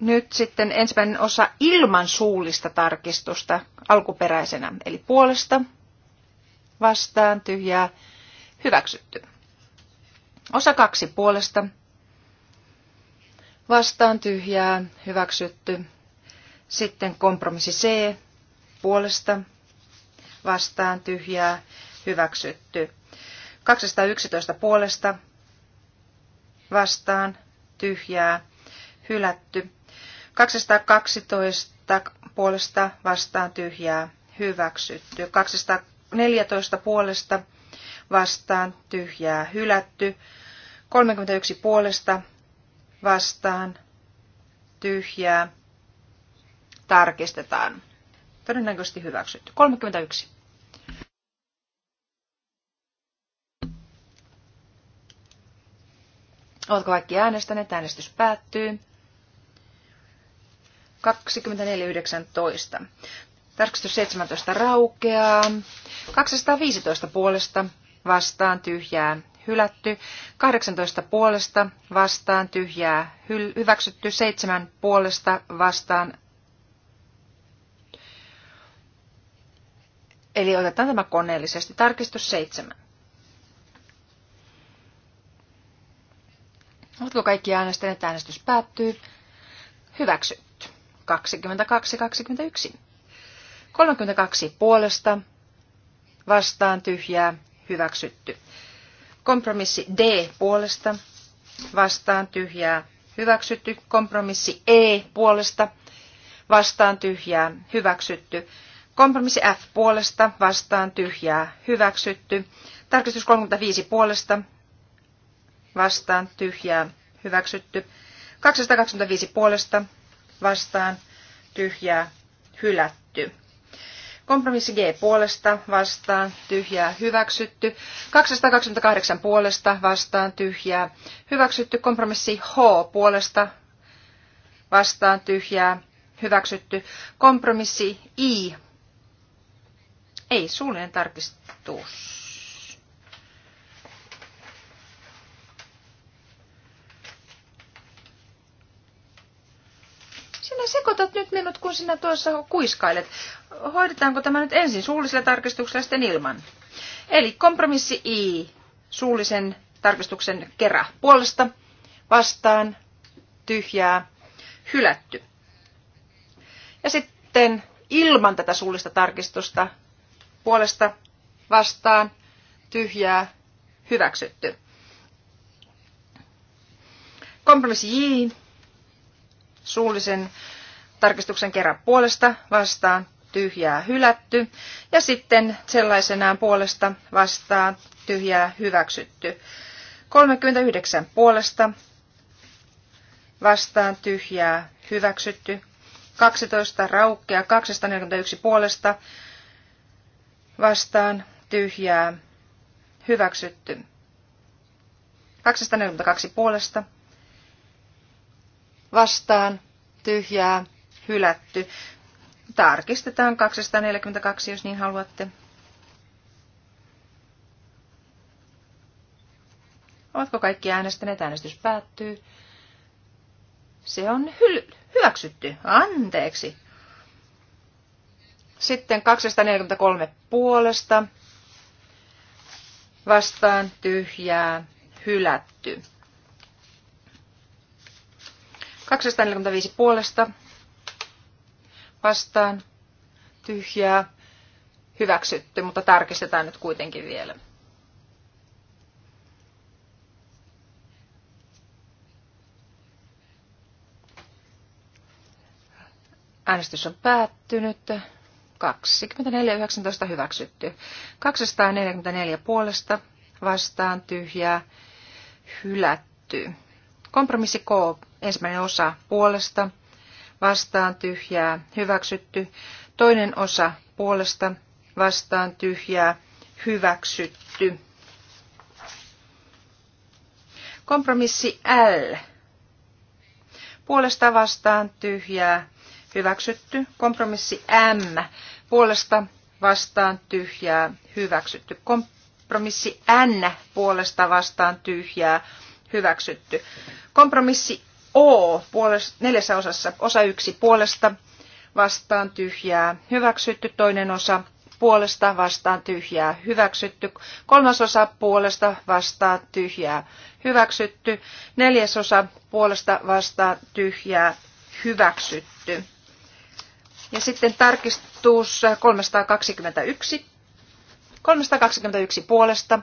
Nyt sitten ensimmäinen osa ilman suullista tarkistusta alkuperäisenä, eli puolesta, vastaan, tyhjää, hyväksytty. Osa kaksi puolesta, vastaan, tyhjää, hyväksytty. Sitten kompromissi C puolesta vastaan tyhjää hyväksytty. 211 puolesta vastaan tyhjää hylätty. 212 puolesta vastaan tyhjää hyväksytty. 214 puolesta vastaan tyhjää hylätty. 31 puolesta vastaan tyhjää tarkistetaan. Todennäköisesti hyväksytty. 31. Oletko kaikki äänestäneet? Äänestys päättyy. 24.19. Tarkistus 17 raukeaa. 215 puolesta vastaan tyhjää hylätty. 18 puolesta vastaan tyhjää hyväksytty. 7 puolesta vastaan Eli otetaan tämä koneellisesti. Tarkistus seitsemän. Oletko kaikki äänestäneet? Äänestys päättyy. Hyväksytty. 22-21. 32 puolesta. Vastaan tyhjää. Hyväksytty. Kompromissi D puolesta. Vastaan tyhjää. Hyväksytty. Kompromissi E puolesta. Vastaan tyhjää. Hyväksytty. Kompromissi F puolesta vastaan tyhjää hyväksytty. Tarkistus 35 puolesta vastaan tyhjää hyväksytty. 225 puolesta vastaan tyhjää hylätty. Kompromissi G puolesta vastaan tyhjää hyväksytty. 228 puolesta vastaan tyhjää hyväksytty. Kompromissi H puolesta vastaan tyhjää hyväksytty. Kompromissi I ei, suullinen tarkistus. Sinä sekoitat nyt minut, kun sinä tuossa kuiskailet. Hoidetaanko tämä nyt ensin suullisella tarkistuksella sitten ilman? Eli kompromissi I, suullisen tarkistuksen kerä puolesta, vastaan, tyhjää, hylätty. Ja sitten ilman tätä suullista tarkistusta puolesta vastaan tyhjää hyväksytty. Kompromissi J suullisen tarkistuksen kerran puolesta vastaan tyhjää hylätty ja sitten sellaisenaan puolesta vastaan tyhjää hyväksytty. 39 puolesta vastaan tyhjää hyväksytty. 12 raukkia 241 puolesta vastaan tyhjää hyväksytty. 242 puolesta vastaan tyhjää hylätty. Tarkistetaan 242, jos niin haluatte. Ovatko kaikki äänestäneet? Äänestys päättyy. Se on hyl- hyväksytty. Anteeksi. Sitten 243 puolesta vastaan tyhjää hylätty. 245 puolesta vastaan tyhjää hyväksytty, mutta tarkistetaan nyt kuitenkin vielä. Äänestys on päättynyt. 24.19 hyväksytty. 244 puolesta vastaan tyhjää hylätty. Kompromissi K, ensimmäinen osa puolesta vastaan tyhjää hyväksytty. Toinen osa puolesta vastaan tyhjää hyväksytty. Kompromissi L. Puolesta vastaan tyhjää hyväksytty. Kompromissi M puolesta vastaan tyhjää, hyväksytty. Kompromissi N puolesta vastaan tyhjää, hyväksytty. Kompromissi O puolesta, neljässä osassa, osa yksi puolesta vastaan tyhjää, hyväksytty. Toinen osa puolesta vastaan tyhjää, hyväksytty. Kolmas osa puolesta vastaan tyhjää, hyväksytty. Neljäs osa puolesta vastaan tyhjää, hyväksytty. Ja sitten tarkistus 321. 321 puolesta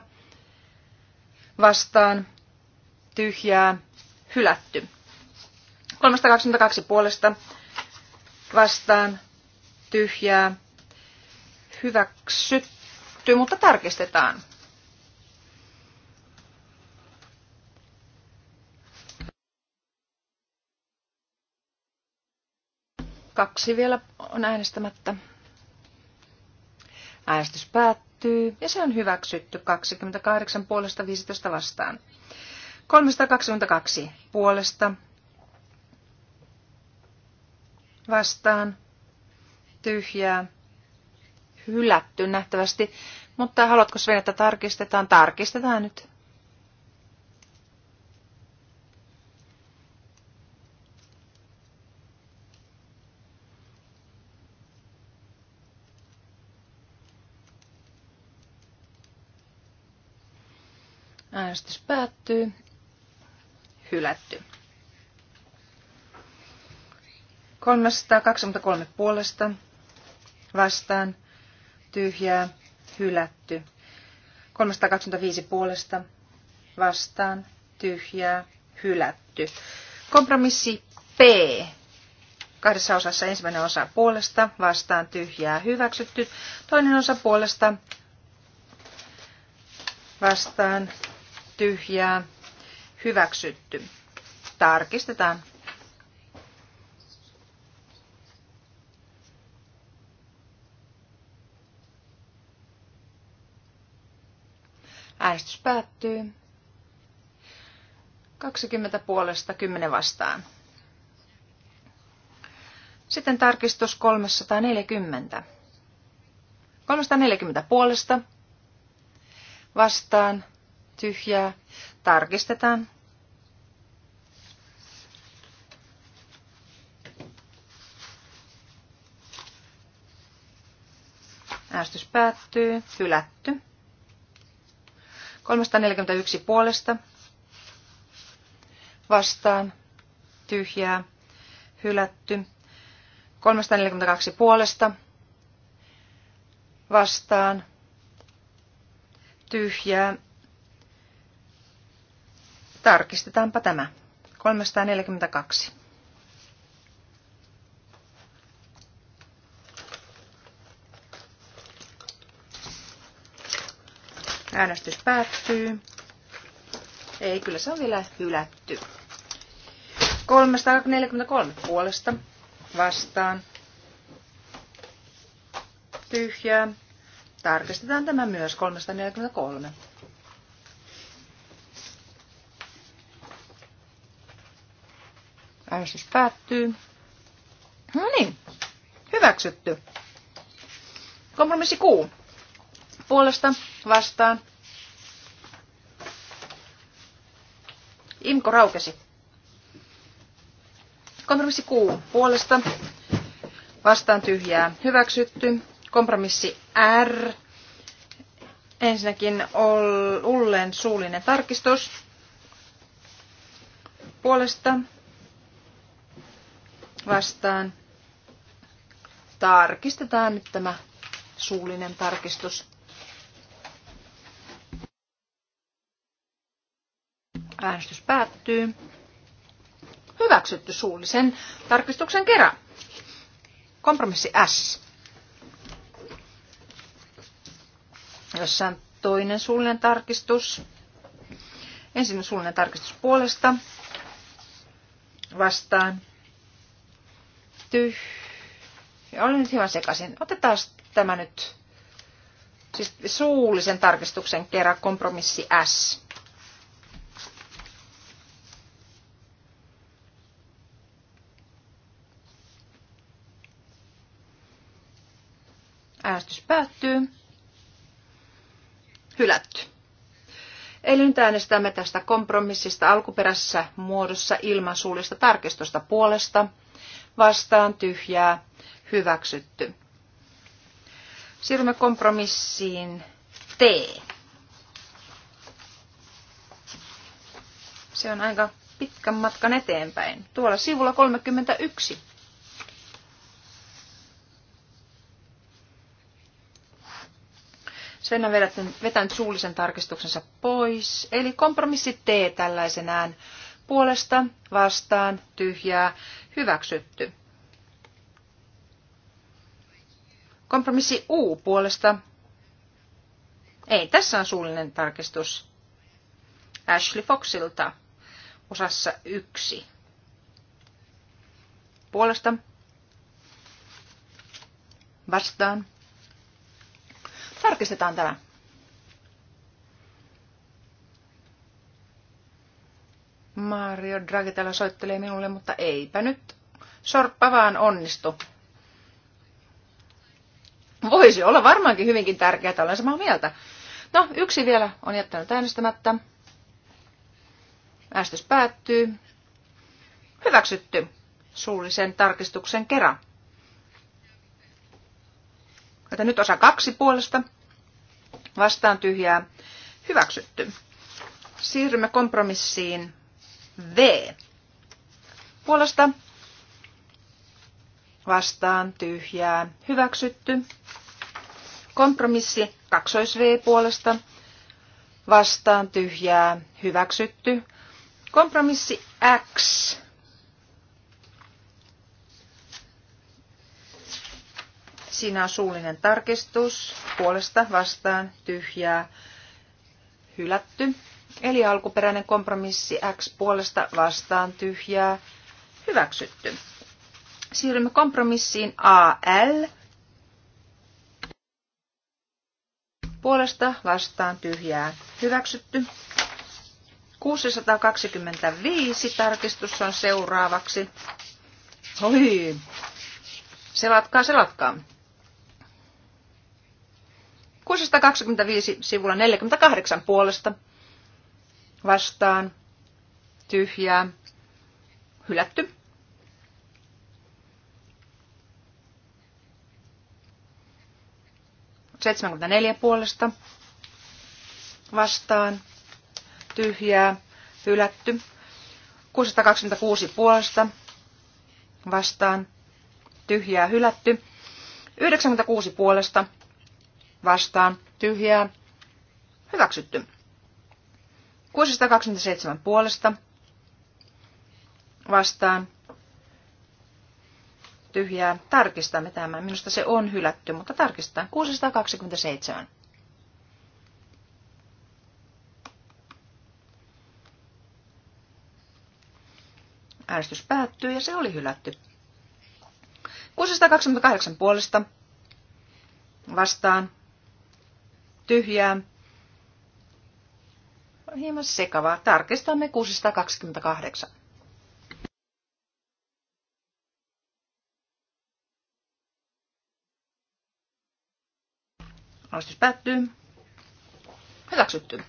vastaan tyhjää hylätty. 322 puolesta vastaan tyhjää hyväksytty, mutta tarkistetaan. Kaksi vielä on äänestämättä. Äänestys päättyy ja se on hyväksytty 28 puolesta 15 vastaan. 322 puolesta vastaan tyhjää hylätty nähtävästi. Mutta haluatko Sven, että tarkistetaan? Tarkistetaan nyt. Äänestys päättyy. Hylätty. 323 puolesta vastaan tyhjää hylätty. 325 puolesta vastaan tyhjää hylätty. Kompromissi P. Kahdessa osassa ensimmäinen osa puolesta vastaan tyhjää hyväksytty. Toinen osa puolesta vastaan tyhjää hyväksytty. Tarkistetaan. Äänestys päättyy. 20 puolesta 10 vastaan. Sitten tarkistus 340. 340 puolesta vastaan tyhjää, tarkistetaan. Äänestys päättyy, hylätty. 341 puolesta, vastaan, tyhjää, hylätty. 342 puolesta, vastaan, tyhjää, Tarkistetaanpa tämä. 342. Äänestys päättyy. Ei, kyllä se on vielä hylätty. 343 puolesta vastaan. Tyhjää. Tarkistetaan tämä myös 343. Äänestys päättyy. No niin, hyväksytty. Kompromissi Q. Puolesta vastaan. Imko raukesi. Kompromissi Q. Puolesta vastaan tyhjää. Hyväksytty. Kompromissi R. Ensinnäkin Ullen suullinen tarkistus. Puolesta vastaan. Tarkistetaan nyt tämä suullinen tarkistus. Äänestys päättyy. Hyväksytty suullisen tarkistuksen kerran. Kompromissi S. Jossa on toinen suullinen tarkistus. Ensin suullinen tarkistus puolesta. Vastaan ja Olen nyt hieman sekaisin. Otetaan tämä nyt. Siis suullisen tarkistuksen kerran kompromissi S. Äänestys päättyy. Hylätty. Eli nyt äänestämme tästä kompromissista alkuperäisessä muodossa ilman suullista tarkistusta puolesta vastaan tyhjää hyväksytty. Siirrymme kompromissiin T. Se on aika pitkän matkan eteenpäin. Tuolla sivulla 31. Svenna vetän suullisen tarkistuksensa pois. Eli kompromissi T tällaisenään puolesta vastaan tyhjää hyväksytty. Kompromissi U puolesta. Ei, tässä on suullinen tarkistus Ashley Foxilta osassa yksi. Puolesta vastaan. Tarkistetaan tämä. Mario Draghi täällä soittelee minulle, mutta eipä nyt sorppa vaan onnistu. Voisi olla varmaankin hyvinkin tärkeää, olen samaa mieltä. No, yksi vielä on jättänyt äänestämättä. Äänestys päättyy. Hyväksytty suullisen tarkistuksen kerran. Että nyt osa kaksi puolesta. Vastaan tyhjää. Hyväksytty. Siirrymme kompromissiin V. Puolesta vastaan tyhjää hyväksytty. Kompromissi kaksois V puolesta vastaan tyhjää hyväksytty. Kompromissi X. Siinä on suullinen tarkistus puolesta vastaan tyhjää hylätty. Eli alkuperäinen kompromissi X puolesta vastaan tyhjää hyväksytty. Siirrymme kompromissiin AL puolesta vastaan tyhjää hyväksytty. 625 tarkistus on seuraavaksi. Oi, selatkaa, selatkaa. 625 sivulla 48 puolesta vastaan, tyhjää, hylätty. Seitsemänkymmentäneljä puolesta vastaan, tyhjää, hylätty. 626 puolesta vastaan, tyhjää, hylätty. 96 puolesta vastaan, tyhjää, hyväksytty. 627 puolesta vastaan tyhjää. Tarkistamme tämän. Minusta se on hylätty, mutta tarkistetaan. 627. Äänestys päättyy ja se oli hylätty. 628 puolesta vastaan tyhjää hieman sekavaa. Tarkistamme 628. Äänestys päättyy. Hyväksytty.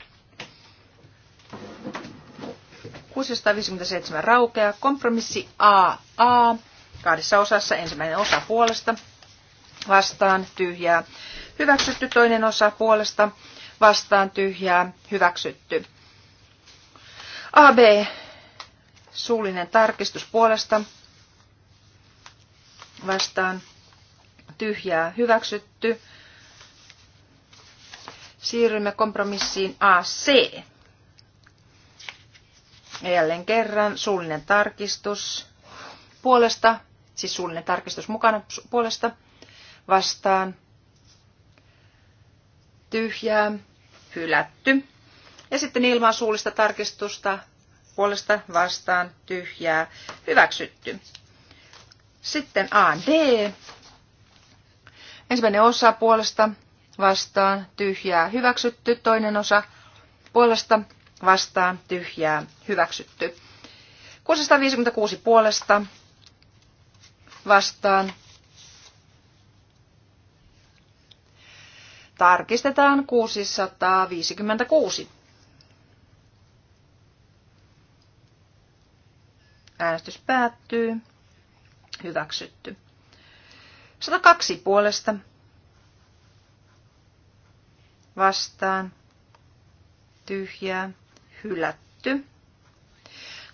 657 raukeaa. Kompromissi AA. Kahdessa osassa ensimmäinen osa puolesta. Vastaan tyhjää. Hyväksytty toinen osa puolesta. Vastaan tyhjää. Hyväksytty. AB, suullinen tarkistus puolesta, vastaan, tyhjää, hyväksytty. Siirrymme kompromissiin AC. Ja jälleen kerran suullinen tarkistus puolesta, siis suullinen tarkistus mukana puolesta, vastaan, tyhjää, hylätty. Ja sitten ilman suullista tarkistusta puolesta vastaan tyhjää hyväksytty. Sitten A, D. Ensimmäinen osa puolesta vastaan tyhjää hyväksytty. Toinen osa puolesta vastaan tyhjää hyväksytty. 656 puolesta vastaan. Tarkistetaan 656. Äänestys päättyy. Hyväksytty. 102 puolesta. Vastaan. Tyhjää. Hylätty.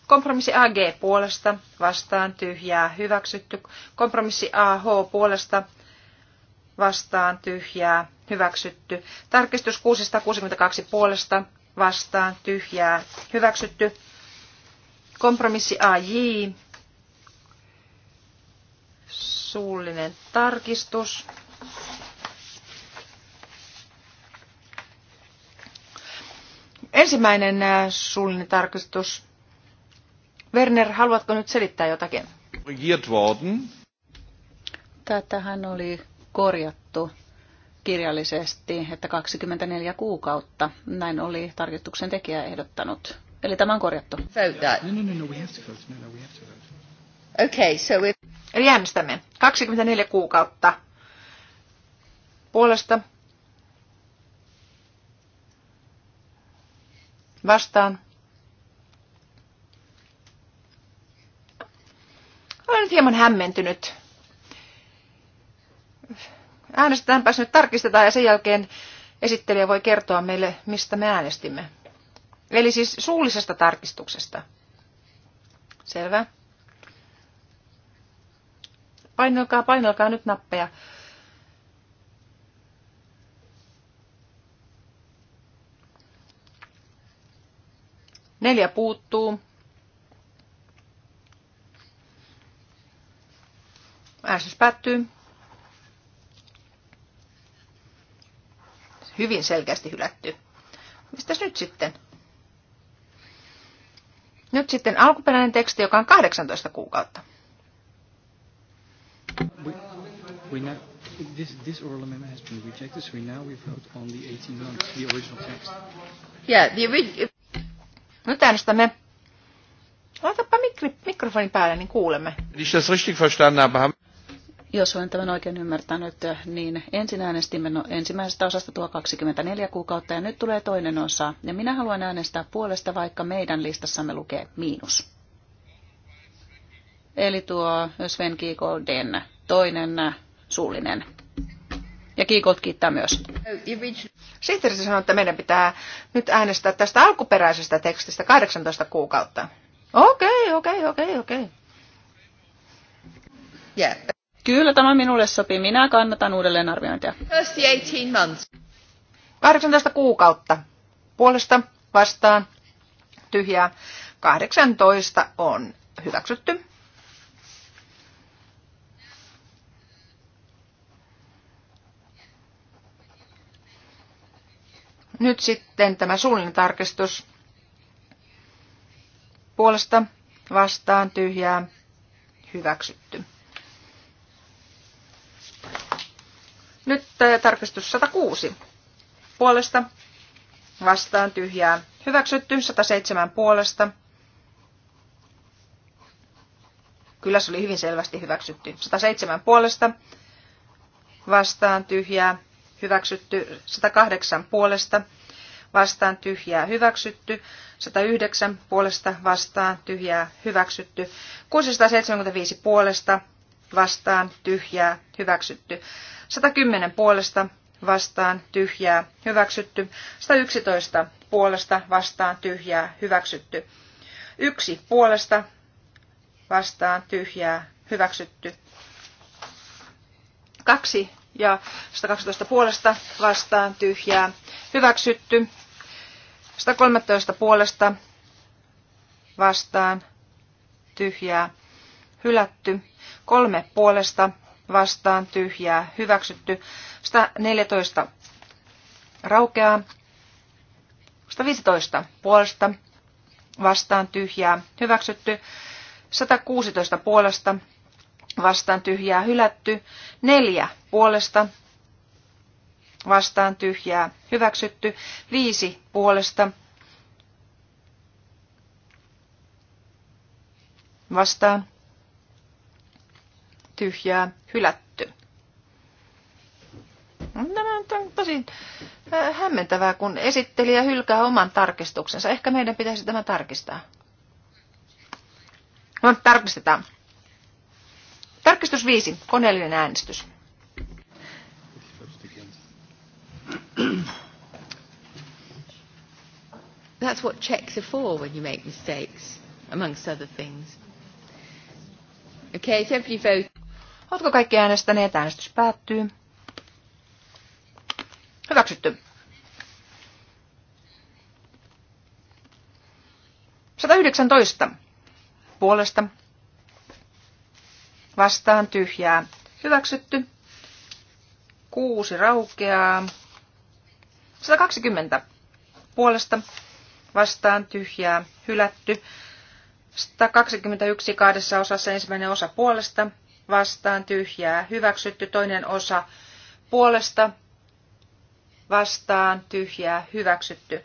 Kompromissi AG puolesta. Vastaan. Tyhjää. Hyväksytty. Kompromissi AH puolesta. Vastaan. Tyhjää. Hyväksytty. Tarkistus 662 puolesta. Vastaan. Tyhjää. Hyväksytty. Kompromissi AJ, suullinen tarkistus. Ensimmäinen äh, suullinen tarkistus. Werner, haluatko nyt selittää jotakin? Tätähän oli korjattu kirjallisesti, että 24 kuukautta. Näin oli tarkistuksen tekijä ehdottanut. Eli tämä on korjattu. Okay, so we... Eli äänestämme 24 kuukautta puolesta vastaan. Olen nyt hieman hämmentynyt. Äänestetäänpäs nyt tarkistetaan ja sen jälkeen esittelijä voi kertoa meille, mistä me äänestimme. Eli siis suullisesta tarkistuksesta. Selvä. Painelkaa, painelkaa nyt nappeja. Neljä puuttuu. Äänestys päättyy. Hyvin selkeästi hylätty. Mistäs nyt sitten? Nyt sitten alkuperäinen teksti, joka on 18 kuukautta. We, we now, this, this oral amendment has Nyt äänestämme. Laitapa mikri, mikrofonin päälle, niin kuulemme. ich das richtig verstanden habe, haben jos olen tämän oikein ymmärtänyt, niin ensin äänestimme no, ensimmäisestä osasta tuo 24 kuukautta ja nyt tulee toinen osa. Ja minä haluan äänestää puolesta, vaikka meidän listassamme lukee miinus. Eli tuo Sven Kiikolden toinen suullinen. Ja Kiikolt kiittää myös. Sihteeri sanoi, että meidän pitää nyt äänestää tästä alkuperäisestä tekstistä 18 kuukautta. Okei, okay, okei, okay, okei, okay, okei. Okay. Yeah. Kyllä tämä minulle sopii. Minä kannatan uudelleenarviointia. 18 kuukautta. Puolesta vastaan tyhjää. 18 on hyväksytty. Nyt sitten tämä suullinen tarkistus. Puolesta vastaan tyhjää hyväksytty. Nyt äh, tarkistus 106. Puolesta vastaan tyhjää. Hyväksytty 107 puolesta. Kyllä se oli hyvin selvästi hyväksytty. 107 puolesta vastaan tyhjää. Hyväksytty 108 puolesta vastaan tyhjää hyväksytty, 109 puolesta vastaan tyhjää hyväksytty, 675 puolesta vastaan tyhjää hyväksytty, 110 puolesta vastaan tyhjää hyväksytty. 111 puolesta vastaan tyhjää hyväksytty. Yksi puolesta vastaan tyhjää hyväksytty. Kaksi ja 112 puolesta vastaan tyhjää hyväksytty. 113 puolesta vastaan tyhjää hylätty. Kolme puolesta vastaan tyhjää hyväksytty. 114 raukeaa. 115 puolesta vastaan tyhjää hyväksytty. 116 puolesta vastaan tyhjää hylätty. 4 puolesta vastaan tyhjää hyväksytty. 5 puolesta vastaan tyhjää, hylätty. No, tämä on tosi äh, hämmentävää, kun esittelijä hylkää oman tarkistuksensa. Ehkä meidän pitäisi tämä tarkistaa. No, tarkistetaan. Tarkistus 5. Koneellinen äänestys. That's what checks are for when you make mistakes, amongst other things. Okay, so you vote. Oletko kaikki äänestäneet? Äänestys päättyy. Hyväksytty. 119. Puolesta. Vastaan tyhjää. Hyväksytty. Kuusi raukeaa. 120. Puolesta. Vastaan tyhjää. Hylätty. 121 kahdessa osassa ensimmäinen osa puolesta vastaan tyhjää hyväksytty. Toinen osa puolesta vastaan tyhjää hyväksytty.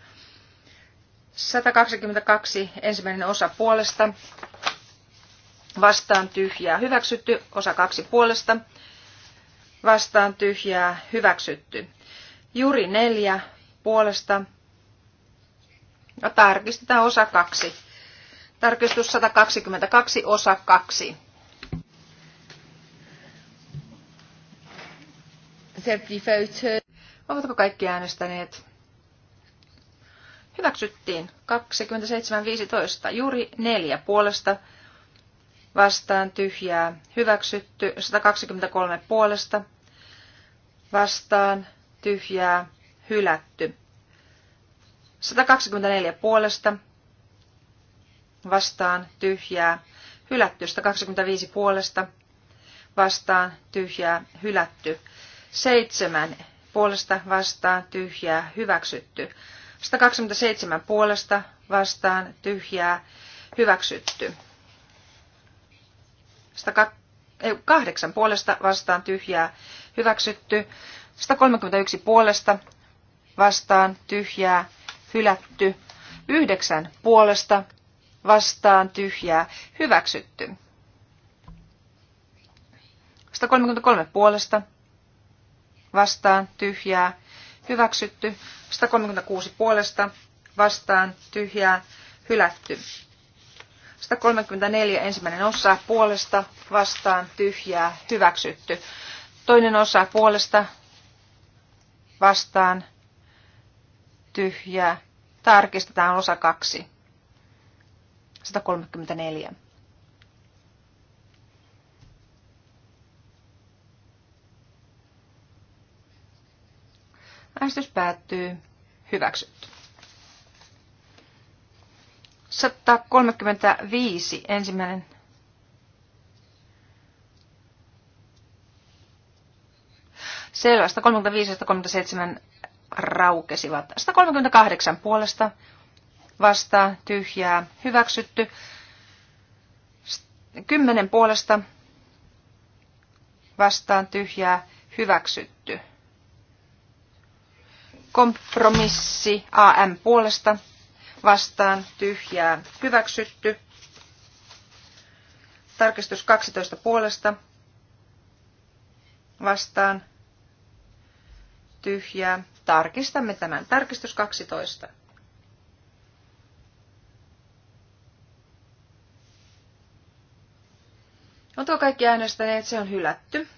122 ensimmäinen osa puolesta vastaan tyhjää hyväksytty. Osa kaksi puolesta vastaan tyhjää hyväksytty. Juri neljä puolesta. Ja no, tarkistetaan osa kaksi. Tarkistus 122 osa 2. voted? Ovatko kaikki äänestäneet? Hyväksyttiin 27.15. Juuri neljä puolesta vastaan tyhjää. Hyväksytty 123 puolesta vastaan tyhjää. Hylätty 124 puolesta vastaan tyhjää. Hylätty 125 puolesta vastaan tyhjää. Hylätty Seitsemän puolesta vastaan tyhjää hyväksytty. 127 puolesta vastaan tyhjää hyväksytty. 108 puolesta vastaan tyhjää hyväksytty. 131 puolesta vastaan tyhjää hylätty. 9 puolesta vastaan tyhjää hyväksytty. 133 puolesta vastaan tyhjää hyväksytty, 136 puolesta vastaan tyhjää hylätty. 134 ensimmäinen osa puolesta vastaan tyhjää hyväksytty. Toinen osa puolesta vastaan tyhjää. Tarkistetaan osa 2. 134. Äänestys päättyy. Hyväksytty. 135 ensimmäinen Selvä. 135 ja 137 raukesivat. 138 puolesta vastaa tyhjää hyväksytty. 10 puolesta vastaan tyhjää hyväksytty. Kompromissi AM puolesta vastaan tyhjää hyväksytty. Tarkistus 12 puolesta vastaan tyhjää. Tarkistamme tämän. Tarkistus 12. Onko kaikki äänestäneet? Se on hylätty.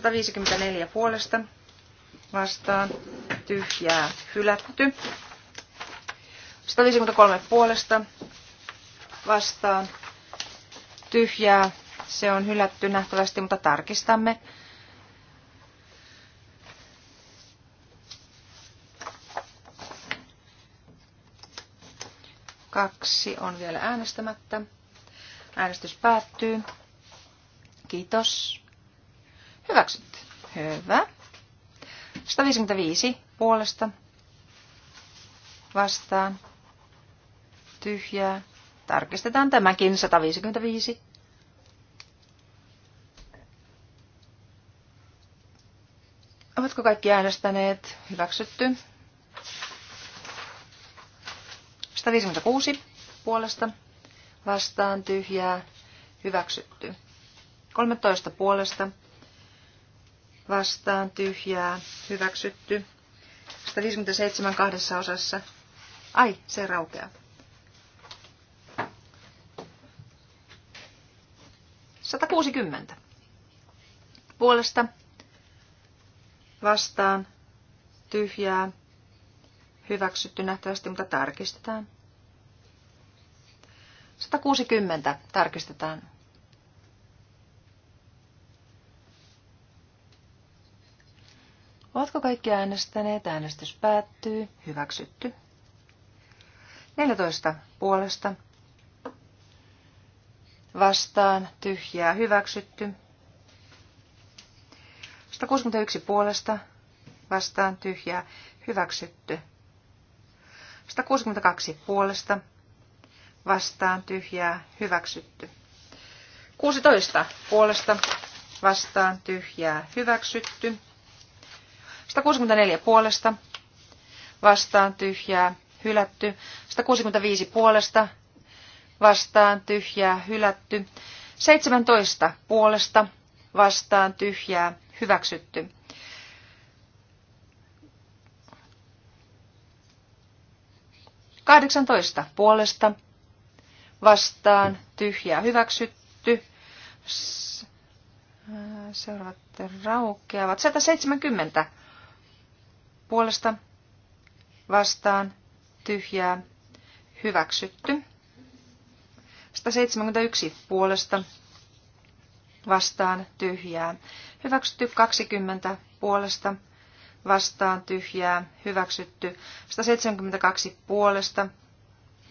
154 puolesta vastaan tyhjää hylätty. 153 puolesta vastaan tyhjää. Se on hylätty nähtävästi, mutta tarkistamme. Kaksi on vielä äänestämättä. Äänestys päättyy. Kiitos. Hyväksytty. Hyvä. 155 puolesta. Vastaan. Tyhjää. Tarkistetaan tämäkin 155. Ovatko kaikki äänestäneet? Hyväksytty. 156 puolesta. Vastaan tyhjää. Hyväksytty. 13 puolesta vastaan tyhjää hyväksytty. 157 kahdessa osassa. Ai, se raukeaa. Sata kuusikymmentä. Puolesta vastaan tyhjää hyväksytty nähtävästi, mutta tarkistetaan. 160 tarkistetaan. Ovatko kaikki äänestäneet? Äänestys päättyy. Hyväksytty. 14 puolesta. Vastaan. Tyhjää. Hyväksytty. 161 puolesta. Vastaan. Tyhjää. Hyväksytty. 162 puolesta. Vastaan. Tyhjää. Hyväksytty. 16 puolesta. Vastaan. Tyhjää. Hyväksytty. 164 puolesta vastaan tyhjää hylätty. 165 puolesta vastaan tyhjää hylätty. 17 puolesta vastaan tyhjää hyväksytty. Kahdeksantoista puolesta vastaan tyhjää hyväksytty. Seuraavat raukeavat. 170 puolesta vastaan tyhjää hyväksytty. 171 puolesta vastaan tyhjää hyväksytty. 20 puolesta vastaan tyhjää hyväksytty. 172 puolesta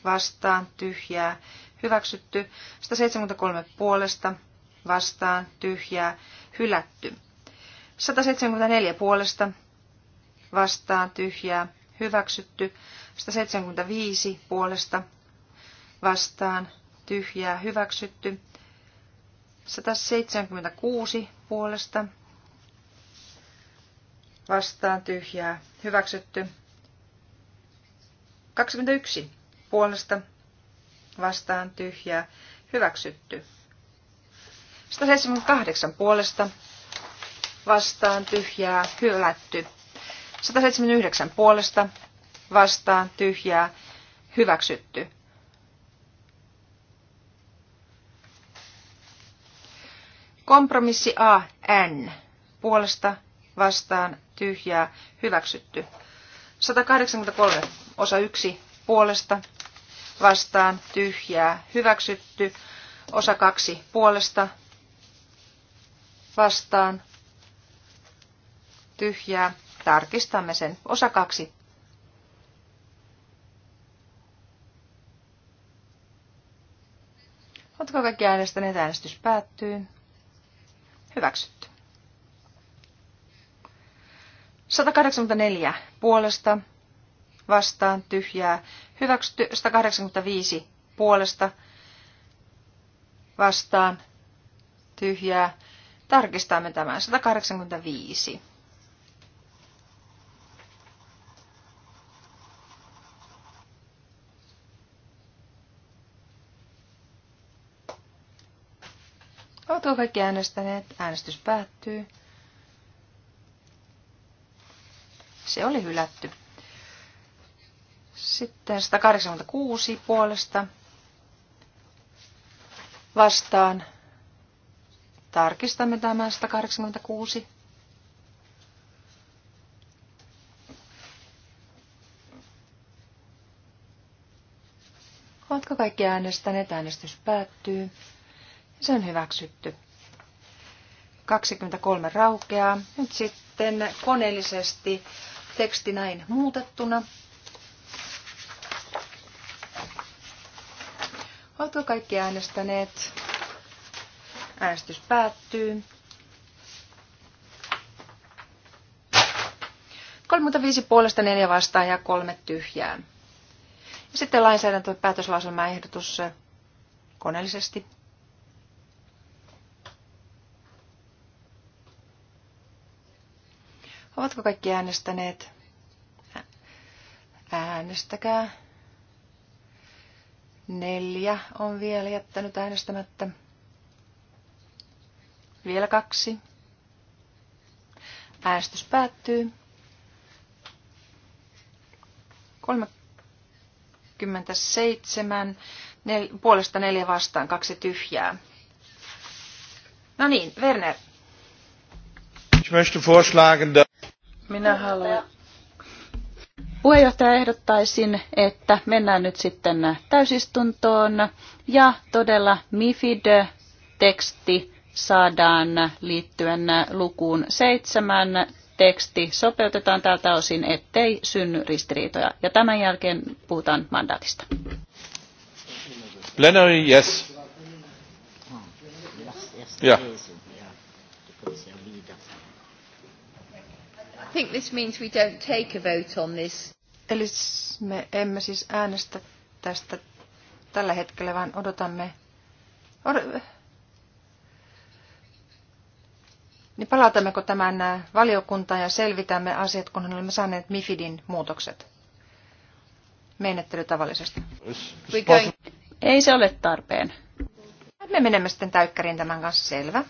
vastaan tyhjää hyväksytty. 173 puolesta vastaan tyhjää hylätty. 174 puolesta vastaan tyhjää hyväksytty. 175 puolesta vastaan tyhjää hyväksytty. 176 puolesta vastaan tyhjää hyväksytty. 21 puolesta vastaan tyhjää hyväksytty. 178 puolesta vastaan tyhjää hylätty. 179 puolesta vastaan tyhjää hyväksytty. Kompromissi A N puolesta vastaan tyhjää hyväksytty. 183 osa 1 puolesta vastaan tyhjää hyväksytty. Osa 2 puolesta vastaan tyhjää Tarkistamme sen. Osa kaksi. Oletko kaikki äänestäneet? Äänestys päättyy. Hyväksytty. 184 puolesta, vastaan, tyhjää. Hyväksytty 185 puolesta, vastaan, tyhjää. Tarkistamme tämän 185. Oletko kaikki äänestäneet? Äänestys päättyy. Se oli hylätty. Sitten 186 puolesta vastaan. Tarkistamme tämän 186. Oletko kaikki äänestäneet? Äänestys päättyy. Se on hyväksytty. 23 raukeaa. Nyt sitten koneellisesti teksti näin muutettuna. Oletko kaikki äänestäneet? Äänestys päättyy. 35 puolesta, 4 vastaan ja 3 tyhjää. Ja sitten ehdotus koneellisesti Oletko kaikki äänestäneet? Äänestäkää. Neljä on vielä jättänyt äänestämättä. Vielä kaksi. Äänestys päättyy. 37, nel, puolesta neljä vastaan, kaksi tyhjää. No niin, Werner. Ich möchte vorschlagen, minä haluan. Puheenjohtaja ehdottaisin, että mennään nyt sitten täysistuntoon ja todella MIFID-teksti saadaan liittyen lukuun seitsemän teksti sopeutetaan tältä osin, ettei synny ristiriitoja. Ja tämän jälkeen puhutaan mandaatista. Plenary, yes. Yeah. think this means we don't take a vote on this. Eli me emme siis äänestä tästä tällä hetkellä, vaan odotamme... Od- niin palautammeko tämän valiokuntaan ja selvitämme asiat, kun olemme saaneet MIFIDin muutokset? Menettely tavallisesti. Ei se ole tarpeen. Me menemme sitten täykkäriin tämän kanssa, selvä.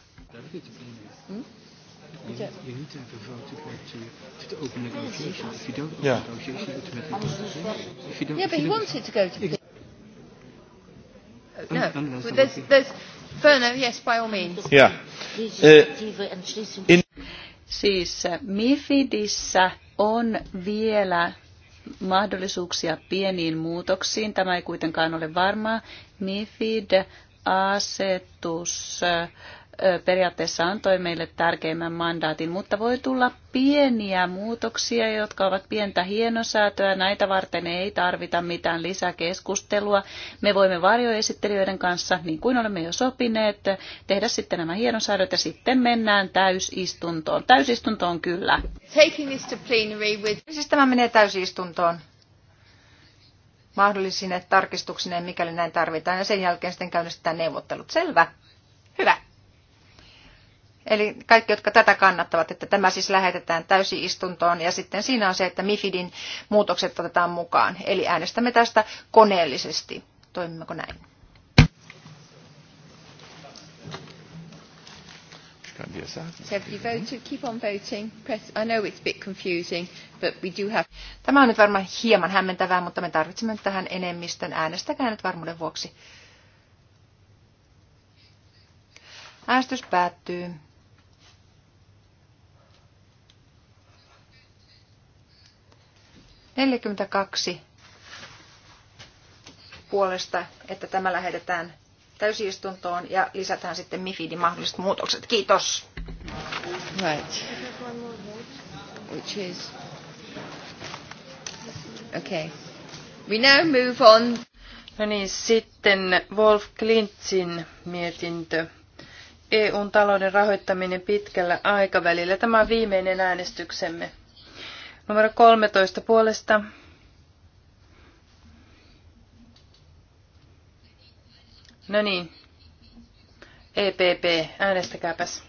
You, need to have a vote to to, to open negotiation. If you don't open yeah. negotiation, you yeah, but he don't, wanted to go to. Exactly. No, there's, there's Berno, yes, by all means. Yeah. Uh, in... Siis äh, MIFIDissä on vielä mahdollisuuksia pieniin muutoksiin. Tämä ei kuitenkaan ole varmaa. MIFID-asetus äh, periaatteessa antoi meille tärkeimmän mandaatin, mutta voi tulla pieniä muutoksia, jotka ovat pientä hienosäätöä. Näitä varten ei tarvita mitään lisäkeskustelua. Me voimme varjoesittelijöiden kanssa, niin kuin olemme jo sopineet, tehdä sitten nämä hienosäädöt ja sitten mennään täysistuntoon. Täysistuntoon kyllä. Taking this to plenary with... Siis tämä menee täysistuntoon mahdollisine tarkistuksineen, mikäli näin tarvitaan, ja sen jälkeen sitten käynnistetään neuvottelut. Selvä. Hyvä. Eli kaikki, jotka tätä kannattavat, että tämä siis lähetetään täysistuntoon ja sitten siinä on se, että MIFIDin muutokset otetaan mukaan. Eli äänestämme tästä koneellisesti. Toimimmeko näin? Tämä on nyt varmaan hieman hämmentävää, mutta me tarvitsemme tähän enemmistön. Äänestäkää nyt varmuuden vuoksi. Äänestys päättyy. 42 puolesta, että tämä lähetetään täysistuntoon ja lisätään sitten MIFIDin mahdolliset muutokset. Kiitos. Right. Which is... Okay. We now move on. No niin, sitten Wolf Klintzin mietintö. EUn talouden rahoittaminen pitkällä aikavälillä. Tämä on viimeinen äänestyksemme. Numero 13 puolesta. No niin. EPP, äänestäkääpäs.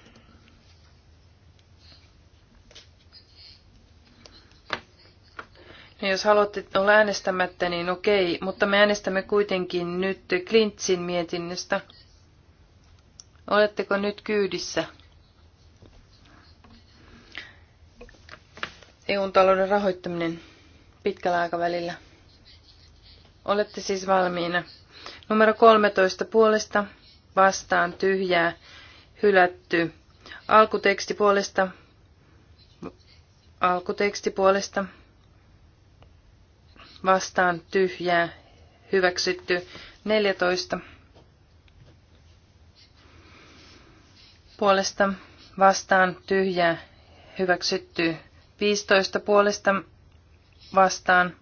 No jos haluatte olla äänestämättä, niin okei, mutta me äänestämme kuitenkin nyt Klintsin mietinnöstä. Oletteko nyt kyydissä? EUn talouden rahoittaminen pitkällä aikavälillä. Olette siis valmiina. Numero 13 puolesta vastaan tyhjää hylätty. Alkuteksti puolesta. Alkuteksti puolesta vastaan tyhjää hyväksytty. 14 puolesta vastaan tyhjää hyväksytty. 15 puolesta vastaan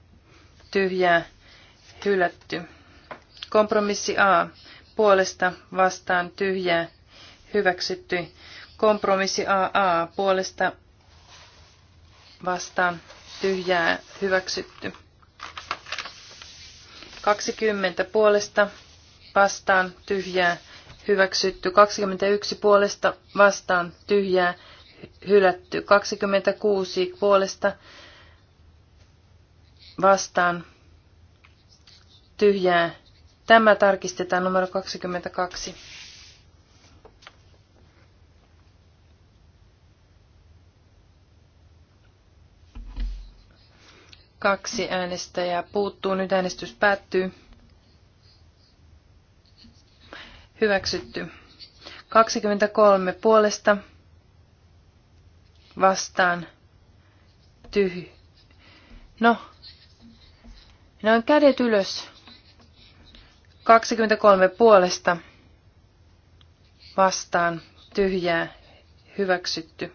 tyhjää hylätty. Kompromissi A puolesta vastaan tyhjää hyväksytty. Kompromissi AA puolesta vastaan tyhjää hyväksytty. 20 puolesta vastaan tyhjää hyväksytty. 21 puolesta vastaan tyhjää hyväksytty hylätty. 26 puolesta vastaan tyhjää. Tämä tarkistetaan numero 22. Kaksi äänestäjää puuttuu. Nyt äänestys päättyy. Hyväksytty. 23 puolesta vastaan tyhjä. No, noin kädet ylös. 23 puolesta vastaan tyhjää hyväksytty.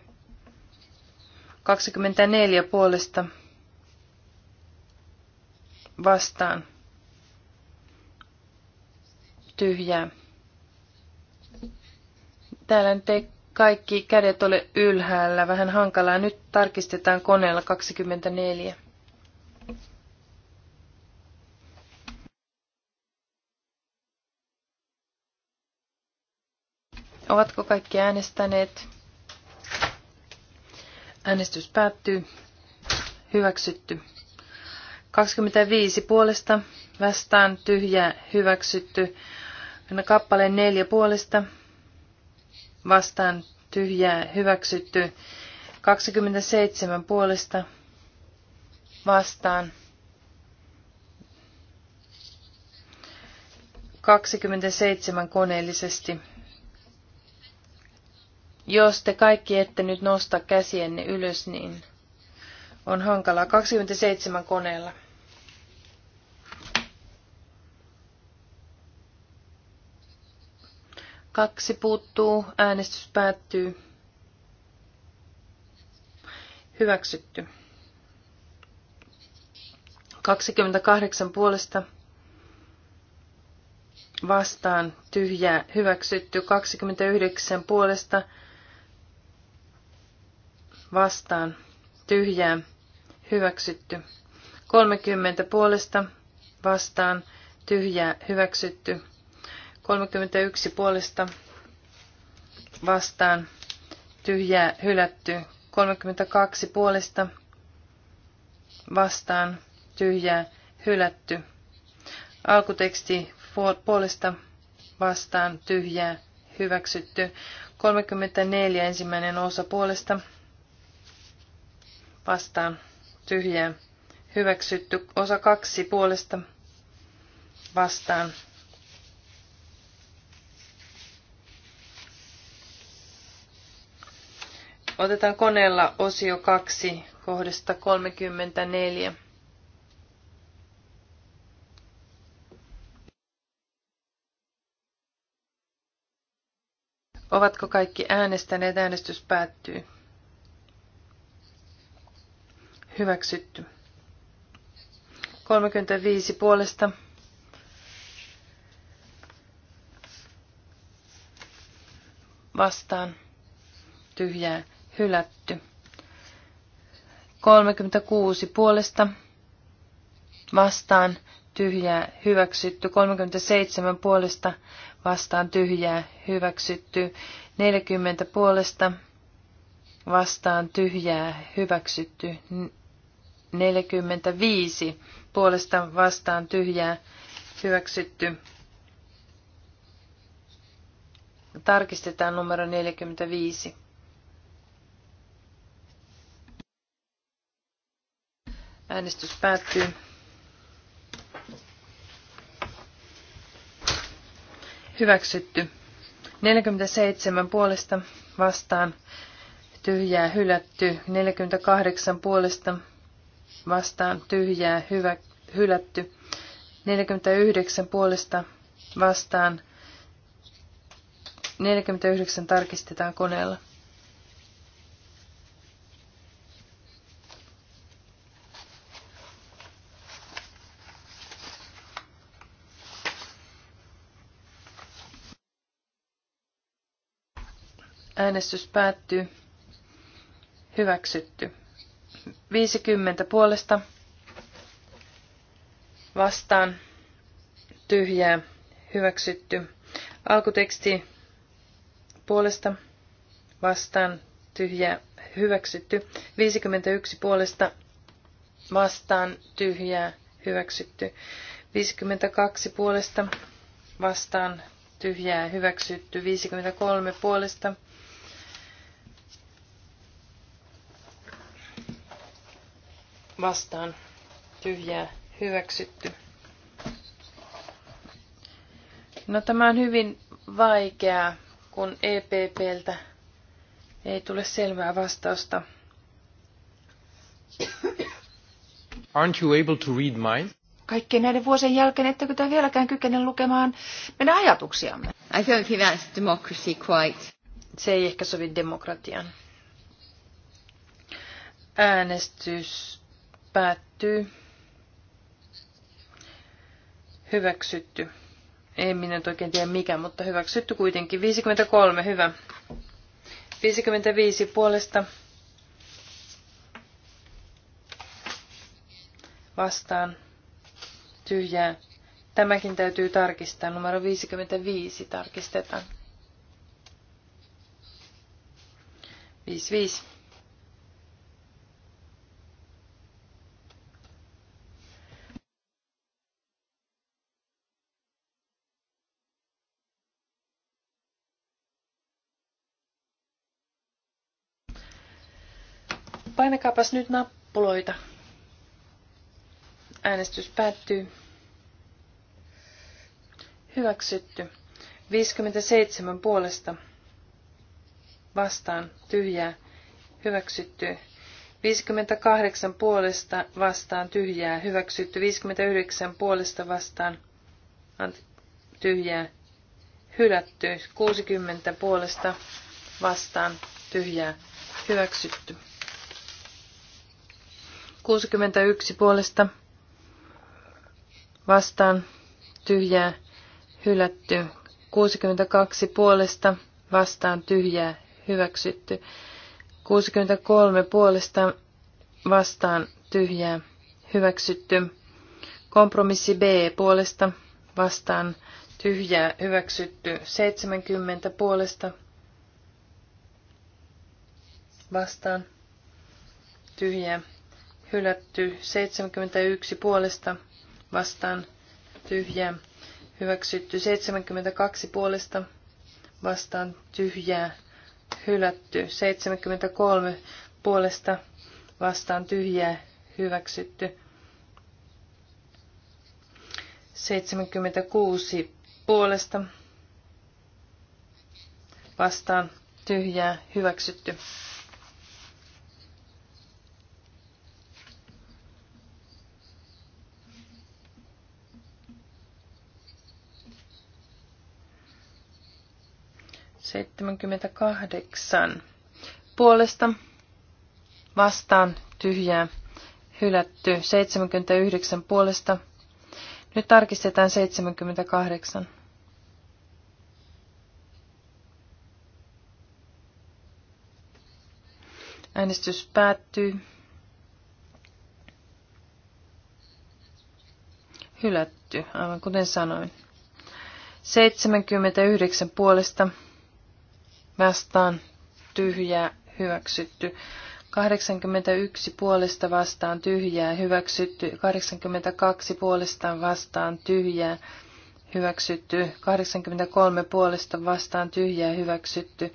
24 puolesta vastaan tyhjää. Täällä nyt ei kaikki kädet ole ylhäällä. Vähän hankalaa. Nyt tarkistetaan koneella 24. Ovatko kaikki äänestäneet? Äänestys päättyy. Hyväksytty. 25 puolesta vastaan tyhjä hyväksytty. Kappale 4 puolesta vastaan tyhjää hyväksytty. 27 puolesta vastaan. 27 koneellisesti. Jos te kaikki ette nyt nosta käsienne ylös, niin on hankalaa. 27 koneella. Kaksi puuttuu. Äänestys päättyy. Hyväksytty. 28 puolesta vastaan tyhjää hyväksytty. 29 puolesta vastaan tyhjää hyväksytty. 30 puolesta vastaan tyhjää hyväksytty. 31 puolesta vastaan tyhjää hylätty. 32 puolesta vastaan tyhjää hylätty. Alkuteksti puolesta vastaan tyhjää hyväksytty. 34 ensimmäinen osa puolesta vastaan tyhjää hyväksytty. Osa kaksi puolesta vastaan Otetaan koneella osio 2 kohdasta 34. Ovatko kaikki äänestäneet? Äänestys päättyy. Hyväksytty. 35 puolesta. Vastaan. Tyhjää hylätty. 36 puolesta vastaan tyhjää hyväksytty. 37 puolesta vastaan tyhjää hyväksytty. 40 puolesta vastaan tyhjää hyväksytty. 45 puolesta vastaan tyhjää hyväksytty. Tarkistetaan numero 45. Äänestys päättyy. Hyväksytty. 47 puolesta vastaan. Tyhjää hylätty. 48 puolesta vastaan. Tyhjää hyvä, hylätty. 49 puolesta vastaan. 49 tarkistetaan koneella. Äänestys päättyy. Hyväksytty. 50 puolesta. Vastaan. Tyhjää. Hyväksytty. Alkuteksti puolesta. Vastaan. Tyhjää. Hyväksytty. 51 puolesta. Vastaan. Tyhjää. Hyväksytty. 52 puolesta. Vastaan. Tyhjää. Hyväksytty. 53 puolesta vastaan tyhjää hyväksytty. No tämä on hyvin vaikeaa, kun EPPltä ei tule selvää vastausta. Aren't you able to read mine? Kaikkien näiden vuosien jälkeen, ettekö te vieläkään kykene lukemaan meidän ajatuksiamme? I don't think that's democracy quite. Se ei ehkä sovi demokratian Äänestys Päättyy. Hyväksytty. ei minä oikein tiedä mikä, mutta hyväksytty kuitenkin. 53, hyvä. 55 puolesta. Vastaan. Tyhjää. Tämäkin täytyy tarkistaa. Numero 55 tarkistetaan. 55. Painakaapas nyt nappuloita. Äänestys päättyy. Hyväksytty. 57 puolesta. Vastaan. Tyhjää. Hyväksytty. 58 puolesta vastaan tyhjää. Hyväksytty. 59 puolesta vastaan tyhjää. Hylätty. 60 puolesta vastaan tyhjää. Hyväksytty. 61 puolesta vastaan tyhjää hylätty. 62 puolesta vastaan tyhjää hyväksytty. 63 puolesta vastaan tyhjää hyväksytty. Kompromissi B puolesta vastaan tyhjää hyväksytty. 70 puolesta vastaan tyhjää hylätty 71 puolesta vastaan tyhjää, hyväksytty 72 puolesta vastaan tyhjää, hylätty 73 puolesta vastaan tyhjää, hyväksytty 76 puolesta vastaan tyhjää, hyväksytty. 78 puolesta vastaan tyhjää hylätty 79 puolesta. Nyt tarkistetaan 78. Äänestys päättyy. Hylätty, aivan kuten sanoin. 79 puolesta vastaan tyhjää hyväksytty. 81 puolesta vastaan tyhjää hyväksytty. 82 puolestaan vastaan tyhjää hyväksytty. 83 puolesta vastaan tyhjää hyväksytty.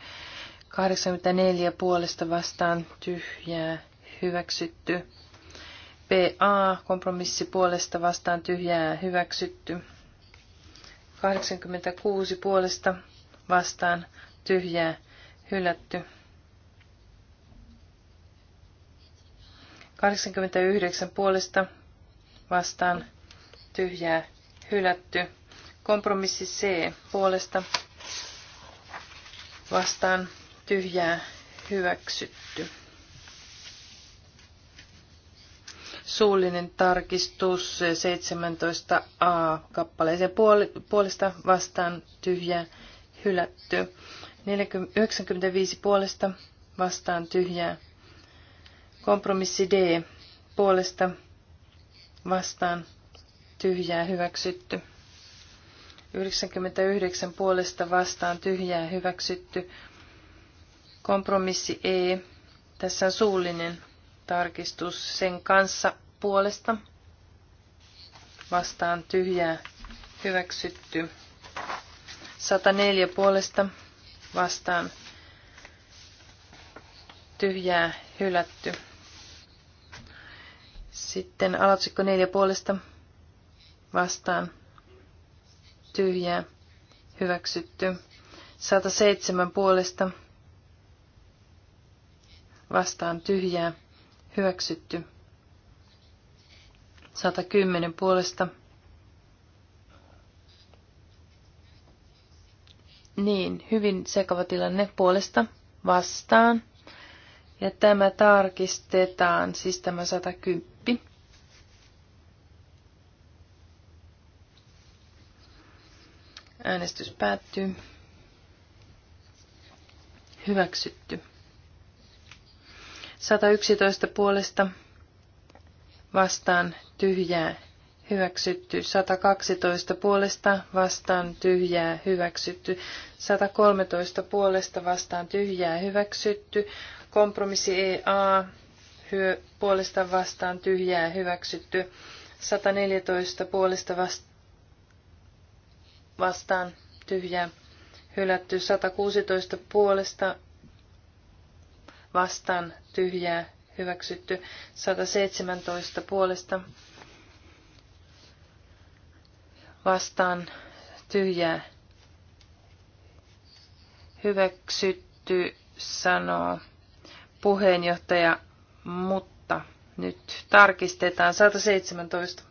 84 puolesta vastaan tyhjää hyväksytty. PA kompromissi puolesta vastaan tyhjää hyväksytty. 86 puolesta vastaan tyhjää hylätty. 89 puolesta vastaan tyhjää hylätty. Kompromissi C puolesta vastaan tyhjää hyväksytty. Suullinen tarkistus 17a kappaleeseen puolesta vastaan tyhjää hylätty. 95 puolesta vastaan tyhjää. Kompromissi D puolesta vastaan tyhjää hyväksytty. 99 puolesta vastaan tyhjää hyväksytty. Kompromissi E. Tässä on suullinen tarkistus sen kanssa puolesta vastaan tyhjää hyväksytty. 104 puolesta vastaan tyhjää hylätty. Sitten alatsikko neljä puolesta vastaan tyhjää hyväksytty. 107 puolesta vastaan tyhjää hyväksytty. 110 puolesta vastaan Niin, hyvin sekava tilanne puolesta vastaan. Ja tämä tarkistetaan, siis tämä 110. Äänestys päättyy. Hyväksytty. 111 puolesta vastaan tyhjää hyväksytty, 112 puolesta vastaan tyhjää hyväksytty, 113 puolesta vastaan tyhjää hyväksytty, kompromissi EA hyö, puolesta vastaan tyhjää hyväksytty, 114 puolesta vastaan tyhjää hylätty, 116 puolesta vastaan tyhjää hyväksytty, 117 puolesta vastaan tyhjää hyväksytty, sanoo puheenjohtaja, mutta nyt tarkistetaan 117.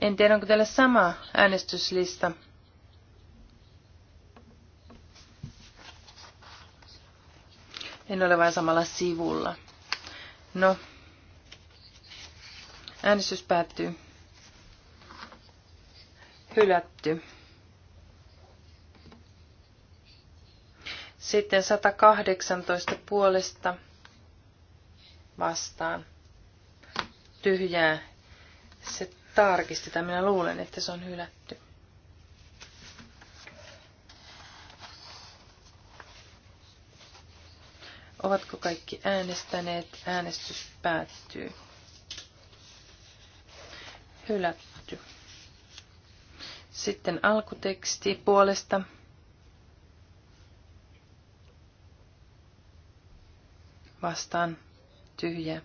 En tiedä, onko teillä sama äänestyslista. En ole vain samalla sivulla. No, Äänestys päättyy. Hylätty. Sitten 118 puolesta vastaan. Tyhjää. Se tarkistetaan. Minä luulen, että se on hylätty. Ovatko kaikki äänestäneet? Äänestys päättyy. Hylätty. Sitten alkuteksti puolesta. Vastaan tyhjä.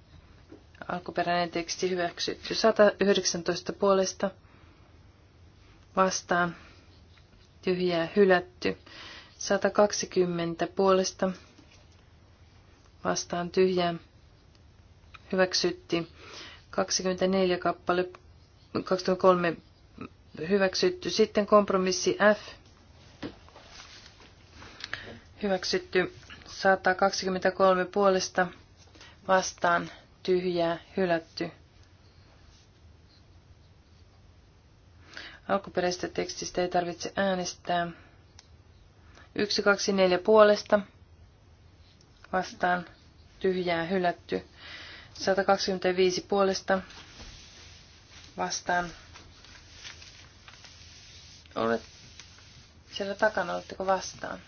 Alkuperäinen teksti hyväksytty. 119 puolesta. Vastaan tyhjää hylätty. 120 puolesta vastaan tyhjää hyväksytti. 24 kappale 2003 hyväksytty. Sitten kompromissi F hyväksytty 123 puolesta vastaan tyhjää hylätty. Alkuperäisestä tekstistä ei tarvitse äänestää. 1, 2, 4 puolesta vastaan tyhjää hylätty. 125 puolesta vastaan. Olet siellä takana, oletteko vastaan?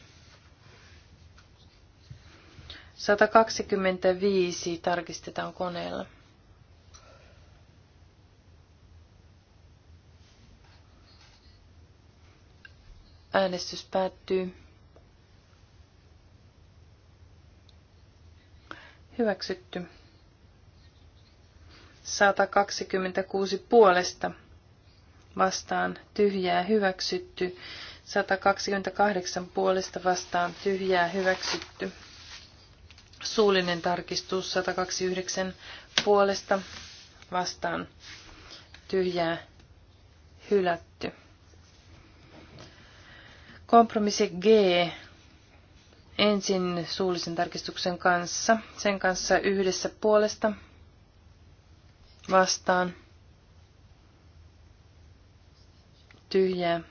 125 tarkistetaan koneella. Äänestys päättyy. Hyväksytty. 126 puolesta vastaan tyhjää hyväksytty. 128 puolesta vastaan tyhjää hyväksytty. Suullinen tarkistus 129 puolesta vastaan tyhjää hylätty. Kompromissi G ensin suullisen tarkistuksen kanssa, sen kanssa yhdessä puolesta vastaan tyhjää.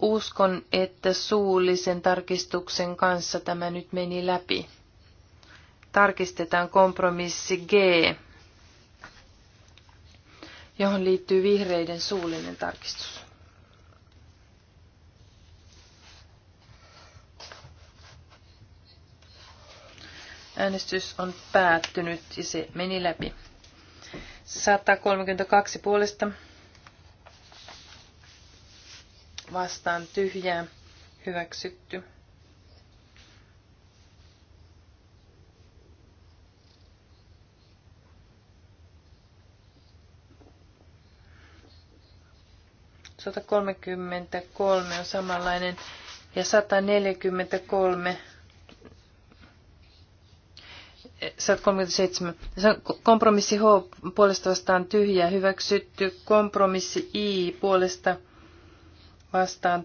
Uskon, että suullisen tarkistuksen kanssa tämä nyt meni läpi. Tarkistetaan kompromissi G, johon liittyy vihreiden suullinen tarkistus. Äänestys on päättynyt ja se meni läpi. 132 puolesta vastaan tyhjää hyväksytty. kolme on samanlainen ja 143 137. Kompromissi H puolesta vastaan tyhjä hyväksytty. Kompromissi I puolesta vastaan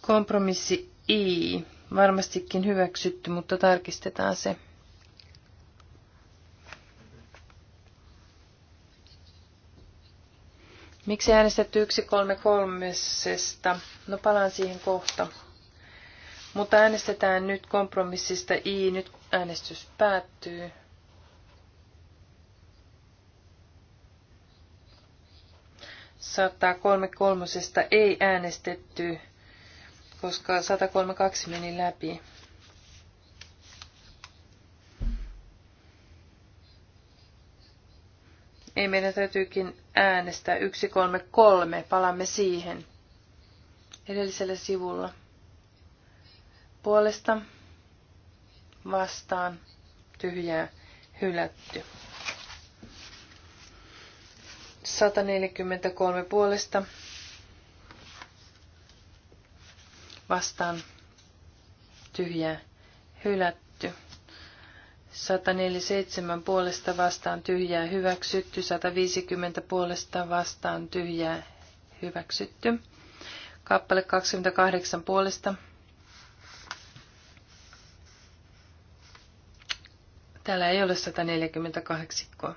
Kompromissi I. Varmastikin hyväksytty, mutta tarkistetaan se. Miksi äänestetty 133? No palaan siihen kohta. Mutta äänestetään nyt kompromissista I. Nyt äänestys päättyy. Saattaa 133 ei äänestetty, koska 132 meni läpi. Ei meidän täytyykin äänestää 133. Palaamme siihen edellisellä sivulla. Puolesta vastaan tyhjää hylätty. 143 puolesta vastaan tyhjää hylätty. 147 puolesta vastaan tyhjää hyväksytty, 150 puolesta vastaan tyhjää hyväksytty. Kappale 28 puolesta. Täällä ei ole 148.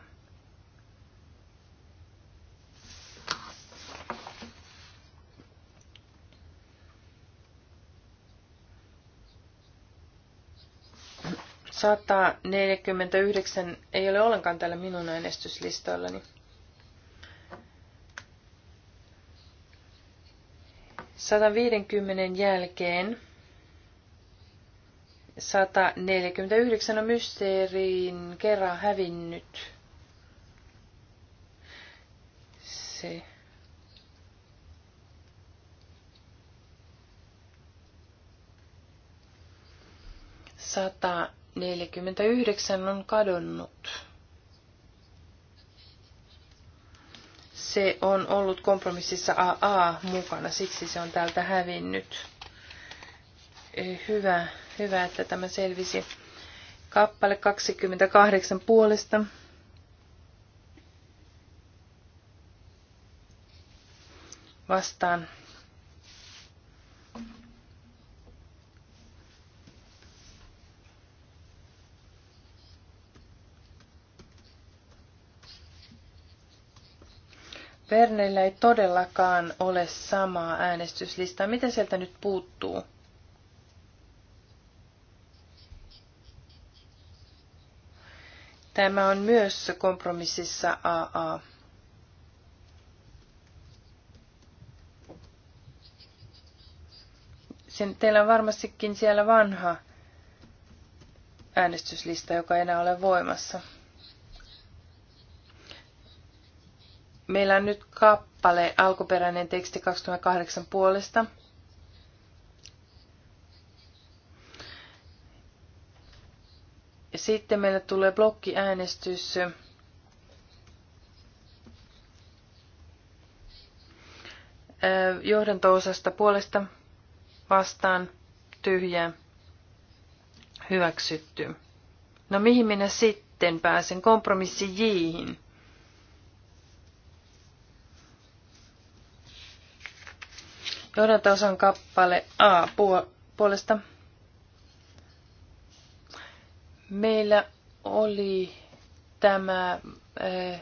149 ei ole ollenkaan täällä minun äänestyslistoillani. Satan viidenkymmenen jälkeen 149 on mysteeriin kerran hävinnyt. Se. Sata 49 on kadonnut. Se on ollut kompromississa AA mukana, siksi se on täältä hävinnyt. Eh, hyvä, hyvä että tämä selvisi. Kappale 28 puolesta. Vastaan Verneillä ei todellakaan ole samaa äänestyslistaa. Mitä sieltä nyt puuttuu? Tämä on myös kompromississa AA. Sen, teillä on varmastikin siellä vanha äänestyslista, joka ei enää ole voimassa. Meillä on nyt kappale, alkuperäinen teksti 2008 puolesta. Sitten meillä tulee blokkiäänestys. Johdanto-osasta puolesta vastaan tyhjä hyväksytty. No mihin minä sitten pääsen? Kompromissi Jihin. Johdantaosan kappale A puolesta. Meillä oli tämä eh,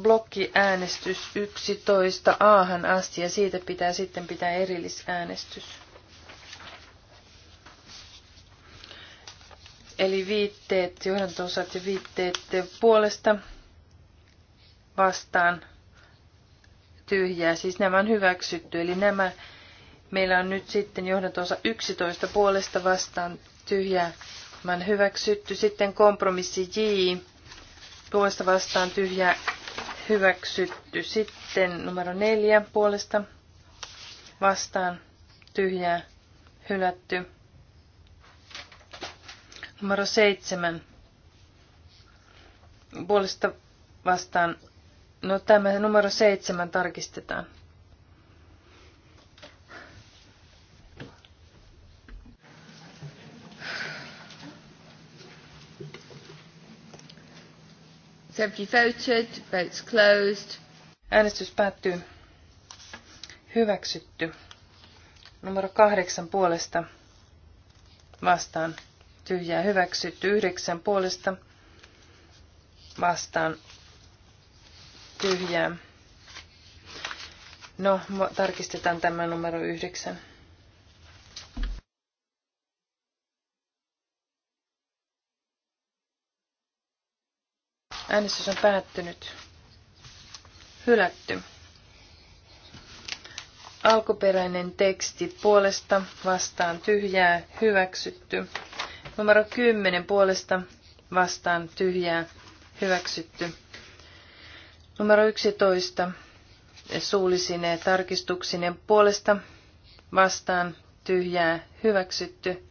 blokkiäänestys 11 aahan asti ja siitä pitää sitten pitää erillisäänestys. Eli viitteet, johdantosat ja viitteet puolesta vastaan tyhjää, siis nämä on hyväksytty. Eli nämä meillä on nyt sitten johdantonsa 11 puolesta vastaan tyhjää, nämä on hyväksytty. Sitten kompromissi J puolesta vastaan tyhjää, hyväksytty. Sitten numero 4 puolesta vastaan tyhjää, hylätty. Numero 7 puolesta vastaan No tämä numero seitsemän tarkistetaan. Seventy voted, votes closed. Äänestys päättyy. Hyväksytty. Numero kahdeksan puolesta vastaan. Tyhjää hyväksytty. Yhdeksän puolesta vastaan tyhjää. No, tarkistetaan tämä numero yhdeksän. Äänestys on päättynyt. Hylätty. Alkuperäinen teksti puolesta vastaan tyhjää hyväksytty. Numero 10 puolesta vastaan tyhjää hyväksytty. Numero 11 suullisine tarkistuksineen puolesta vastaan tyhjää hyväksytty.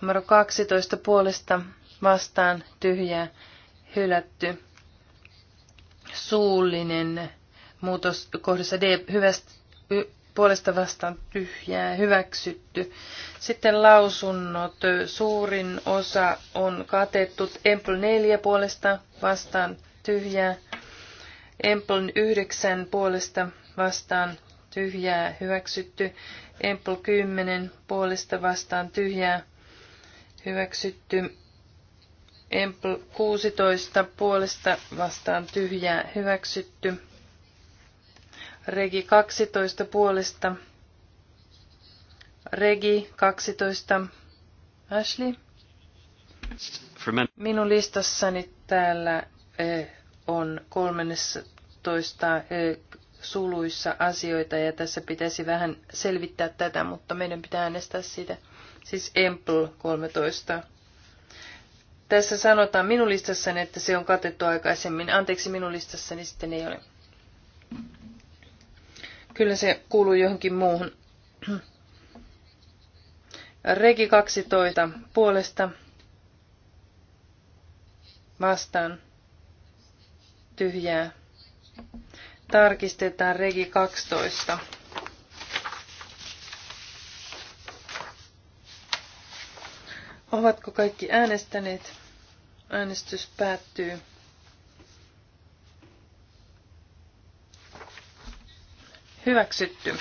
Numero 12 puolesta vastaan tyhjää hylätty. Suullinen muutos kohdassa D hyvästä, puolesta vastaan tyhjää hyväksytty. Sitten lausunnot. Suurin osa on katettu. Empl 4 puolesta vastaan tyhjää. Empln 9 puolesta vastaan tyhjää hyväksytty. Empl 10 puolesta vastaan tyhjää hyväksytty. Empl 16 puolesta vastaan tyhjää hyväksytty. Regi 12 puolesta. Regi 12. Ashley? Minun listassani täällä eh, on 13 eh, suluissa asioita ja tässä pitäisi vähän selvittää tätä, mutta meidän pitää äänestää siitä. Siis Empl 13. Tässä sanotaan minun listassani, että se on katettu aikaisemmin. Anteeksi, minun listassani sitten ei ole. Kyllä se kuuluu johonkin muuhun. Regi 12 puolesta vastaan tyhjää. Tarkistetaan regi 12. Ovatko kaikki äänestäneet? Äänestys päättyy. Hyväksytty.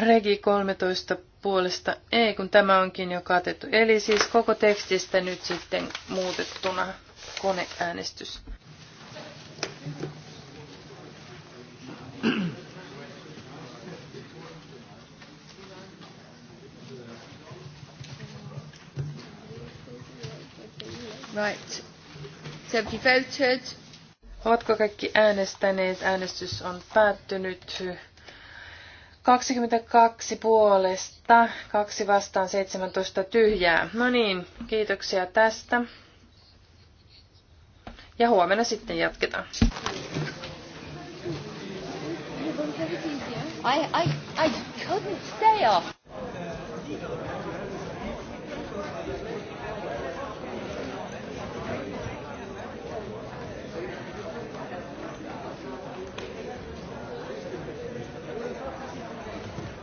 Regi 13 puolesta ei, kun tämä onkin jo katettu. Eli siis koko tekstistä nyt sitten muutettuna koneäänestys. Right. So have you voted? Ovatko kaikki äänestäneet? Äänestys on päättynyt. 22 puolesta, 2 vastaan 17 tyhjää. No niin, kiitoksia tästä. Ja huomenna sitten jatketaan. I, I, I couldn't stay off.